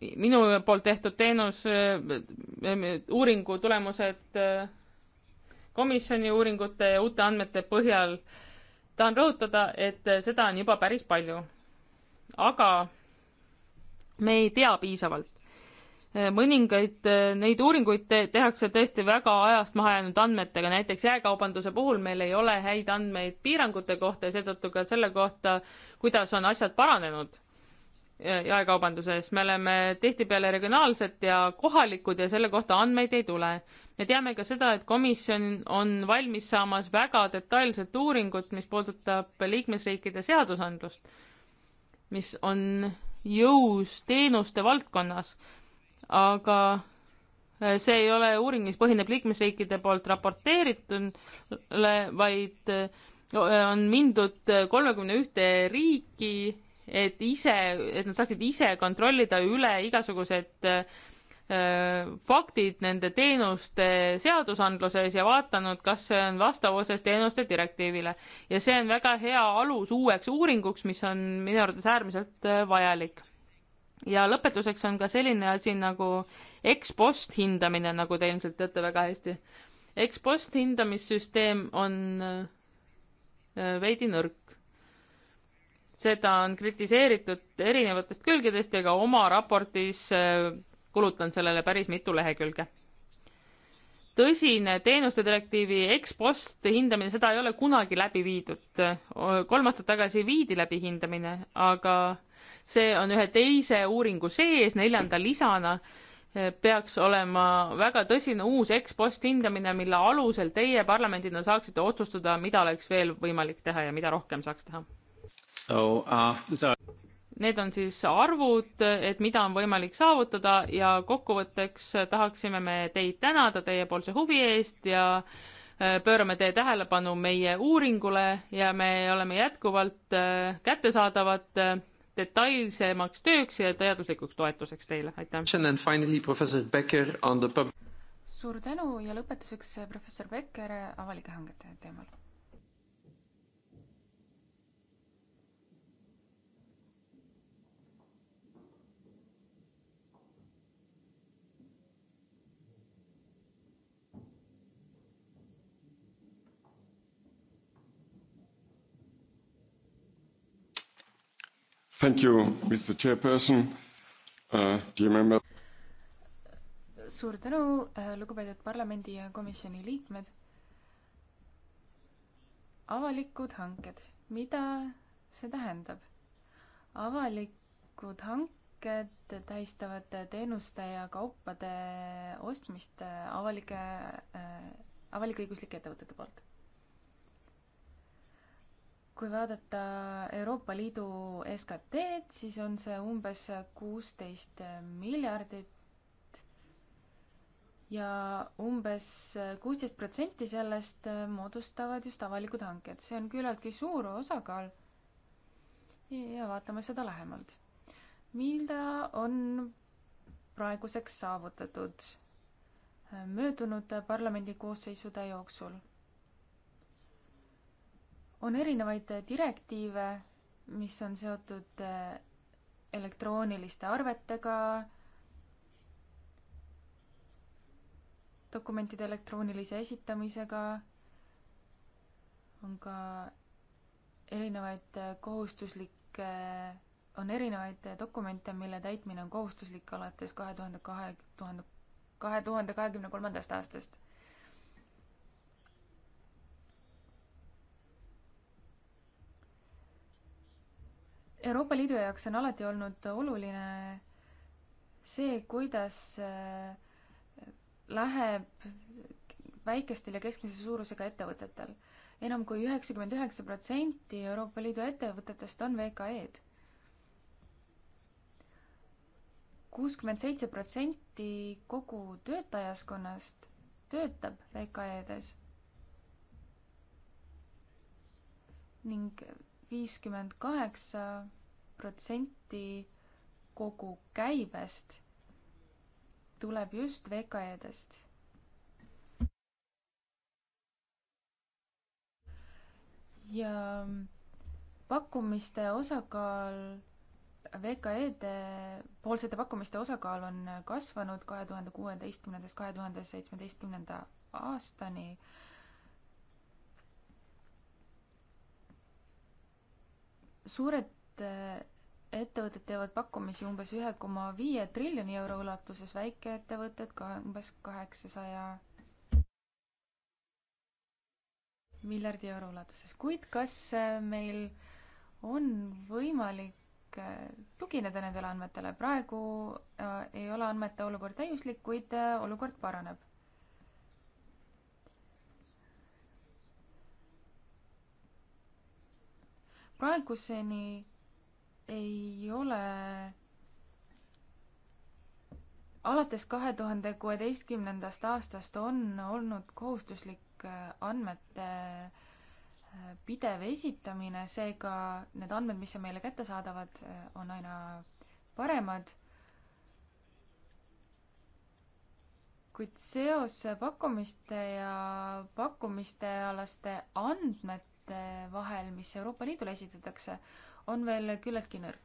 minu poolt tehtud teenus, eh, uuringu tulemused eh, komisjoni uuringute ja uute andmete põhjal tahan rõhutada, et seda on juba päris palju. aga me ei tea piisavalt. Eh, mõningaid neid uuringuid te tehakse tõesti väga ajast maha jäänud andmetega, näiteks jääkaubanduse puhul meil ei ole häid andmeid piirangute kohta ja seetõttu ka selle kohta, kuidas on asjad paranenud jaekaubanduses, me oleme tihtipeale regionaalsed ja kohalikud ja selle kohta andmeid ei tule. me teame ka seda, et komisjon on valmis saamas väga detailset uuringut, mis puudutab liikmesriikide seadusandlust, mis on jõus teenuste valdkonnas, aga eh, see ei ole uuring, mis põhineb liikmesriikide poolt raporteeritule, vaid eh, on mindud kolmekümne ühte riiki et ise, et nad saaksid ise kontrollida üle igasugused äh, faktid nende teenuste seadusandluses ja vaatanud, kas see on vastavuses teenuste direktiivile. ja see on väga hea alus uueks uuringuks, mis on minu arvates äärmiselt äh, vajalik. ja lõpetuseks on ka selline asi nagu ex-post hindamine, nagu te ilmselt teate väga hästi. Ex-post hindamissüsteem on äh, veidi nõrk seda on kritiseeritud erinevatest külgedest ja ka oma raportis äh, kulutan sellele päris mitu lehekülge. tõsine teenuste direktiivi ekspost hindamine, seda ei ole kunagi läbi viidud. kolm aastat tagasi viidi läbi hindamine, aga see on ühe teise uuringu sees, neljanda lisana äh, peaks olema väga tõsine uus ekspost hindamine, mille alusel teie parlamendina saaksite otsustada, mida oleks veel võimalik teha ja mida rohkem saaks teha So, uh, the... Need on siis arvud, et mida on võimalik saavutada ja kokkuvõtteks tahaksime me teid tänada teiepoolse huvi eest ja äh, pöörame teie tähelepanu meie uuringule ja me oleme jätkuvalt äh, kättesaadavad äh, detailsemaks tööks ja teaduslikuks toetuseks teile, aitäh! suur tänu ja lõpetuseks professor Becker avalike hangete teemal Thank you, Mr Chairperson uh,, dear member. suur tänu, uh, lugupeetud parlamendi ja komisjoni liikmed. avalikud hanked, mida see tähendab? avalikud hanked tähistavad teenuste ja kaupade ostmist uh, avalike äh,, avalik-õiguslike ettevõtete poolt kui vaadata Euroopa Liidu SKT-d, siis on see umbes kuusteist miljardit ja umbes kuusteist protsenti sellest moodustavad just avalikud hanked. see on küllaltki suur osakaal. ja vaatame seda lähemalt. mida on praeguseks saavutatud möödunud parlamendi koosseisude jooksul? on erinevaid direktiive, mis on seotud eh, elektrooniliste arvetega, dokumentide elektroonilise esitamisega, on ka erinevaid eh, kohustuslikke, on erinevaid eh, dokumente, mille täitmine on kohustuslik alates kahe tuhande kahe, tuhande, kahe tuhande kahekümne kolmandast aastast Euroopa Liidu jaoks on alati olnud oluline see, kuidas äh, läheb väikestel ja keskmise suurusega ettevõtetel. enam kui üheksakümmend üheksa protsenti Euroopa Liidu ettevõtetest on VKE-d. kuuskümmend seitse protsenti kogu töötajaskonnast töötab VKE-des ning viiskümmend kaheksa protsenti kogu käibest tuleb just VKE-dest. ja pakkumiste osakaal, VKE-de poolsete pakkumiste osakaal on kasvanud kahe tuhande kuueteistkümnendast kahe tuhande seitsmeteistkümnenda aastani suured äh, ettevõtted teevad pakkumisi umbes ühe koma viie triljoni euro ulatuses, väikeettevõtted ka umbes kaheksasaja miljardi euro ulatuses, kuid kas äh, meil on võimalik äh, tugineda nendele andmetele, praegu ei ole andmete olukord täiuslik, kuid olukord paraneb praeguseni ei ole alates kahe tuhande kuueteistkümnendast aastast on olnud kohustuslik äh, andmete äh, pidev esitamine, seega need andmed, mis on meile kättesaadavad, äh, on aina paremad. kuid seos pakkumiste ja pakkumiste alaste andmete nõuete vahel, mis Euroopa Liidule esitatakse, on veel küllaltki nõrk.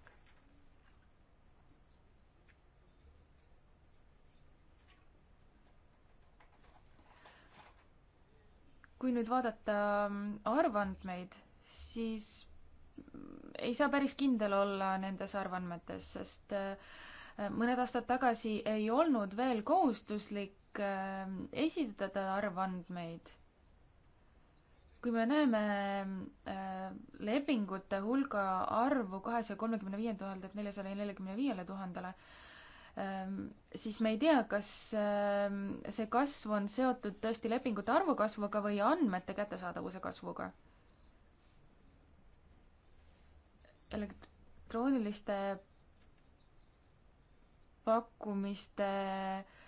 kui nüüd vaadata mm, arvandmeid, siis mm, ei saa päris kindel olla nendes arvandmetes, sest äh, mõned aastad tagasi ei olnud veel kohustuslik äh, esitada arvandmeid kui me näeme äh, lepingute hulga arvu kahesaja kolmekümne viie tuhandelt neljasaja neljakümne viiele tuhandele, ähm, siis me ei tea, kas äh, see kasv on seotud tõesti lepingute arvu kasvuga või andmete kättesaadavuse kasvuga. elektrooniliste pakkumiste äh,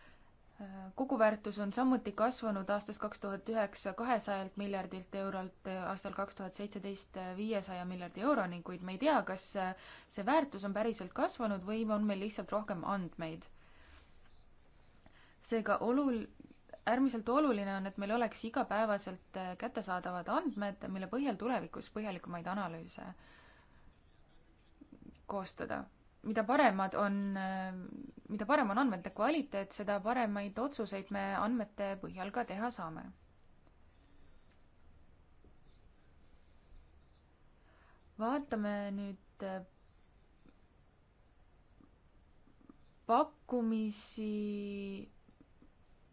koguväärtus on samuti kasvanud aastast kaks tuhat üheksa kahesajalt miljardilt eurolt aastal kaks tuhat seitseteist viiesaja miljardi euroni, kuid me ei tea, kas see väärtus on päriselt kasvanud või on meil lihtsalt rohkem andmeid. seega olul-, äärmiselt oluline on, et meil oleks igapäevaselt kättesaadavad andmed, mille põhjal tulevikus põhjalikumaid analüüse koostada mida paremad on, mida parem on andmete kvaliteet, seda paremaid otsuseid me andmete põhjal ka teha saame. vaatame nüüd äh, pakkumisi,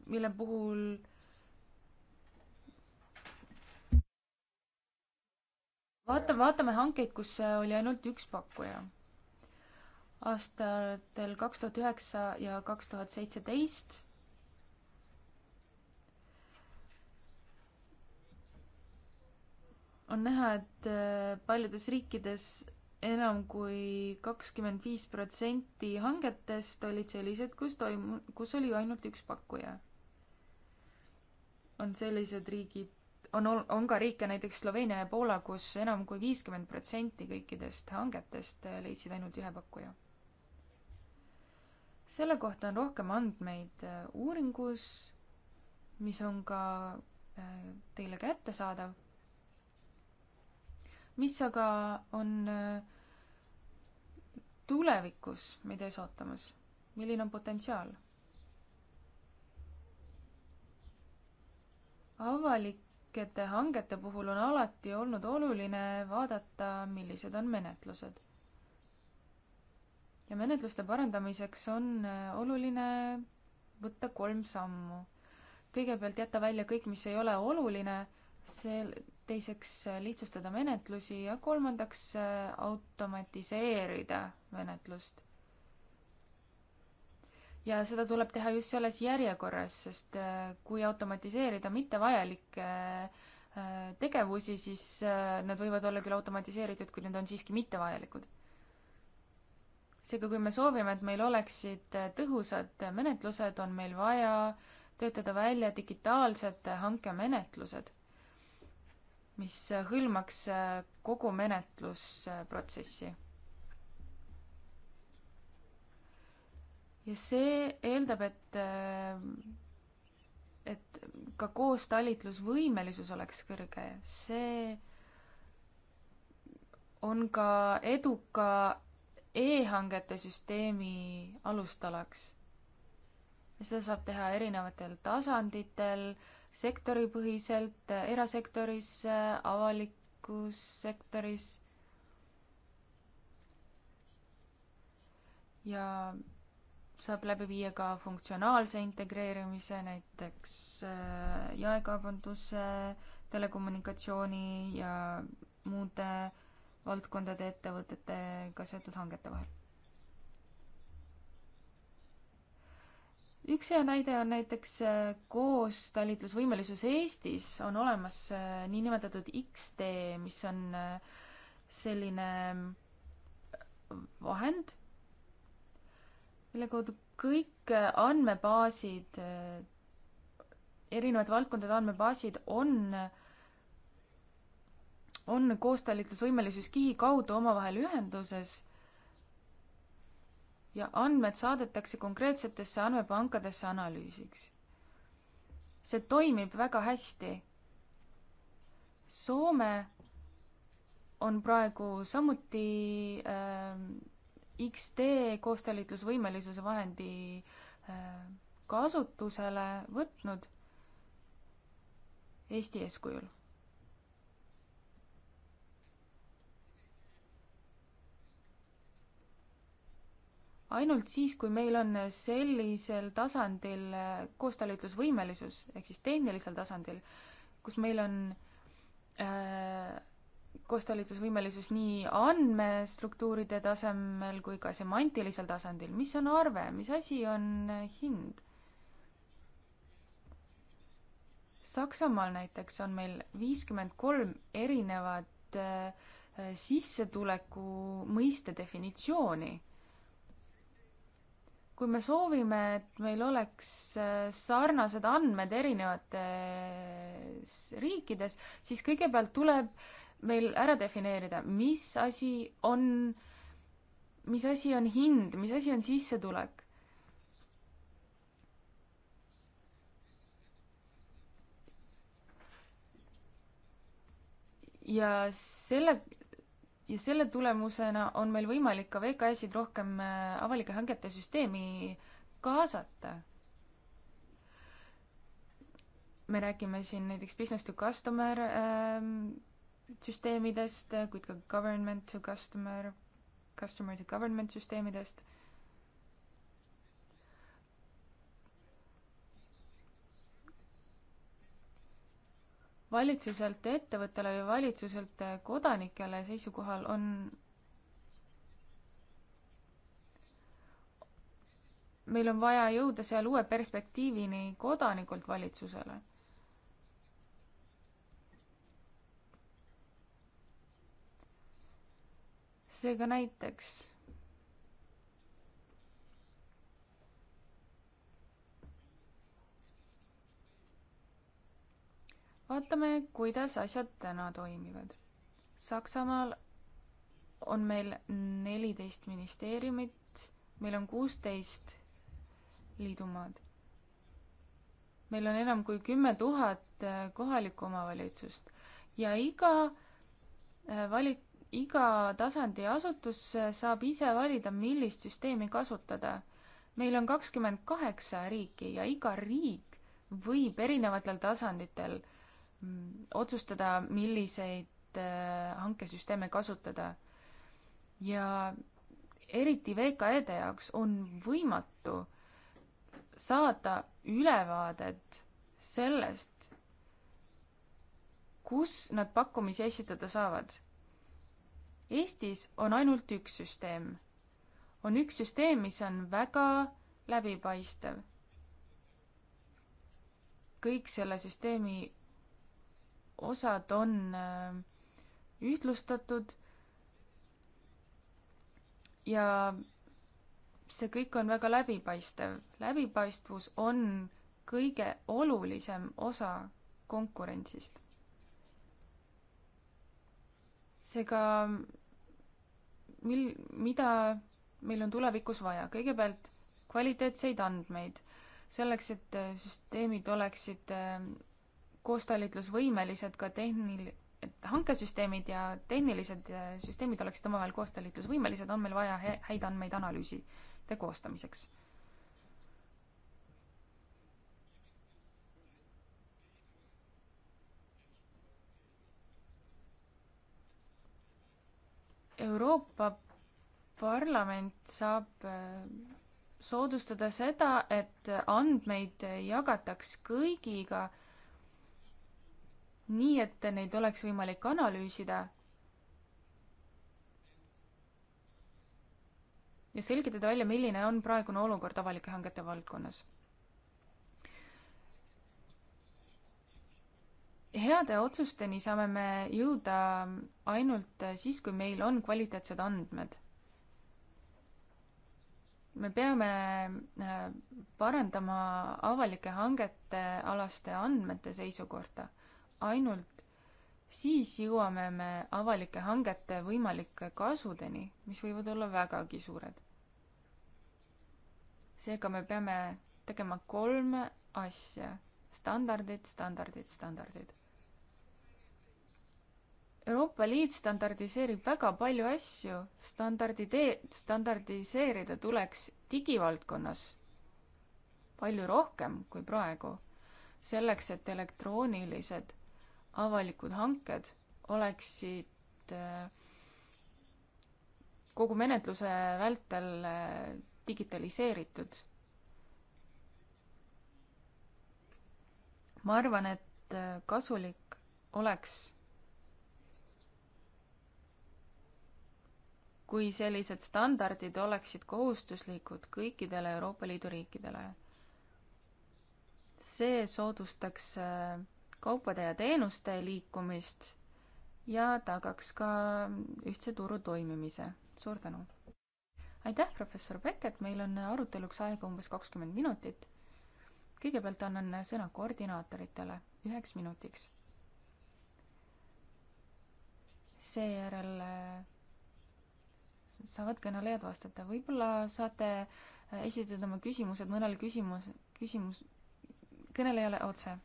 mille puhul vaata, vaatame hankeid, kus oli ainult üks pakkuja aastatel kaks tuhat üheksa ja kaks tuhat seitseteist. on näha, et äh, paljudes riikides enam kui kakskümmend viis protsenti hangetest olid sellised, kus toimu-, kus oli ainult üks pakkuja. on sellised riigid, on, on ka riike, näiteks Sloveenia ja Poola, kus enam kui viiskümmend protsenti kõikidest hangetest äh, leidsid ainult ühe pakkuja selle kohta on rohkem andmeid äh, uuringus, mis on ka äh, teile kättesaadav. mis aga on äh, tulevikus meid ees ootamas, milline on potentsiaal? avalikete hangete puhul on alati olnud oluline vaadata, millised on menetlused ja menetluste parandamiseks on äh, oluline võtta kolm sammu. kõigepealt jätta välja kõik, mis ei ole oluline, see, teiseks äh, lihtsustada menetlusi ja kolmandaks äh, automatiseerida menetlust. ja seda tuleb teha just selles järjekorras, sest kui automatiseerida mittevajalikke tegevusi, siis need võivad olla küll automatiseeritud, kuid need on siiski mittevajalikud seega, kui me soovime, et meil oleksid äh, tõhusad menetlused, on meil vaja töötada välja digitaalsed äh, hankemenetlused, mis äh, hõlmaks kogu menetlusprotsessi. ja see eeldab, et, et ka koostalitlusvõimelisus oleks kõrge, see on ka eduka e-hangete süsteemi alustalaks. seda saab teha erinevatel tasanditel, sektoripõhiselt, erasektoris, avalikus sektoris. ja saab läbi viia ka funktsionaalse integreerimise, näiteks äh, jaekaubanduse, telekommunikatsiooni ja muude valdkondade ettevõtetega seotud hangete vahel. üks hea näide on näiteks äh, koostalitlusvõimelisus Eestis on olemas äh, niinimetatud X-tee, mis on äh, selline vahend, mille kaudu kõik andmebaasid, erinevate valdkondade andmebaasid on äh, on koostalitlusvõimelisus kihi kaudu omavahel ühenduses ja andmed saadetakse konkreetsetesse andmepankadesse analüüsiks. see toimib väga hästi. Soome on praegu samuti äh, X-tee koostalitlusvõimelisuse vahendi äh, kasutusele võtnud Eesti eeskujul ainult siis, kui meil on sellisel tasandil koostalitlusvõimelisus ehk siis tehnilisel tasandil, kus meil on äh, koostalitlusvõimelisus nii andmestruktuuride tasemel kui ka semantilisel tasandil, mis on arve, mis asi on hind? Saksamaal näiteks on meil viiskümmend kolm erinevat äh, sissetuleku mõiste definitsiooni kui me soovime, et meil oleks äh, sarnased andmed erinevates riikides, siis kõigepealt tuleb meil ära defineerida, mis asi on, mis asi on hind, mis asi on sissetulek. ja selle ja selle tulemusena on meil võimalik ka VKS-id rohkem äh, avalike hangete süsteemi kaasata. me räägime siin näiteks business to customer ähm, süsteemidest, äh, kuid ka government to customer, customer to government süsteemidest valitsuselt ettevõttele või valitsuselt kodanikele seisukohal on meil on vaja jõuda seal uue perspektiivini kodanikult valitsusele. seega näiteks vaatame, kuidas asjad täna toimivad. Saksamaal on meil neliteist ministeeriumit, meil on kuusteist liidumaad. meil on enam kui kümme tuhat äh, kohalikku omavalitsust ja iga äh, valik, iga tasandi asutus äh, saab ise valida, millist süsteemi kasutada. meil on kakskümmend kaheksa riiki ja iga riik võib erinevatel tasanditel äh, Mm, otsustada, milliseid äh, hankesüsteeme kasutada. ja eriti VKE-de jaoks on võimatu saada ülevaadet sellest, kus nad pakkumisi esitada saavad. Eestis on ainult üks süsteem. on üks süsteem, mis on väga läbipaistev. kõik selle süsteemi osad on äh, ühtlustatud ja see kõik on väga läbipaistev. läbipaistvus on kõige olulisem osa konkurentsist. seega mil-, mida meil on tulevikus vaja, kõigepealt kvaliteetseid andmeid selleks, et äh, süsteemid oleksid äh, koostalitlusvõimelised ka tehnil-, et hankesüsteemid ja tehnilised äh, süsteemid oleksid omavahel koostalitlusvõimelised, on meil vaja he-, häid andmeid analüüside koostamiseks. Euroopa Parlament saab äh, soodustada seda, et andmeid jagataks kõigiga, nii et neid oleks võimalik analüüsida ja selgitada välja, milline on praegune olukord avalike hangete valdkonnas. heade otsusteni saame me jõuda ainult siis, kui meil on kvaliteetsed andmed. me peame äh, parandama avalike hangete alaste andmete seisukorda ainult siis jõuame me avalike hangete võimalike kasudeni, mis võivad olla vägagi suured. seega me peame tegema kolme asja. standardid, standardid, standardid. Euroopa Liit standardiseerib väga palju asju, standardide-, standardiseerida tuleks digivaldkonnas palju rohkem kui praegu. selleks, et elektroonilised avalikud hanked oleksid äh, kogu menetluse vältel äh, digitaliseeritud. ma arvan, et äh, kasulik oleks, kui sellised standardid oleksid kohustuslikud kõikidele Euroopa Liidu riikidele. see soodustaks äh, kaupade ja teenuste liikumist ja tagaks ka ühtse turu toimimise. suur tänu! aitäh, professor Beckett, meil on aruteluks aega umbes kakskümmend minutit. kõigepealt annan sõna koordinaatoritele üheks minutiks. seejärel äh, saavad kõnelejad vastata, võib-olla saate äh, esitada oma küsimused mõnele küsimus, küsimus kõnelejale otse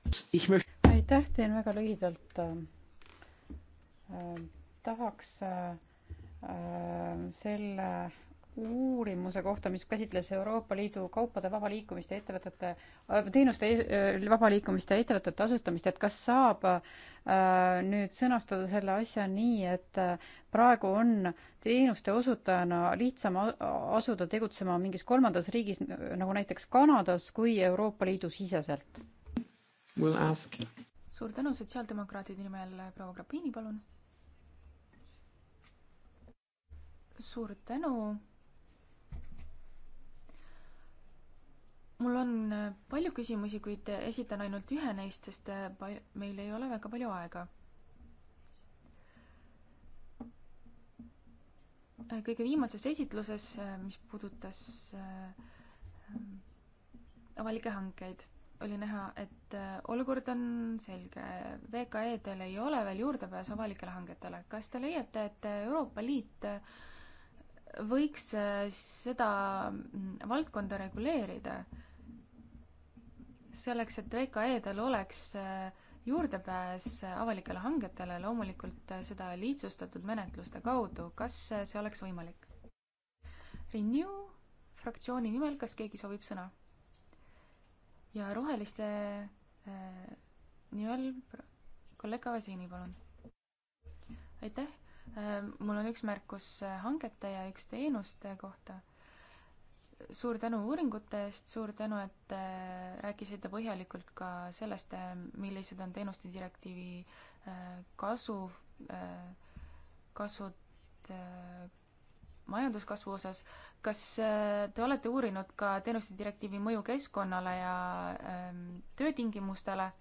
aitäh, teen väga lühidalt. Äh, äh, tahaks äh, selle uurimuse kohta, mis käsitles Euroopa Liidu kaupade vaba liikumist ja ettevõtete, teenuste vaba liikumist ja ettevõtete asutamist, et kas saab äh, nüüd sõnastada selle asja nii, et praegu on teenuste osutajana lihtsam asuda tegutsema mingis kolmandas riigis, nagu näiteks Kanadas, kui Euroopa Liidu siseselt? We'll ask suur tänu sotsiaaldemokraatide nimel, äh, proua Grapini, palun. suur tänu. mul on äh, palju küsimusi, kuid äh, esitan ainult ühe neist, sest meil ei ole väga palju aega. kõige viimases esitluses, mis puudutas avalikke hankeid oli näha, et äh, olukord on selge. VKE-del ei ole veel juurdepääsu avalikele hangetele. kas te leiate, et Euroopa Liit äh, võiks äh, seda mm, valdkonda reguleerida selleks, et VKE-del oleks juurdepääs avalikele hangetele, loomulikult seda lihtsustatud menetluste kaudu, kas see oleks võimalik? Renew fraktsiooni nimel, kas keegi soovib sõna? ja roheliste äh, nimel kolleeg Kavasiini, palun. aitäh äh,, mul on üks märkus äh, hangete ja üks teenuste kohta. suur tänu uuringute eest, suur tänu, et äh, rääkisite põhjalikult ka sellest, äh, millised on teenuste direktiivi äh, kasu, kasud majanduskasvu osas. kas äh, te olete uurinud ka teenuste direktiivi mõju keskkonnale ja ähm, töötingimustele?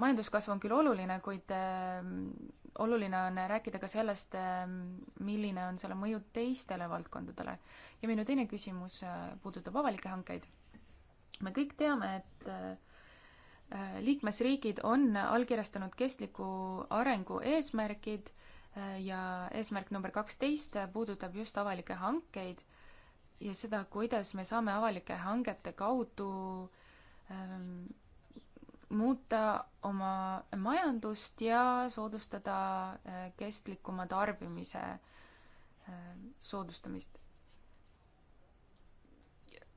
majanduskasv on küll oluline, kuid ähm, oluline on rääkida ka sellest, ähm, milline on selle mõju teistele valdkondadele. ja minu teine küsimus äh, puudutab avalikke hankeid. me kõik teame, et äh, liikmesriigid on allkirjastanud kestliku arengu eesmärgid ja eesmärk number kaksteist puudutab just avalikke hankeid ja seda, kuidas me saame avalike hangete kaudu ähm, muuta oma majandust ja soodustada äh, kestlikuma tarbimise äh, soodustamist.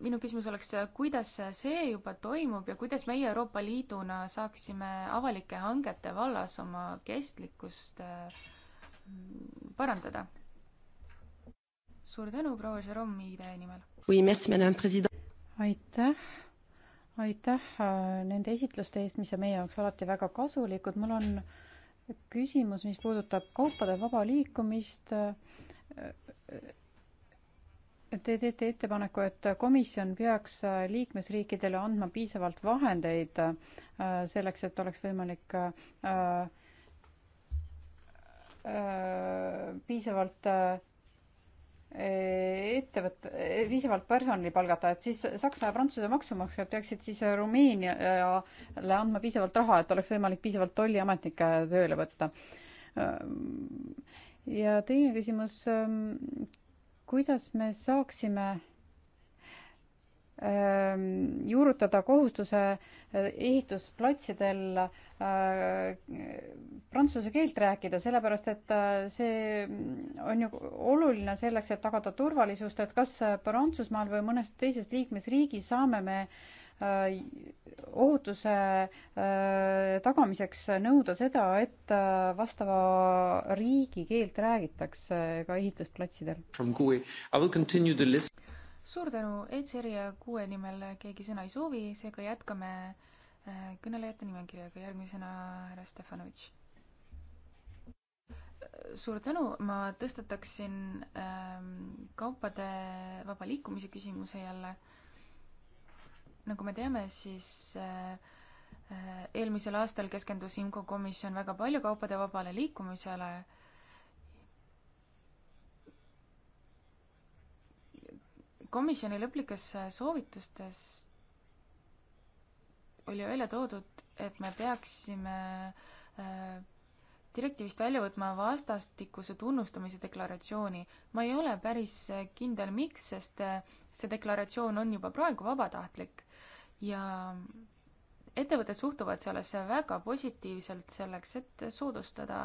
minu küsimus oleks, kuidas see juba toimub ja kuidas meie Euroopa Liiduna saaksime avalike hangete vallas oma kestlikkust äh, parandada. suur tänu, proua Jerome IDE nimel. aitäh, aitäh äh, nende esitluste eest, mis on meie jaoks alati väga kasulikud. mul on küsimus, mis puudutab kaupade vaba liikumist. Äh, äh, te teete ettepaneku, et komisjon peaks liikmesriikidele andma piisavalt vahendeid selleks, et oleks võimalik äh, Äh, piisavalt äh, ettevõtte, äh, piisavalt personali palgata, et siis Saksa ja Prantsuse maksumaksjad peaksid siis Rumeeniale andma piisavalt raha, et oleks võimalik piisavalt tolliametnikke tööle võtta. ja teine küsimus, ähm, kuidas me saaksime ähm, juurutada kohustuse ehitusplatsidel äh, Äh, prantsuse keelt rääkida, sellepärast et äh, see on ju oluline selleks, et tagada turvalisust, et kas Prantsusmaal või mõnes teises liikmesriigis saame me äh, ohutuse tagamiseks nõuda seda, et vastava riigi keelt räägitakse ka ehitusplatsidel. suur tänu, ECR ja kuue nimel keegi sõna ei soovi, seega jätkame kõnelejate nimekirjaga, järgmisena härra Stefanovitš. suur tänu, ma tõstataksin ähm, kaupade vaba liikumise küsimuse jälle. nagu me teame, siis äh, eelmisel aastal keskendus IMCO komisjon väga palju kaupade vabale liikumisele komisjoni lõplikes soovitustes oli välja toodud, et me peaksime äh, direktiivist välja võtma vastastikuse tunnustamise deklaratsiooni. ma ei ole päris kindel, miks, sest äh, see deklaratsioon on juba praegu vabatahtlik ja ettevõtted suhtuvad sellesse väga positiivselt selleks, et soodustada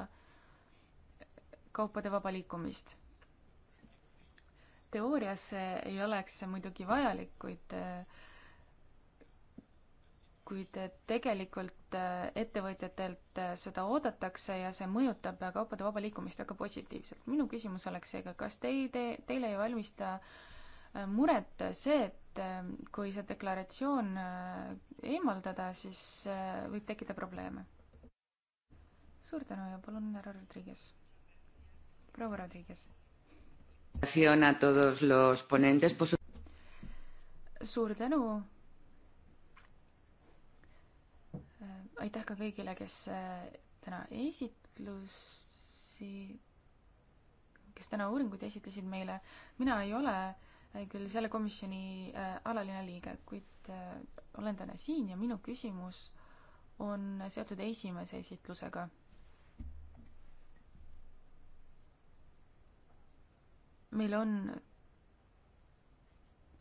kaupade vaba liikumist. teoorias ei oleks see muidugi vajalik, kuid äh, kuid tegelikult äh, ettevõtjatelt äh, seda oodatakse ja see mõjutab äh, kaupade vaba liikumist väga positiivselt. minu küsimus oleks seega, kas te ei tee, teile ei valmista muret see, et kui see deklaratsioon eemaldada, siis võib tekkida probleeme? suur tänu ja palun, härra Rodriguez. proua Rodriguez. suur tänu aitäh ka kõigile, kes äh, täna esitlusi, kes täna uuringuid esitlesid meile. mina ei ole äh, küll selle komisjoni äh, alaline liige, kuid olen täna siin ja minu küsimus on seotud esimese esitlusega. meil on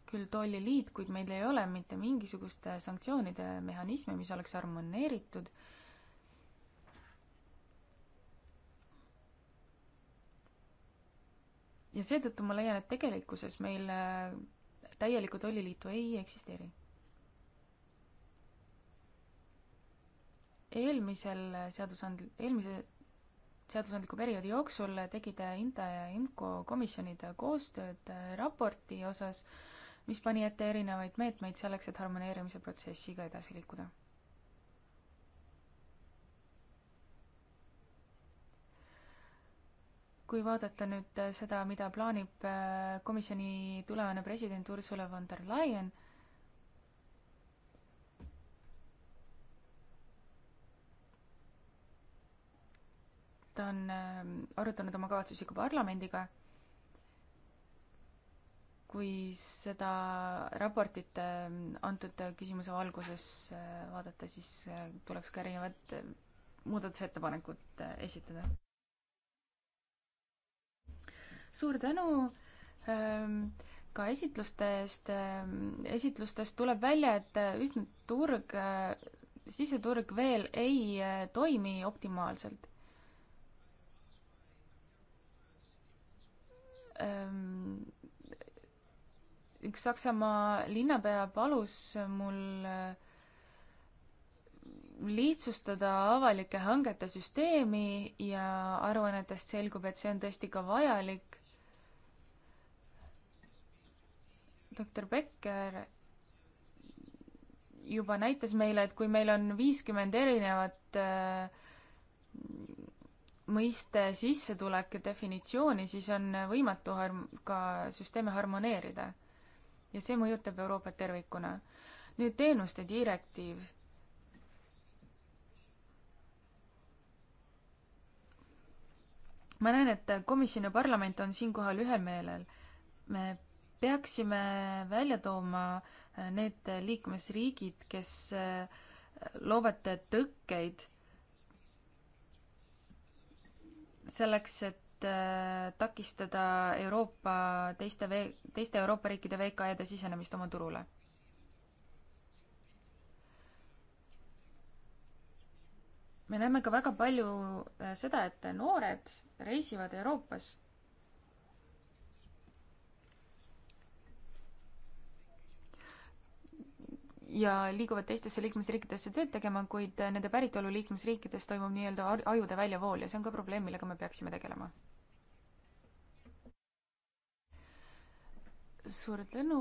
küll tolliliit, kuid meil ei ole mitte mingisuguste sanktsioonide mehhanismi, mis oleks harmoneeritud. ja seetõttu ma leian, et tegelikkuses meil äh, täielikku tolliliitu ei eksisteeri eelmisel seadusand-, eelmise seadusandliku perioodi jooksul tegid INTA ja IMCO komisjonid koostööd äh, raporti osas mis pani ette erinevaid meetmeid selleks, et harmoneerimise protsessiga edasi liikuda. kui vaadata nüüd äh, seda, mida plaanib äh, komisjoni tulevane president Ursula von der Leyen, ta on äh, arutanud oma kavatsusi ka parlamendiga kui seda raportit ähm, antud küsimuse valguses äh, vaadata, siis äh, tuleks ka erinevad äh, muudatusettepanekud esitada. suur tänu ähm, ka esitluste eest. Ähm, esitlustest tuleb välja, et ühtne turg, siseturg veel ei toimi optimaalselt üks Saksamaa linnapea palus mul äh, lihtsustada avalike hangete süsteemi ja aruannetest selgub, et see on tõesti ka vajalik. doktor Becker juba näitas meile, et kui meil on viiskümmend erinevat äh, mõiste sissetulek ja definitsiooni, siis on võimatu harm-, ka süsteeme harmoneerida ja see mõjutab Euroopat tervikuna. nüüd teenuste direktiiv. ma näen, et komisjon ja parlament on siinkohal ühel meelel. me peaksime välja tooma äh, need liikmesriigid, kes äh, loovad tõkkeid selleks, et et äh, takistada Euroopa teiste vee-, teiste Euroopa riikide VKE-de sisenemist oma turule. me näeme ka väga palju äh, seda, et noored reisivad Euroopas ja liiguvad teistesse liikmesriikidesse tööd tegema, kuid nende päritolu liikmesriikides toimub nii-öelda ajude väljavool ja see on ka probleem, millega me peaksime tegelema. suur tänu,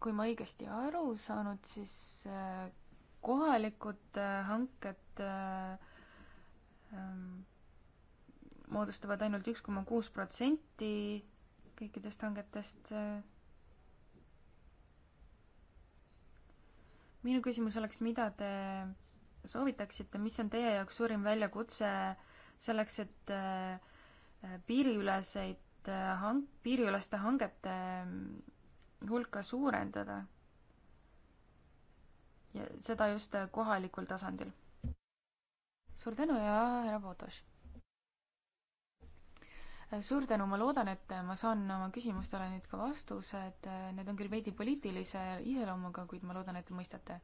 kui ma õigesti aru saanud, siis äh, kohalikud äh, hanked äh, ähm, moodustavad ainult üks koma kuus protsenti kõikidest hangetest minu küsimus oleks, mida te soovitaksite, mis on teie jaoks suurim väljakutse selleks, et äh, piiriüleseid äh, hank-, piiriüleste hangete mm, hulka suurendada? ja seda just äh, kohalikul tasandil. suur tänu ja härra Potoš suur tänu, ma loodan, et ma saan oma küsimustele nüüd ka vastused, need on küll veidi poliitilise iseloomuga, kuid ma loodan, et te mõistate.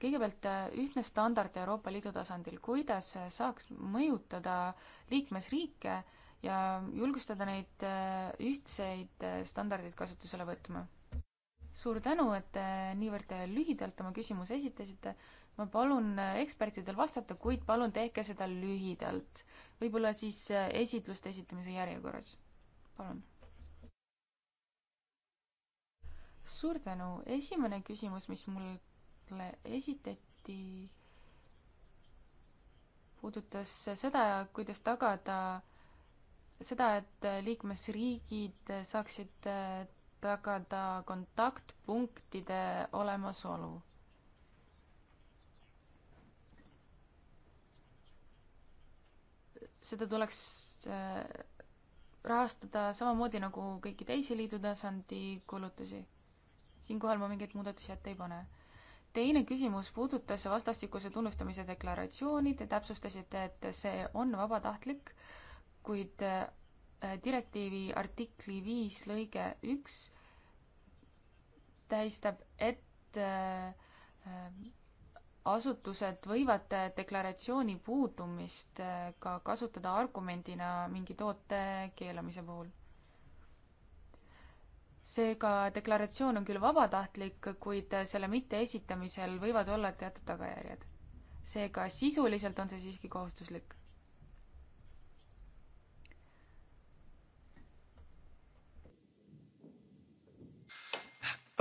kõigepealt äh, ühtne standard Euroopa Liidu tasandil, kuidas äh, saaks mõjutada liikmesriike ja julgustada neid äh, ühtseid standardeid kasutusele võtma? suur tänu, et te niivõrd lühidalt oma küsimuse esitasite. ma palun ekspertidel vastata, kuid palun tehke seda lühidalt, võib-olla siis äh, esitluste esitamise järjekorras. palun. suur tänu. esimene küsimus, mis mulle esitati, puudutas seda, kuidas tagada seda, et liikmesriigid saaksid tagada kontaktpunktide olemasolu seda tuleks äh, rahastada samamoodi nagu kõiki teisi liidu tasandi kulutusi. siinkohal ma mingeid muudatusi ette ei pane. teine küsimus puudutas vastastikuse tunnustamise deklaratsiooni, te täpsustasite, et see on vabatahtlik, kuid äh, direktiivi artikli viis lõige üks tähistab, et äh, asutused võivad deklaratsiooni puudumist äh, ka kasutada argumendina mingi toote keelamise puhul. seega deklaratsioon on küll vabatahtlik, kuid selle mitteesitamisel võivad olla teatud tagajärjed. seega sisuliselt on see siiski kohustuslik.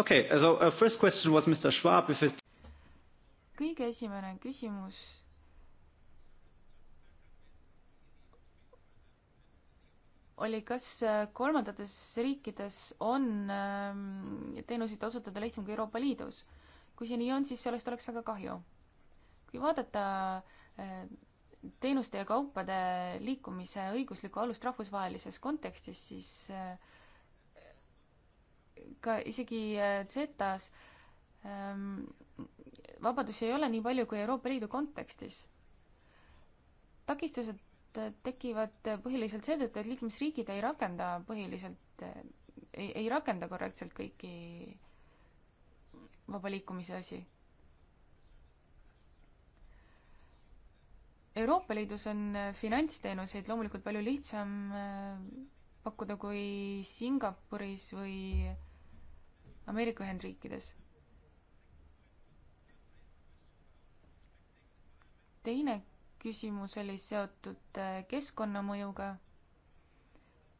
Okay, so uh, first question was Mr. Schwab if it kõige esimene küsimus oli, kas äh, kolmandates riikides on ähm, teenuseid osutada lihtsam kui Euroopa Liidus? kui see nii on, siis sellest oleks väga kahju. kui vaadata äh, teenuste ja kaupade liikumise õiguslikku alust rahvusvahelises kontekstis, siis äh, ka isegi Z-s vabadusi ei ole nii palju kui Euroopa Liidu kontekstis. takistused äh, tekivad äh, põhiliselt seetõttu, et liikmesriigid ei rakenda põhiliselt, äh, ei, ei rakenda korrektselt kõiki vaba liikumise asi. Euroopa Liidus on finantsteenuseid loomulikult palju lihtsam pakkuda kui Singapuris või Ameerika Ühendriikides teine küsimus oli seotud äh, keskkonnamõjuga,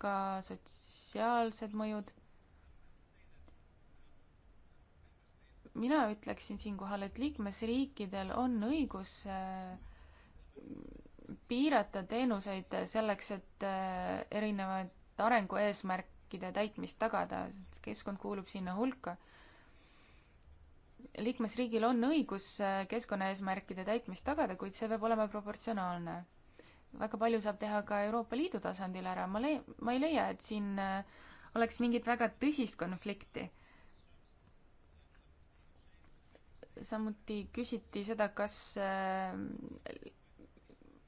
ka sotsiaalsed mõjud. mina ütleksin siinkohal, et liikmesriikidel on õigus äh, piirata teenuseid selleks, et äh, erinevaid arengueesmärkide täitmist tagada, keskkond kuulub sinna hulka liikmesriigil on õigus äh, keskkonnaeesmärkide täitmist tagada, kuid see peab olema proportsionaalne. väga palju saab teha ka Euroopa Liidu tasandil ära, ma lei-, ma ei leia, et siin äh, oleks mingit väga tõsist konflikti. samuti küsiti seda, kas äh,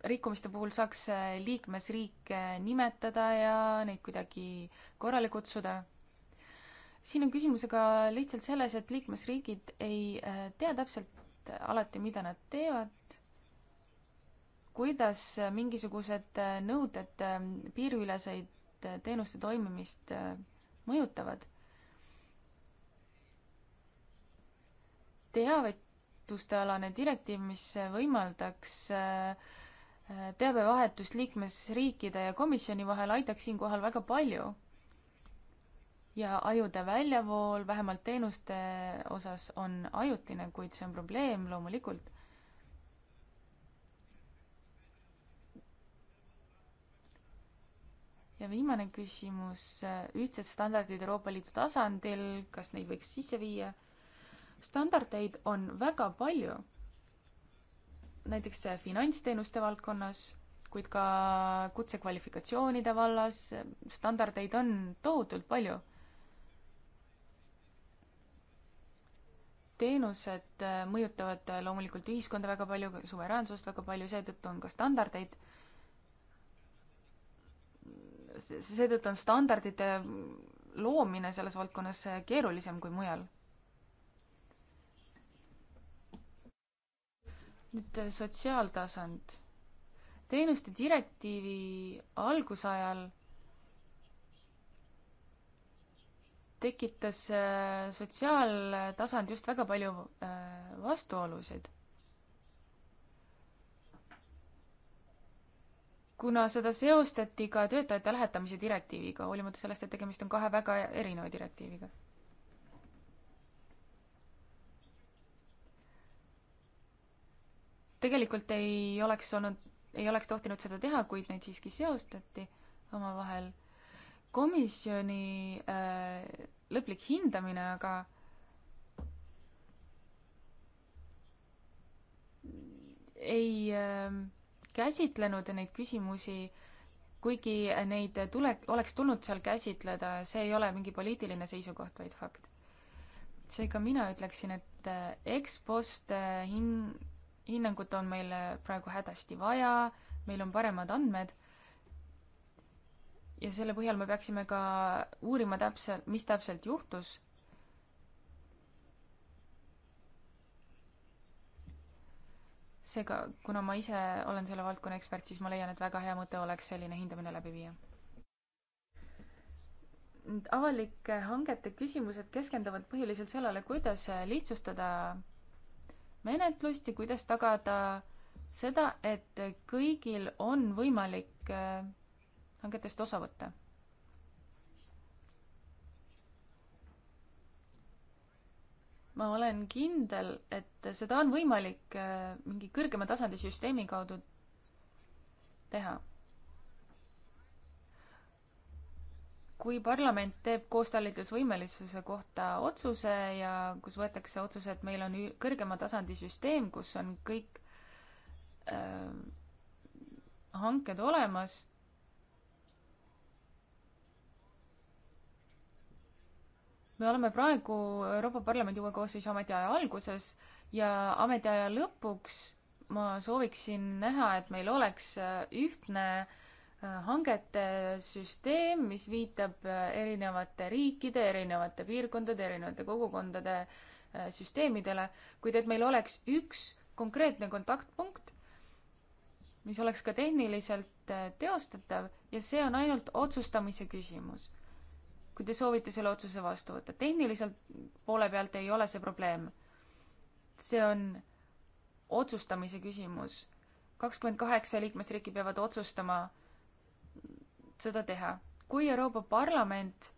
rikkumiste puhul saaks liikmesriike nimetada ja neid kuidagi korrale kutsuda siin on küsimus aga lihtsalt selles, et liikmesriigid ei äh, tea täpselt alati, mida nad teevad, kuidas äh, mingisugused äh, nõuded piiriüleseid teenuste toimimist mõjutavad. teavitustealane direktiiv, mis võimaldaks teabevahetust liikmesriikide ja komisjoni vahel, aitaks siinkohal väga palju ja ajude väljavool vähemalt teenuste osas on ajutine, kuid see on probleem loomulikult. ja viimane küsimus, ühtsed standardid Euroopa Liidu tasandil, kas neid võiks sisse viia? standardeid on väga palju. näiteks finantsteenuste valdkonnas, kuid ka kutsekvalifikatsioonide vallas standardeid on tohutult palju teenused äh, mõjutavad äh, loomulikult ühiskonda väga palju, suveräänsust väga palju, seetõttu on ka standardeid. seetõttu on standardite loomine selles valdkonnas äh, keerulisem kui mujal. nüüd sotsiaaltasand. teenuste direktiivi algusajal tekitas äh, sotsiaaltasand just väga palju äh, vastuolusid. kuna seda seostati ka töötajate lähetamise direktiiviga, hoolimata sellest, et tegemist on kahe väga erineva direktiiviga tegelikult ei oleks olnud, ei oleks tohtinud seda teha, kuid neid siiski seostati omavahel komisjoni äh, lõplik hindamine, aga ei äh, käsitlenud neid küsimusi, kuigi neid tule, oleks tulnud seal käsitleda, see ei ole mingi poliitiline seisukoht, vaid fakt. seega mina ütleksin, et äh, ekspost hin-, hinnangut on meil praegu hädasti vaja, meil on paremad andmed ja selle põhjal me peaksime ka uurima täpselt, mis täpselt juhtus. seega, kuna ma ise olen selle valdkonna ekspert, siis ma leian, et väga hea mõte oleks selline hindamine läbi viia. avalike hangete küsimused keskenduvad põhiliselt sellele, kuidas lihtsustada menetlust ja kuidas tagada seda, et kõigil on võimalik äh, hangetest osa võtta. ma olen kindel, et seda on võimalik äh, mingi kõrgema tasandi süsteemi kaudu teha. kui parlament teeb koostalitlusvõimelisuse kohta otsuse ja kus võetakse otsus, et meil on kõrgema tasandi süsteem, kus on kõik äh, hanked olemas me oleme praegu Euroopa Parlamendi uue koosseisu ametiaja alguses ja ametiaja lõpuks ma sooviksin näha, et meil oleks äh, ühtne äh, hangete süsteem, mis viitab äh, erinevate riikide, erinevate piirkondade, erinevate kogukondade süsteemidele, kuid et meil oleks üks konkreetne kontaktpunkt, mis oleks ka tehniliselt teostatav ja see on ainult otsustamise küsimus kui te soovite selle otsuse vastu võtta. tehniliselt poole pealt ei ole see probleem. see on otsustamise küsimus. kakskümmend kaheksa liikmesriiki peavad otsustama seda teha. kui Euroopa Parlament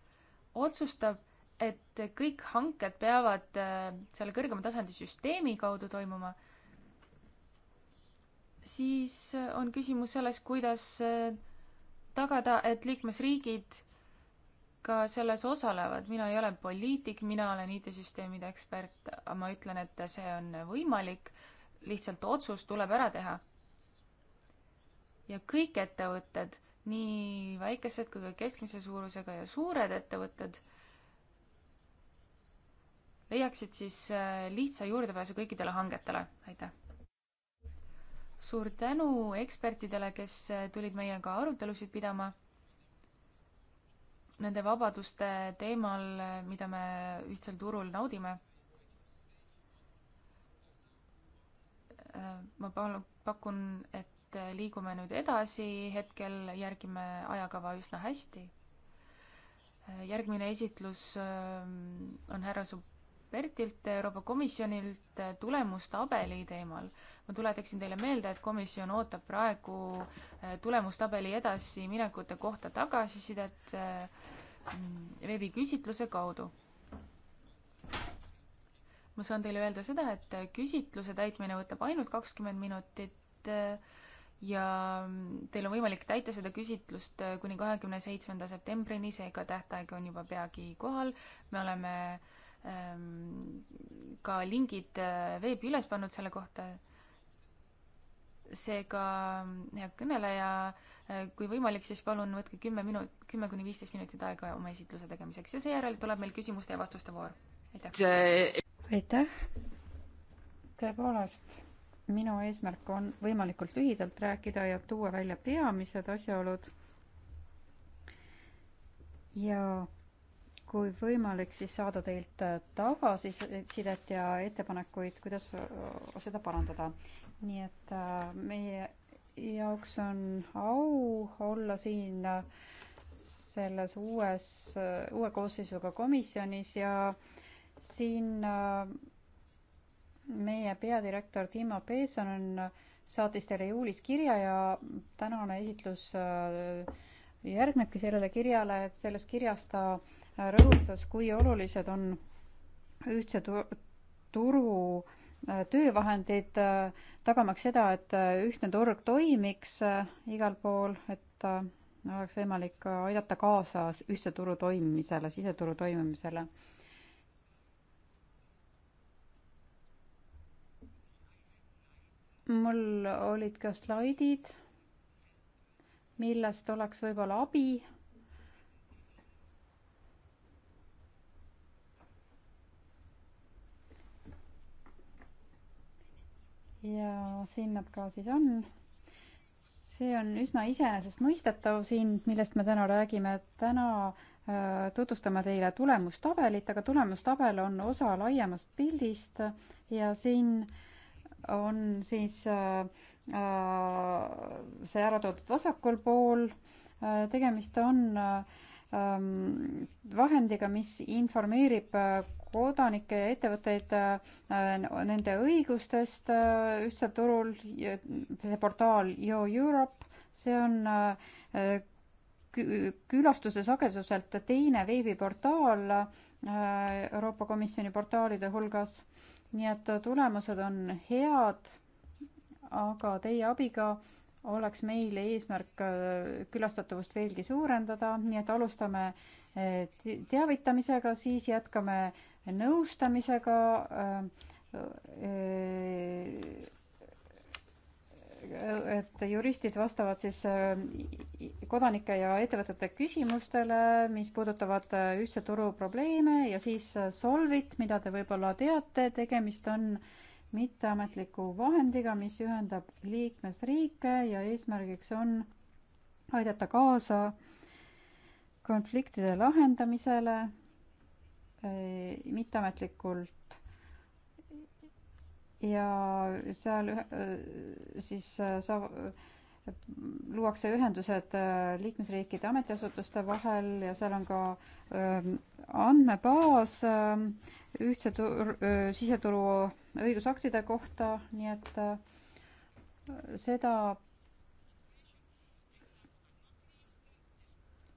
otsustab, et kõik hanked peavad äh, selle kõrgema tasandi süsteemi kaudu toimuma, siis äh, on küsimus selles, kuidas äh, tagada, et liikmesriigid ka selles osalevad. mina ei ole poliitik, mina olen IT-süsteemide ekspert, aga ma ütlen, et see on võimalik. lihtsalt otsus tuleb ära teha. ja kõik ettevõtted, nii väikesed kui ka keskmise suurusega ja suured ettevõtted, leiaksid siis äh, lihtsa juurdepääsu kõikidele hangetele. aitäh! suur tänu ekspertidele, kes äh, tulid meiega arutelusid pidama nende vabaduste teemal, mida me ühtsel turul naudime. ma palun, pakun, et liigume nüüd edasi, hetkel järgime ajakava üsna hästi. järgmine esitlus ähm, on härra Sub-, Bertilt, Euroopa Komisjonilt eh, tulemustabeli teemal. ma tuletaksin teile meelde, et komisjon ootab praegu eh, tulemustabeli edasiminekute kohta tagasisidet eh, veebiküsitluse kaudu. ma saan teile öelda seda, et küsitluse täitmine võtab ainult kakskümmend minutit ja mm, teil on võimalik täita seda küsitlust kuni kahekümne seitsmenda septembrini, seega tähtaeg on juba peagi kohal. me oleme äh, Ähm, ka lingid äh, veebi üles pannud selle kohta. seega, mm, hea kõneleja, äh, kui võimalik, siis palun võtke kümme minut, kümme kuni viisteist minutit aega oma esitluse tegemiseks ja seejärel tuleb meil küsimuste ja vastuste voor. aitäh! aitäh! tõepoolest, minu eesmärk on võimalikult lühidalt rääkida ja tuua välja peamised asjaolud ja kui võimalik, siis saada teilt äh, tagasisidet ja ettepanekuid, kuidas äh, seda parandada. nii et äh, meie jaoks on au olla siin selles uues, uue koosseisuga komisjonis ja siin meie peadirektor Timo Peeson on, saatis teile juulis kirja ja tänane esitlus järgnebki sellele kirjale, et selles kirjas ta äh, rõhutas, kui olulised on ühtse turu äh, töövahendid, äh, tagamaks seda, et äh, ühtne turg toimiks igal pool, et oleks võimalik aidata kaasa ühtse turu toimimisele, siseturu toimimisele. mul olid ka slaidid, millest oleks võib-olla abi ja siin nad ka siis on. see on üsna iseenesestmõistetav siin, millest me täna räägime. täna äh, tutvustame teile tulemustabelit, aga tulemustabel on osa laiemast pildist ja siin on siis äh, äh, see ära toodud vasakul pool. tegemist on ähm, vahendiga, mis informeerib kodanikke ja ettevõtteid äh, nende õigustest äh, ühtsel turul, see portaal Yo Europe, see on äh, külastuse sageduselt teine veebiportaal Euroopa Komisjoni portaalide hulgas. nii et tulemused on head, aga teie abiga oleks meil eesmärk külastatavust veelgi suurendada, nii et alustame teavitamisega, siis jätkame nõustamisega äh, et juristid vastavad siis äh, kodanike ja ettevõtete küsimustele, mis puudutavad äh, ühtse turu probleeme ja siis Solvit, mida te võib-olla teate, tegemist on mitteametliku vahendiga, mis ühendab liikmesriike ja eesmärgiks on aidata kaasa konfliktide lahendamisele Äh, mitteametlikult ja seal äh, siis äh, saab, luuakse ühendused liikmesriikide ametiasutuste vahel ja seal on ka ähm, andmebaas ühtse tur-, siseturu õigusaktide kohta, nii et seda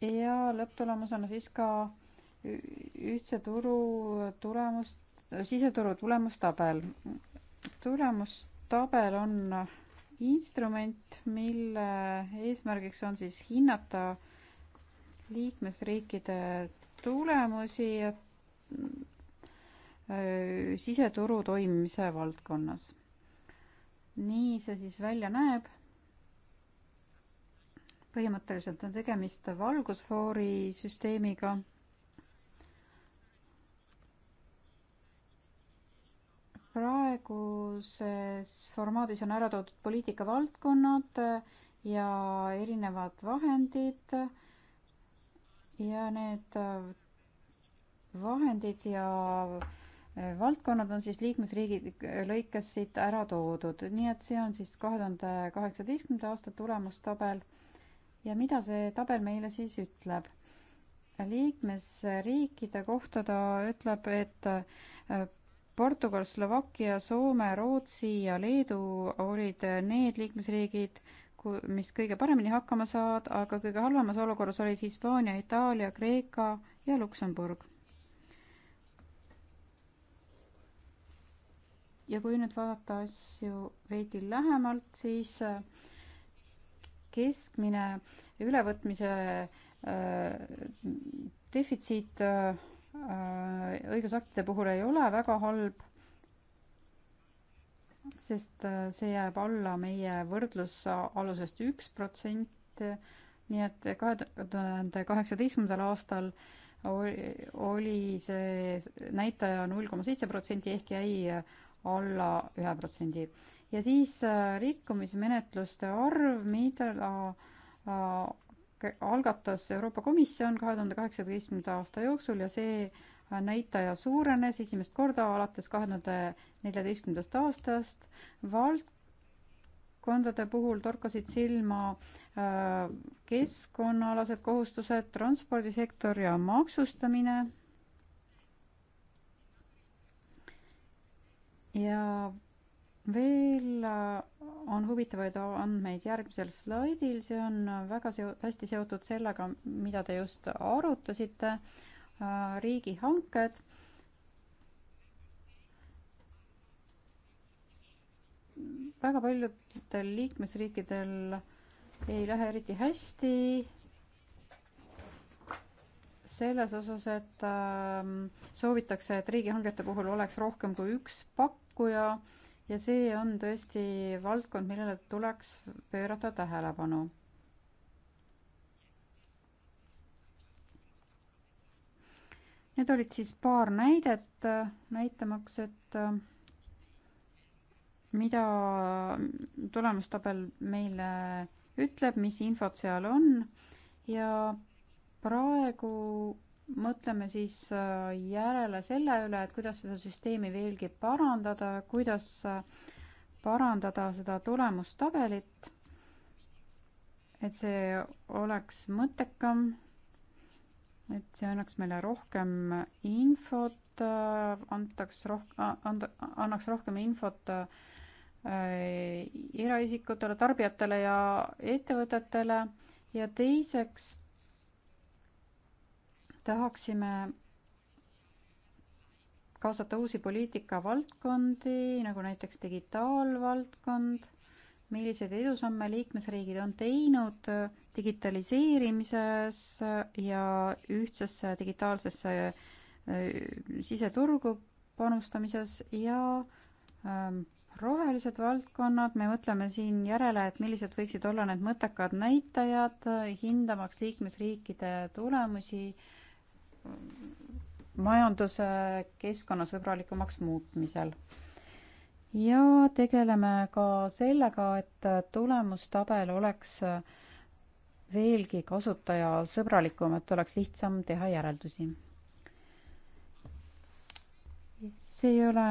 ja lõpptulemusena siis ka ühtse turu tulemust, siseturu tulemustabel. tulemustabel on instrument, mille eesmärgiks on siis hinnata liikmesriikide tulemusi ja äh, siseturu toimimise valdkonnas. nii see siis välja näeb. põhimõtteliselt on tegemist valgusfoori süsteemiga praeguses formaadis on ära toodud poliitikavaldkonnad äh, ja erinevad vahendid ja need äh, vahendid ja äh, valdkonnad on siis liikmesriigi lõikes siit ära toodud, nii et see on siis kahe tuhande kaheksateistkümnenda aasta tulemustabel. ja mida see tabel meile siis ütleb? liikmesriikide kohta ta ütleb, et Portugal, Slovakkia, Soome, Rootsi ja Leedu olid need liikmesriigid, mis kõige paremini hakkama saad, aga kõige halvemas olukorras olid Hispaania, Itaalia, Kreeka ja Luksemburg. ja kui nüüd vaadata asju veidi lähemalt, siis äh, keskmine ülevõtmise äh, defitsiit äh, Äh, õigusaktide puhul ei ole väga halb, sest äh, see jääb alla meie võrdlusalusest üks protsent, nii et kahe tuhande kaheksateistkümnendal aastal oli see näitaja null koma seitse protsenti ehk jäi alla ühe protsendi. ja siis äh, rikkumismenetluste arv, mida algatas Euroopa Komisjon kahe tuhande kaheksateistkümnenda aasta jooksul ja see näitaja suurenes esimest korda alates kahe tuhande neljateistkümnendast aastast. valdkondade puhul torkasid silma äh, keskkonnaalased kohustused, transpordisektor ja maksustamine. ja veel äh, on huvitavaid andmeid järgmisel slaidil, see on väga seo-, hästi seotud sellega, mida te just arutasite, äh, riigihanked. väga paljudel liikmesriikidel ei lähe eriti hästi selles osas, et ähm, soovitakse, et riigihangete puhul oleks rohkem kui üks pakkuja ja see on tõesti valdkond, millele tuleks pöörata tähelepanu. Need olid siis paar näidet, näitamaks, et äh, mida tulemustabel meile ütleb, mis infot seal on ja praegu mõtleme siis äh, järele selle üle, et kuidas seda süsteemi veelgi parandada, kuidas äh, parandada seda tulemustabelit, et see oleks mõttekam, et see annaks meile rohkem infot, äh, antaks roh-, and-, annaks rohkem infot eraisikutele, tarbijatele ja ettevõtetele ja teiseks tahaksime kaasata uusi poliitikavaldkondi, nagu näiteks digitaalvaldkond, milliseid edusamme liikmesriigid on teinud digitaliseerimises ja ühtsesse digitaalsesse äh, siseturgu panustamises ja ähm, rohelised valdkonnad, me mõtleme siin järele, et millised võiksid olla need mõttekad näitajad, äh, hindamaks liikmesriikide tulemusi äh, majanduse keskkonnasõbralikumaks muutmisel. ja tegeleme ka sellega, et tulemustabel oleks veelgi kasutajasõbralikum, et oleks lihtsam teha järeldusi. see ei ole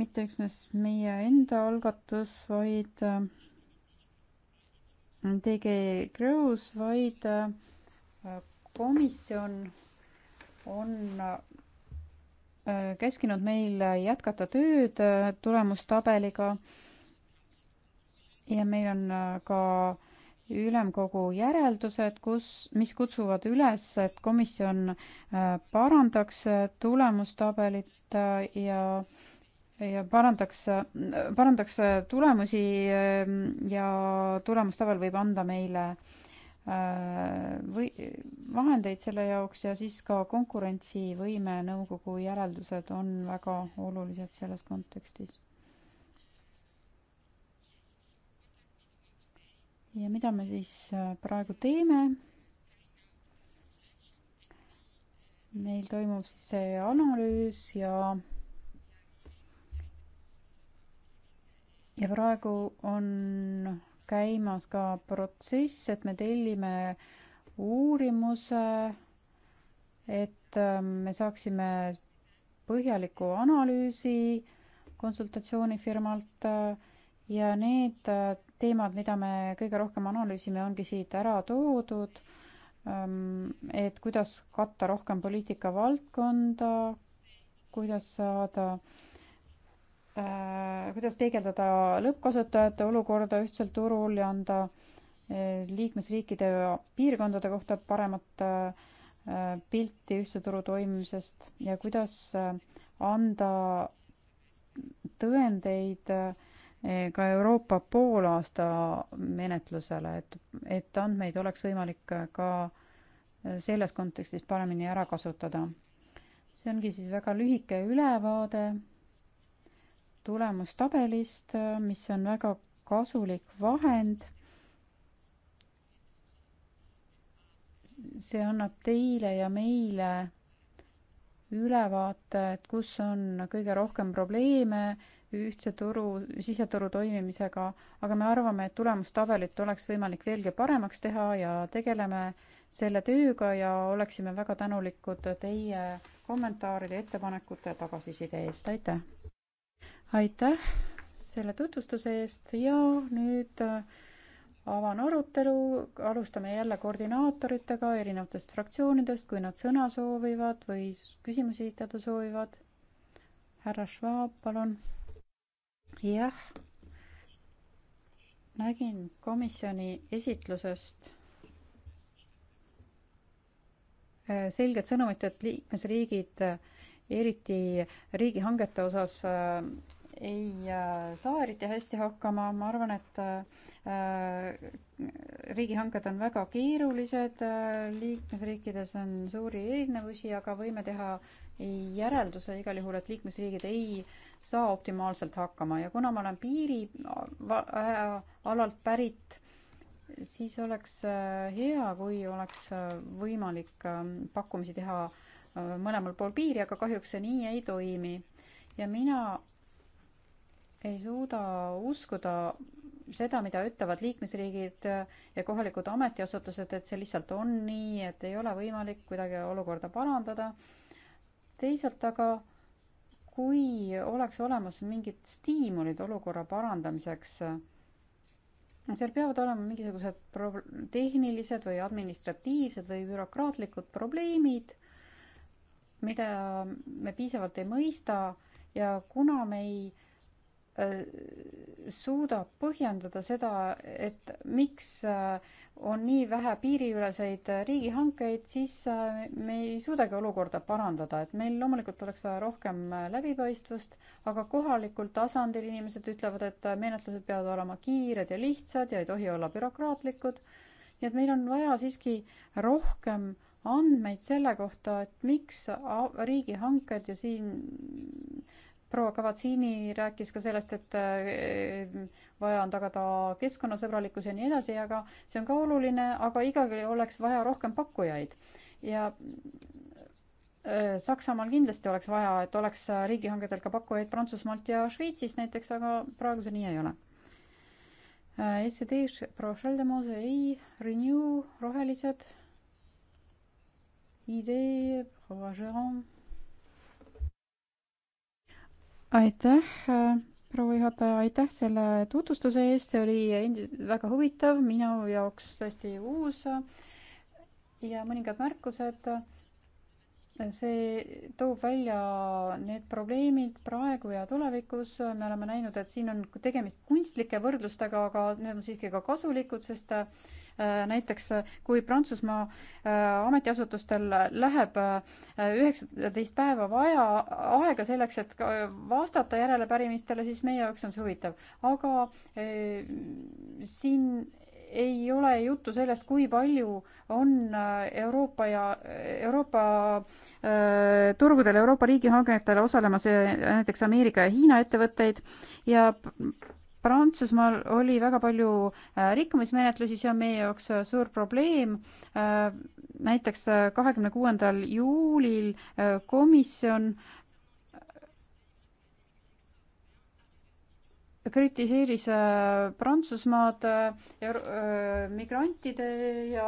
mitte üksnes meie enda algatus, vaid TG Growth, vaid äh, komisjon on äh, käskinud meil jätkata tööd äh, tulemustabeliga ja meil on äh, ka ülemkogu järeldused, kus, mis kutsuvad üles, et komisjon parandaks tulemustabelit ja, ja parandaks, parandaks tulemusi ja tulemustabel võib anda meile äh, Äh, või vahendeid selle jaoks ja siis ka konkurentsivõime nõukogu järeldused on väga olulised selles kontekstis. ja mida me siis äh, praegu teeme? meil toimub siis see analüüs ja ja praegu on käimas ka protsess, et me tellime uurimuse, et ähm, me saaksime põhjaliku analüüsi konsultatsioonifirmalt äh, ja need äh, teemad, mida me kõige rohkem analüüsime, ongi siit ära toodud, ähm, et kuidas katta rohkem poliitikavaldkonda, kuidas saada äh, Äh, kuidas peegeldada lõppkasutajate olukorda ühtsel turul ja anda äh, liikmesriikide ja piirkondade kohta paremat äh, pilti ühtse turu toimimisest ja kuidas anda tõendeid ka Euroopa poolaasta menetlusele, et, et andmeid oleks võimalik ka selles kontekstis paremini ära kasutada. see ongi siis väga lühike ülevaade tulemustabelist, mis on väga kasulik vahend. see annab teile ja meile ülevaate, et kus on kõige rohkem probleeme ühtse turu, siseturu toimimisega, aga me arvame, et tulemustabelit oleks võimalik veelgi paremaks teha ja tegeleme selle tööga ja oleksime väga tänulikud teie kommentaaride, ettepanekute ja tagasiside eest, aitäh! aitäh selle tutvustuse eest ja nüüd äh, avan arutelu, alustame jälle koordinaatoritega erinevatest fraktsioonidest, kui nad sõna soovivad või küsimusi esitada soovivad. härra Schwab, palun. jah, nägin komisjoni esitlusest äh, selget sõnumit, et liikmesriigid äh, eriti riigihangete osas ei äh, saa eriti hästi hakkama, ma arvan, et äh, riigihanked on väga keerulised, äh, liikmesriikides on suuri erinevusi, aga võime teha järelduse igal juhul, et liikmesriigid ei saa optimaalselt hakkama ja kuna ma olen piirialalt pärit, siis oleks hea, kui oleks võimalik pakkumisi teha mõlemal pool piiri, aga kahjuks see nii ei toimi. ja mina ei suuda uskuda seda, mida ütlevad liikmesriigid ja kohalikud ametiasutused, et see lihtsalt on nii, et ei ole võimalik kuidagi olukorda parandada. teisalt aga, kui oleks olemas mingid stiimulid olukorra parandamiseks, seal peavad olema mingisugused pro-, tehnilised või administratiivsed või bürokraatlikud probleemid, mida me piisavalt ei mõista ja kuna me ei Äh, suudab põhjendada seda, et miks äh, on nii vähe piiriüleseid äh, riigihankeid, siis me ei suudagi olukorda parandada, et meil loomulikult oleks vaja rohkem läbipaistvust, aga kohalikul tasandil inimesed ütlevad, et menetlused peavad olema kiired ja lihtsad ja ei tohi olla bürokraatlikud. nii et meil on vaja siiski rohkem andmeid selle kohta, et miks riigihanked ja siin proua Kavatsiini rääkis ka sellest, et äh, vaja on tagada keskkonnasõbralikkus ja nii edasi, aga see on ka oluline, aga ikkagi oleks vaja rohkem pakkujaid. ja äh, Saksamaal kindlasti oleks vaja, et oleks riigihangetel ka pakkujaid Prantsusmaalt ja Šveitsist näiteks, aga praegu see nii ei ole. Äh, SED, proua Schaldemose ei, Renew, rohelised, idee, proua Jerome aitäh, proua juhataja, aitäh selle tutvustuse eest, see oli endis-, väga huvitav, minu jaoks täiesti uus ja mõningad märkused. see toob välja need probleemid praegu ja tulevikus. me oleme näinud, et siin on tegemist kunstlike võrdlustega, aga need on siiski ka kasulikud, sest äh, Äh, näiteks äh, kui Prantsusmaa äh, ametiasutustel läheb üheksateist päeva vaja, aega selleks, et vastata järelepärimistele, siis meie jaoks on see huvitav. aga siin ei ole juttu sellest, kui palju on Euroopa ja Euroopa äh, turgudel, Euroopa riigihangetel osalemas näiteks Ameerika ja Hiina ettevõtteid ja Prantsusmaal oli väga palju äh, rikkumismenetlusi, see on meie jaoks äh, suur probleem. Äh, näiteks kahekümne kuuendal juulil komisjon kritiseeris Prantsusmaad migrantide ja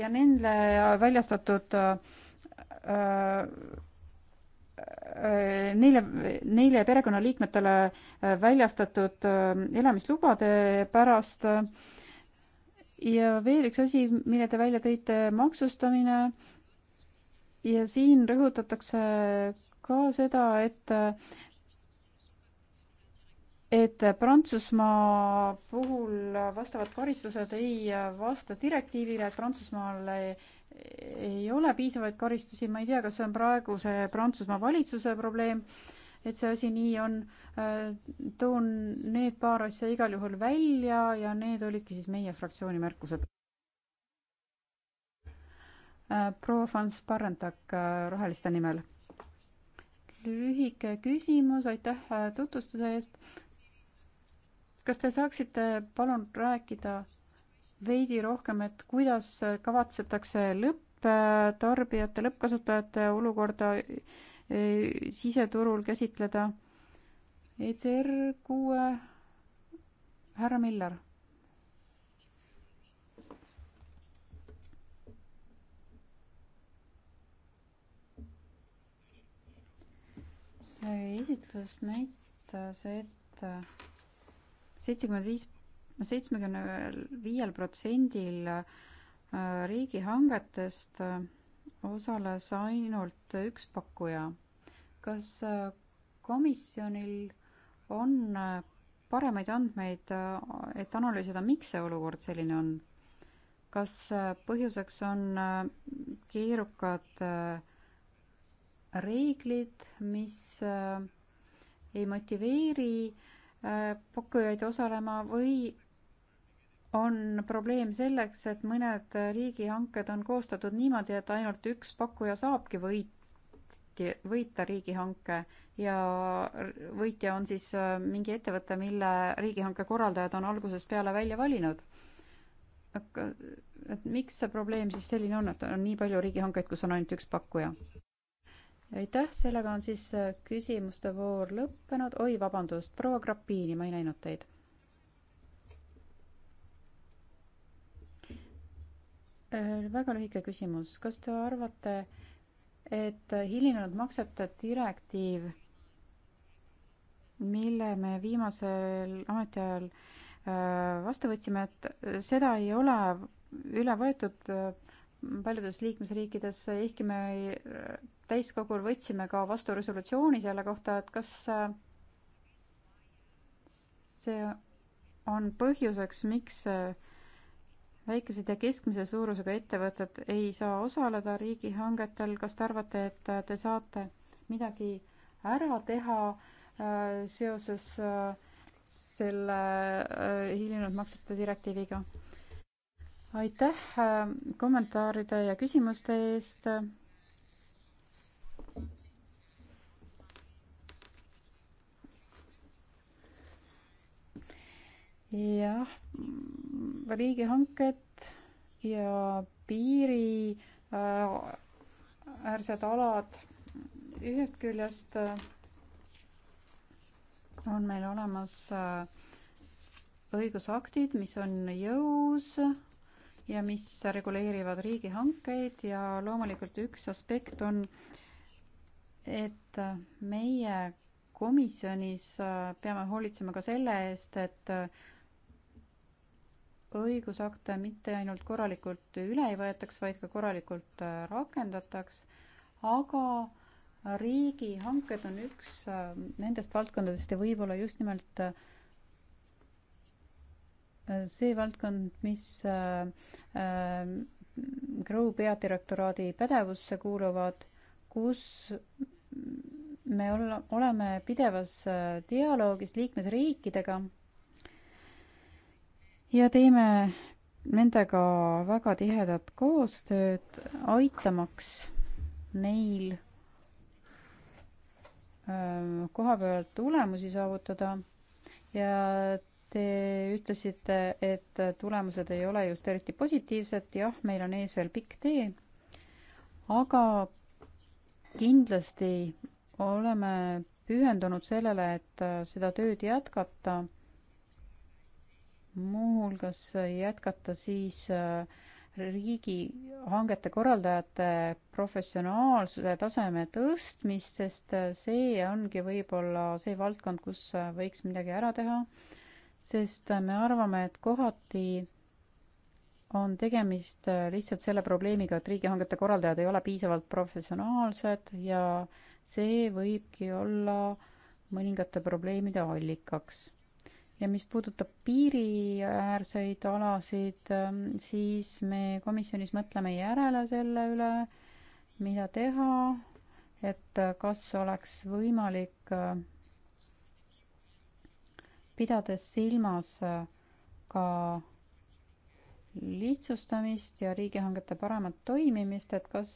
ja nendele väljastatud neile, neile perekonnaliikmetele väljastatud äh, elamislubade pärast. ja veel üks asi, mille te välja tõite, maksustamine. ja siin rõhutatakse ka seda, et et Prantsusmaa puhul vastavad karistused ei vasta direktiivile, et Prantsusmaal ei ole piisavaid karistusi, ma ei tea, kas see on praeguse Prantsusmaa valitsuse probleem, et see asi nii on. toon need paar asja igal juhul välja ja need olidki siis meie fraktsiooni märkused. proua Fons Parentak äh, Roheliste nimel. lühike küsimus, aitäh äh, tutvustuse eest. kas te saaksite palun rääkida veidi rohkem, et kuidas kavatsetakse lõpptarbijate, lõppkasutajate olukorda e, siseturul käsitleda. ECR kuue, härra Miller see esitlus näitas, et seitsekümmend viis seitsmekümnel viiel protsendil äh, riigihangetest äh, osales ainult üks pakkuja. kas äh, komisjonil on paremaid andmeid, et analüüsida, miks see olukord selline on? kas põhjuseks on keerukad reeglid, mis ei motiveeri pakkujaid osalema või on probleem selleks, et mõned riigihanked on koostatud niimoodi, et ainult üks pakkuja saabki võit, võita riigihanke ja võitja on siis äh, mingi ettevõte, mille riigihanke korraldajad on algusest peale välja valinud. aga et miks see probleem siis selline on, et on nii palju riigihankeid, kus on ainult üks pakkuja? aitäh, sellega on siis äh, küsimuste voor lõppenud. oi, vabandust, proua Grappini, ma ei näinud teid Äh, väga lühike küsimus, kas te arvate, et hilinenud maksete direktiiv, mille me viimasel ametiajal äh, vastu võtsime, et seda ei ole üle võetud äh, paljudes liikmesriikides, ehkki me täiskogul võtsime ka vastu resolutsiooni selle kohta, et kas see on põhjuseks, miks see väikesed ja keskmise suurusega ettevõtted ei saa osaleda riigihangetel, kas te arvate, et te saate midagi ära teha äh, seoses äh, selle äh, hilinenud maksete direktiiviga? aitäh äh, kommentaaride ja küsimuste eest. jah riigihanked ja piiriäärsed äh, alad ühest küljest äh, on meil olemas äh, õigusaktid, mis on jõus ja mis reguleerivad riigihankeid ja loomulikult üks aspekt on, et meie komisjonis peame hoolitsema ka selle eest, et õigusakte mitte ainult korralikult üle ei võetaks, vaid ka korralikult äh, rakendataks, aga riigihanked on üks äh, nendest valdkondadest ja võib-olla just nimelt äh, see valdkond, mis Grow peadirektoraadi pädevusse kuuluvad, kus me olla, oleme pidevas dialoogis liikmesriikidega ja teeme nendega väga tihedat koostööd, aitamaks neil ähm, koha peal tulemusi saavutada ja te ütlesite, et tulemused ei ole just eriti positiivsed, jah, meil on ees veel pikk tee, aga kindlasti oleme pühendunud sellele, et äh, seda tööd jätkata muuhulgas jätkata siis äh, riigihangete korraldajate professionaalsuse taseme tõstmist, sest äh, see ongi võib-olla see valdkond, kus äh, võiks midagi ära teha. sest me arvame, et kohati on tegemist lihtsalt selle probleemiga, et riigihangete korraldajad ei ole piisavalt professionaalsed ja see võibki olla mõningate probleemide allikaks ja mis puudutab piiriäärseid alasid, ähm, siis me komisjonis mõtleme järele selle üle, mida teha, et äh, kas oleks võimalik, äh, pidades silmas äh, ka lihtsustamist ja riigihangete paremat toimimist, et kas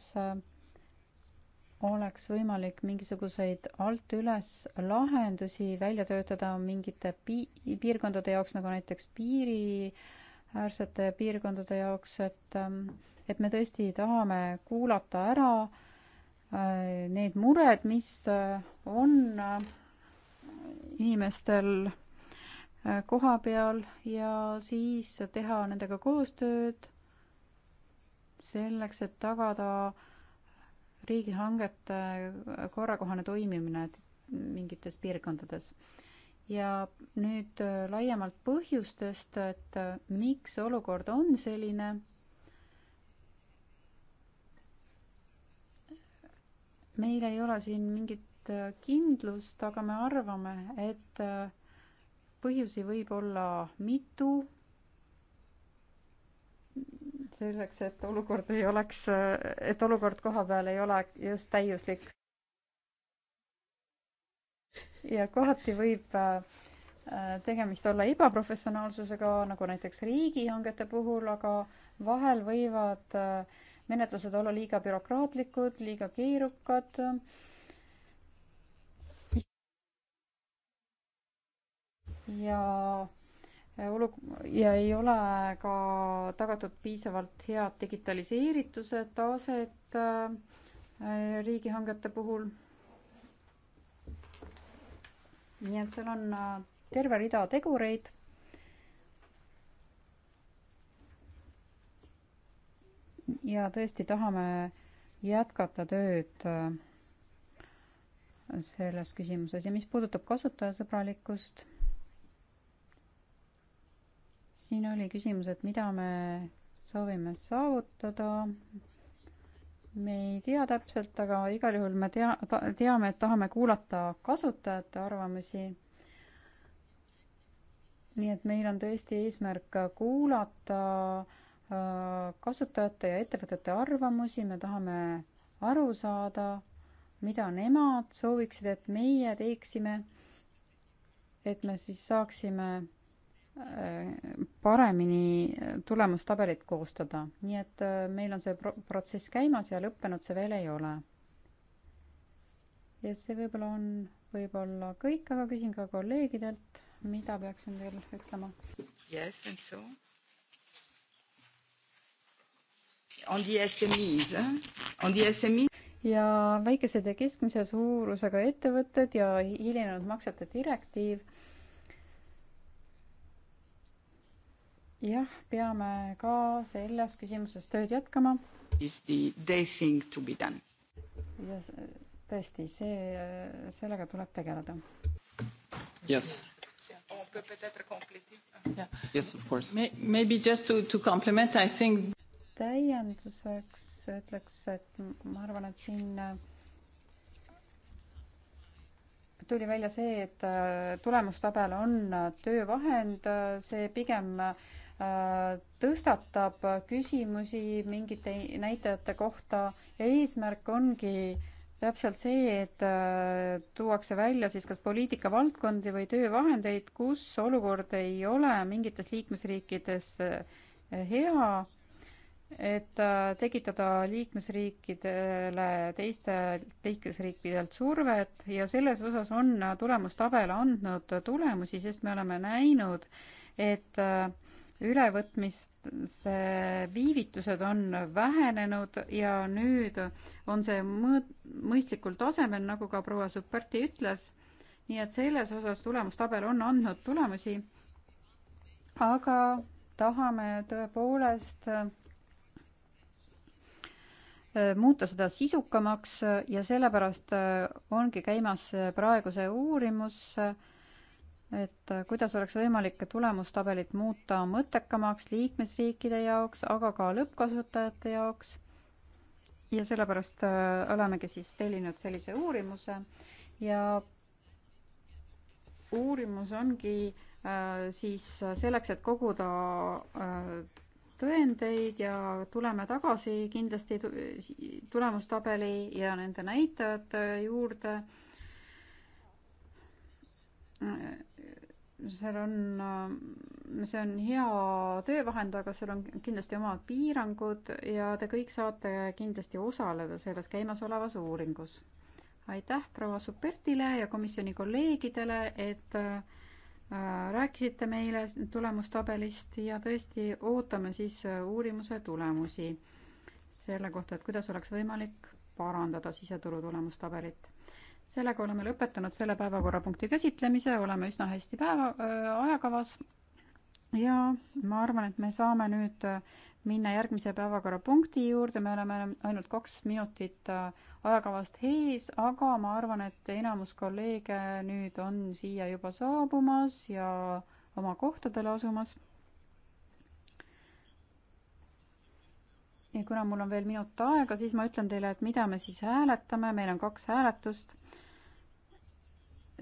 oleks võimalik mingisuguseid alt üles lahendusi välja töötada mingite pi-, piirkondade jaoks, nagu näiteks piiriäärsete piirkondade jaoks, et ähm, et me tõesti tahame kuulata ära äh, need mured, mis äh, on äh, inimestel koha peal ja siis teha nendega koostööd selleks, et tagada äh, riigihangete korrakohane toimimine mingites piirkondades. ja nüüd äh, laiemalt põhjustest, et äh, miks olukord on selline. meil ei ole siin mingit äh, kindlust, aga me arvame, et põhjusi võib olla mitu selleks, et olukord ei oleks, et olukord koha peal ei ole just täiuslik. ja kohati võib äh, tegemist olla ebaprofessionaalsusega, nagu näiteks riigihangete puhul, aga vahel võivad äh, menetlused olla liiga bürokraatlikud, liiga keerukad ja Äh, olu- ja ei ole ka tagatud piisavalt head digitaliseerituse taset äh, äh, riigihangete puhul. nii et seal on terve rida tegureid ja tõesti tahame jätkata tööd selles küsimuses ja mis puudutab kasutajasõbralikkust, siin oli küsimus, et mida me soovime saavutada. me ei tea täpselt, aga igal juhul me tea, teame, et tahame kuulata kasutajate arvamusi. nii et meil on tõesti eesmärk kuulata äh, kasutajate ja ettevõtete arvamusi, me tahame aru saada, mida nemad sooviksid, et meie teeksime. et me siis saaksime paremini tulemustabelit koostada, nii et äh, meil on see pro-, protsess käimas ja lõppenud see veel ei ole. ja see võib-olla on võib-olla kõik, aga küsin ka kolleegidelt, mida peaksin teil ütlema? Yes, and so? On the SMEs eh?, on the SME ja väikesed ja keskmise suurusega ettevõtted ja hilinenud maksete direktiiv jah, peame ka selles küsimuses tööd jätkama. Is the day thing to be done? ja tõesti, see, sellega tuleb tegeleda. Yes. Yes, of course. Maybe just to, to compliment, I think. täienduseks ütleks, et ma arvan, et siin tuli välja see, et äh, tulemustabel on äh, töövahend, äh, see pigem tõstatab küsimusi mingite näitajate kohta ja eesmärk ongi täpselt see, et tuuakse välja siis kas poliitikavaldkondi või töövahendeid, kus olukord ei ole mingites liikmesriikides hea et äh, tekitada liikmesriikidele teistelt liikmesriikidelt survet ja selles osas on äh, tulemustabel andnud tulemusi, sest me oleme näinud, et äh, ülevõtmise viivitused on vähenenud ja nüüd on see mõõt-, mõistlikul tasemel, nagu ka proua Superti ütles, nii et selles osas tulemustabel on andnud tulemusi, aga tahame tõepoolest Äh, muuta seda sisukamaks äh, ja sellepärast äh, ongi käimas praegu see uurimus, et kuidas oleks võimalik tulemustabelit muuta mõttekamaks liikmesriikide jaoks, aga ka lõppkasutajate jaoks. ja sellepärast olemegi siis tellinud sellise uurimuse ja uurimus ongi äh, siis selleks, et koguda äh, tõendeid ja tuleme tagasi kindlasti tulemustabeli ja nende näitajate juurde. seal on, see on hea töövahend, aga seal on kindlasti omad piirangud ja te kõik saate kindlasti osaleda selles käimasolevas uuringus. aitäh proua Supertile ja komisjoni kolleegidele, et äh, rääkisite meile tulemustabelist ja tõesti ootame siis uurimuse tulemusi selle kohta, et kuidas oleks võimalik parandada siseturu tulemustabelit. sellega oleme lõpetanud selle päevakorrapunkti käsitlemise, oleme üsna hästi päeva äh,, ajakavas ja ma arvan, et me saame nüüd minna järgmise päevakorrapunkti juurde, me oleme ainult kaks minutit äh, ajakavast ees, aga ma arvan, et enamus kolleege nüüd on siia juba saabumas ja oma kohtadele asumas. ja kuna mul on veel minut aega, siis ma ütlen teile, et mida me siis hääletame, meil on kaks hääletust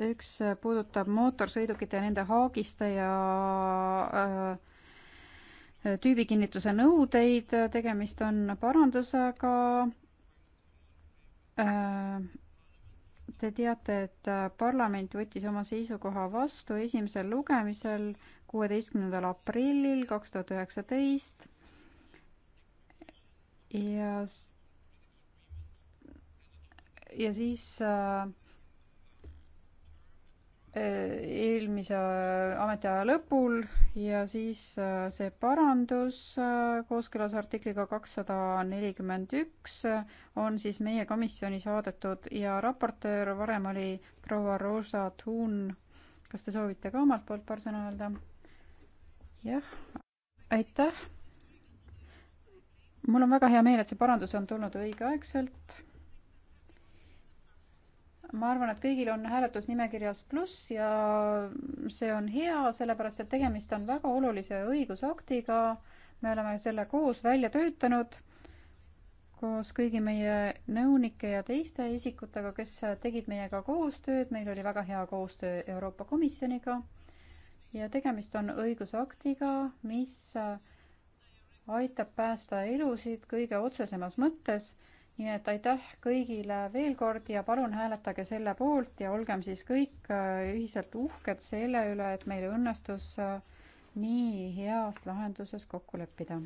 üks puudutab mootorsõidukite ja nende haagiste ja äh, tüübikinnituse nõudeid, tegemist on parandusega Äh, te teate, et äh, parlament võttis oma seisukoha vastu esimesel lugemisel kuueteistkümnendal aprillil kaks tuhat üheksateist ja ja siis äh, Äh, eelmise äh, ametiaja lõpul ja siis äh, see parandus kooskõlas artikliga kakssada nelikümmend üks on siis meie komisjoni saadetud ja raportöör varem oli proua Rosa Thun. kas te soovite ka omalt poolt paar sõna öelda? jah, aitäh. mul on väga hea meel, et see parandus on tulnud õigeaegselt ma arvan, et kõigil on hääletusnimekirjas pluss ja see on hea, sellepärast et tegemist on väga olulise õigusaktiga. me oleme selle koos välja töötanud koos kõigi meie nõunike ja teiste isikutega, kes tegid meiega koostööd, meil oli väga hea koostöö Euroopa Komisjoniga ja tegemist on õigusaktiga, mis aitab päästa elusid kõige otsesemas mõttes nii et aitäh kõigile veel kord ja palun hääletage selle poolt ja olgem siis kõik äh, ühiselt uhked selle üle, et meil õnnestus äh, nii heas lahenduses kokku leppida.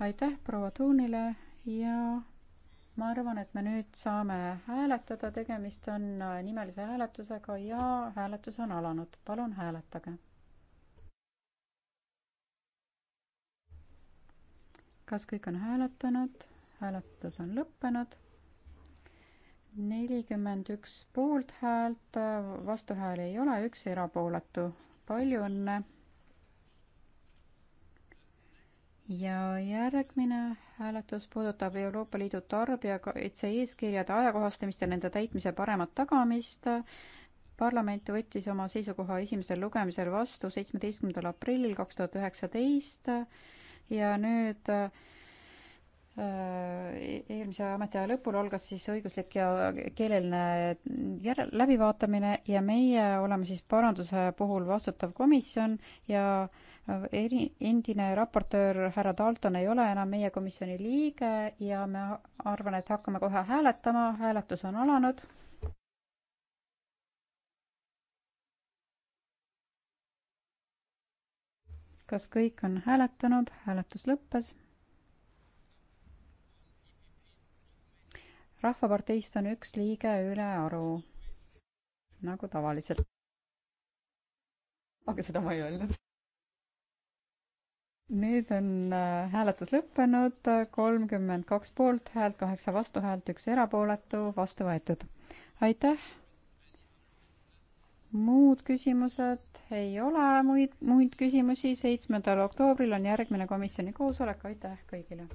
aitäh proua Tuunile ja ma arvan, et me nüüd saame hääletada, tegemist on äh, nimelise hääletusega ja hääletus on alanud, palun hääletage kas kõik on hääletanud? hääletus on lõppenud. nelikümmend üks poolthäält, vastuhääli ei ole, üks erapooletu. palju õnne. ja järgmine hääletus puudutab Euroopa Liidu tarbijakaitse eeskirjade ajakohastamist ja nende täitmise paremat tagamist parlament võttis oma seisukoha esimesel lugemisel vastu seitsmeteistkümnendal aprillil kaks tuhat üheksateist ja nüüd Äh, e-, eelmise ametiaja lõpul algas siis õiguslik ja keeleline järel-, läbivaatamine ja meie oleme siis paranduse puhul vastutav komisjon ja äh, eri, endine raportöör härra Dalton ei ole enam meie komisjoni liige ja me arvan, et hakkame kohe hääletama, hääletus on alanud. kas kõik on hääletanud, hääletus lõppes rahvaparteist on üks liige ülearu, nagu tavaliselt. aga seda ma ei öelnud. nüüd on äh, hääletus lõppenud, kolmkümmend kaks poolthäält, kaheksa vastuhäält, üks erapooletu, vastu võetud. aitäh. muud küsimused ei ole, muid, muid küsimusi. seitsmendal oktoobril on järgmine komisjoni koosolek, aitäh kõigile.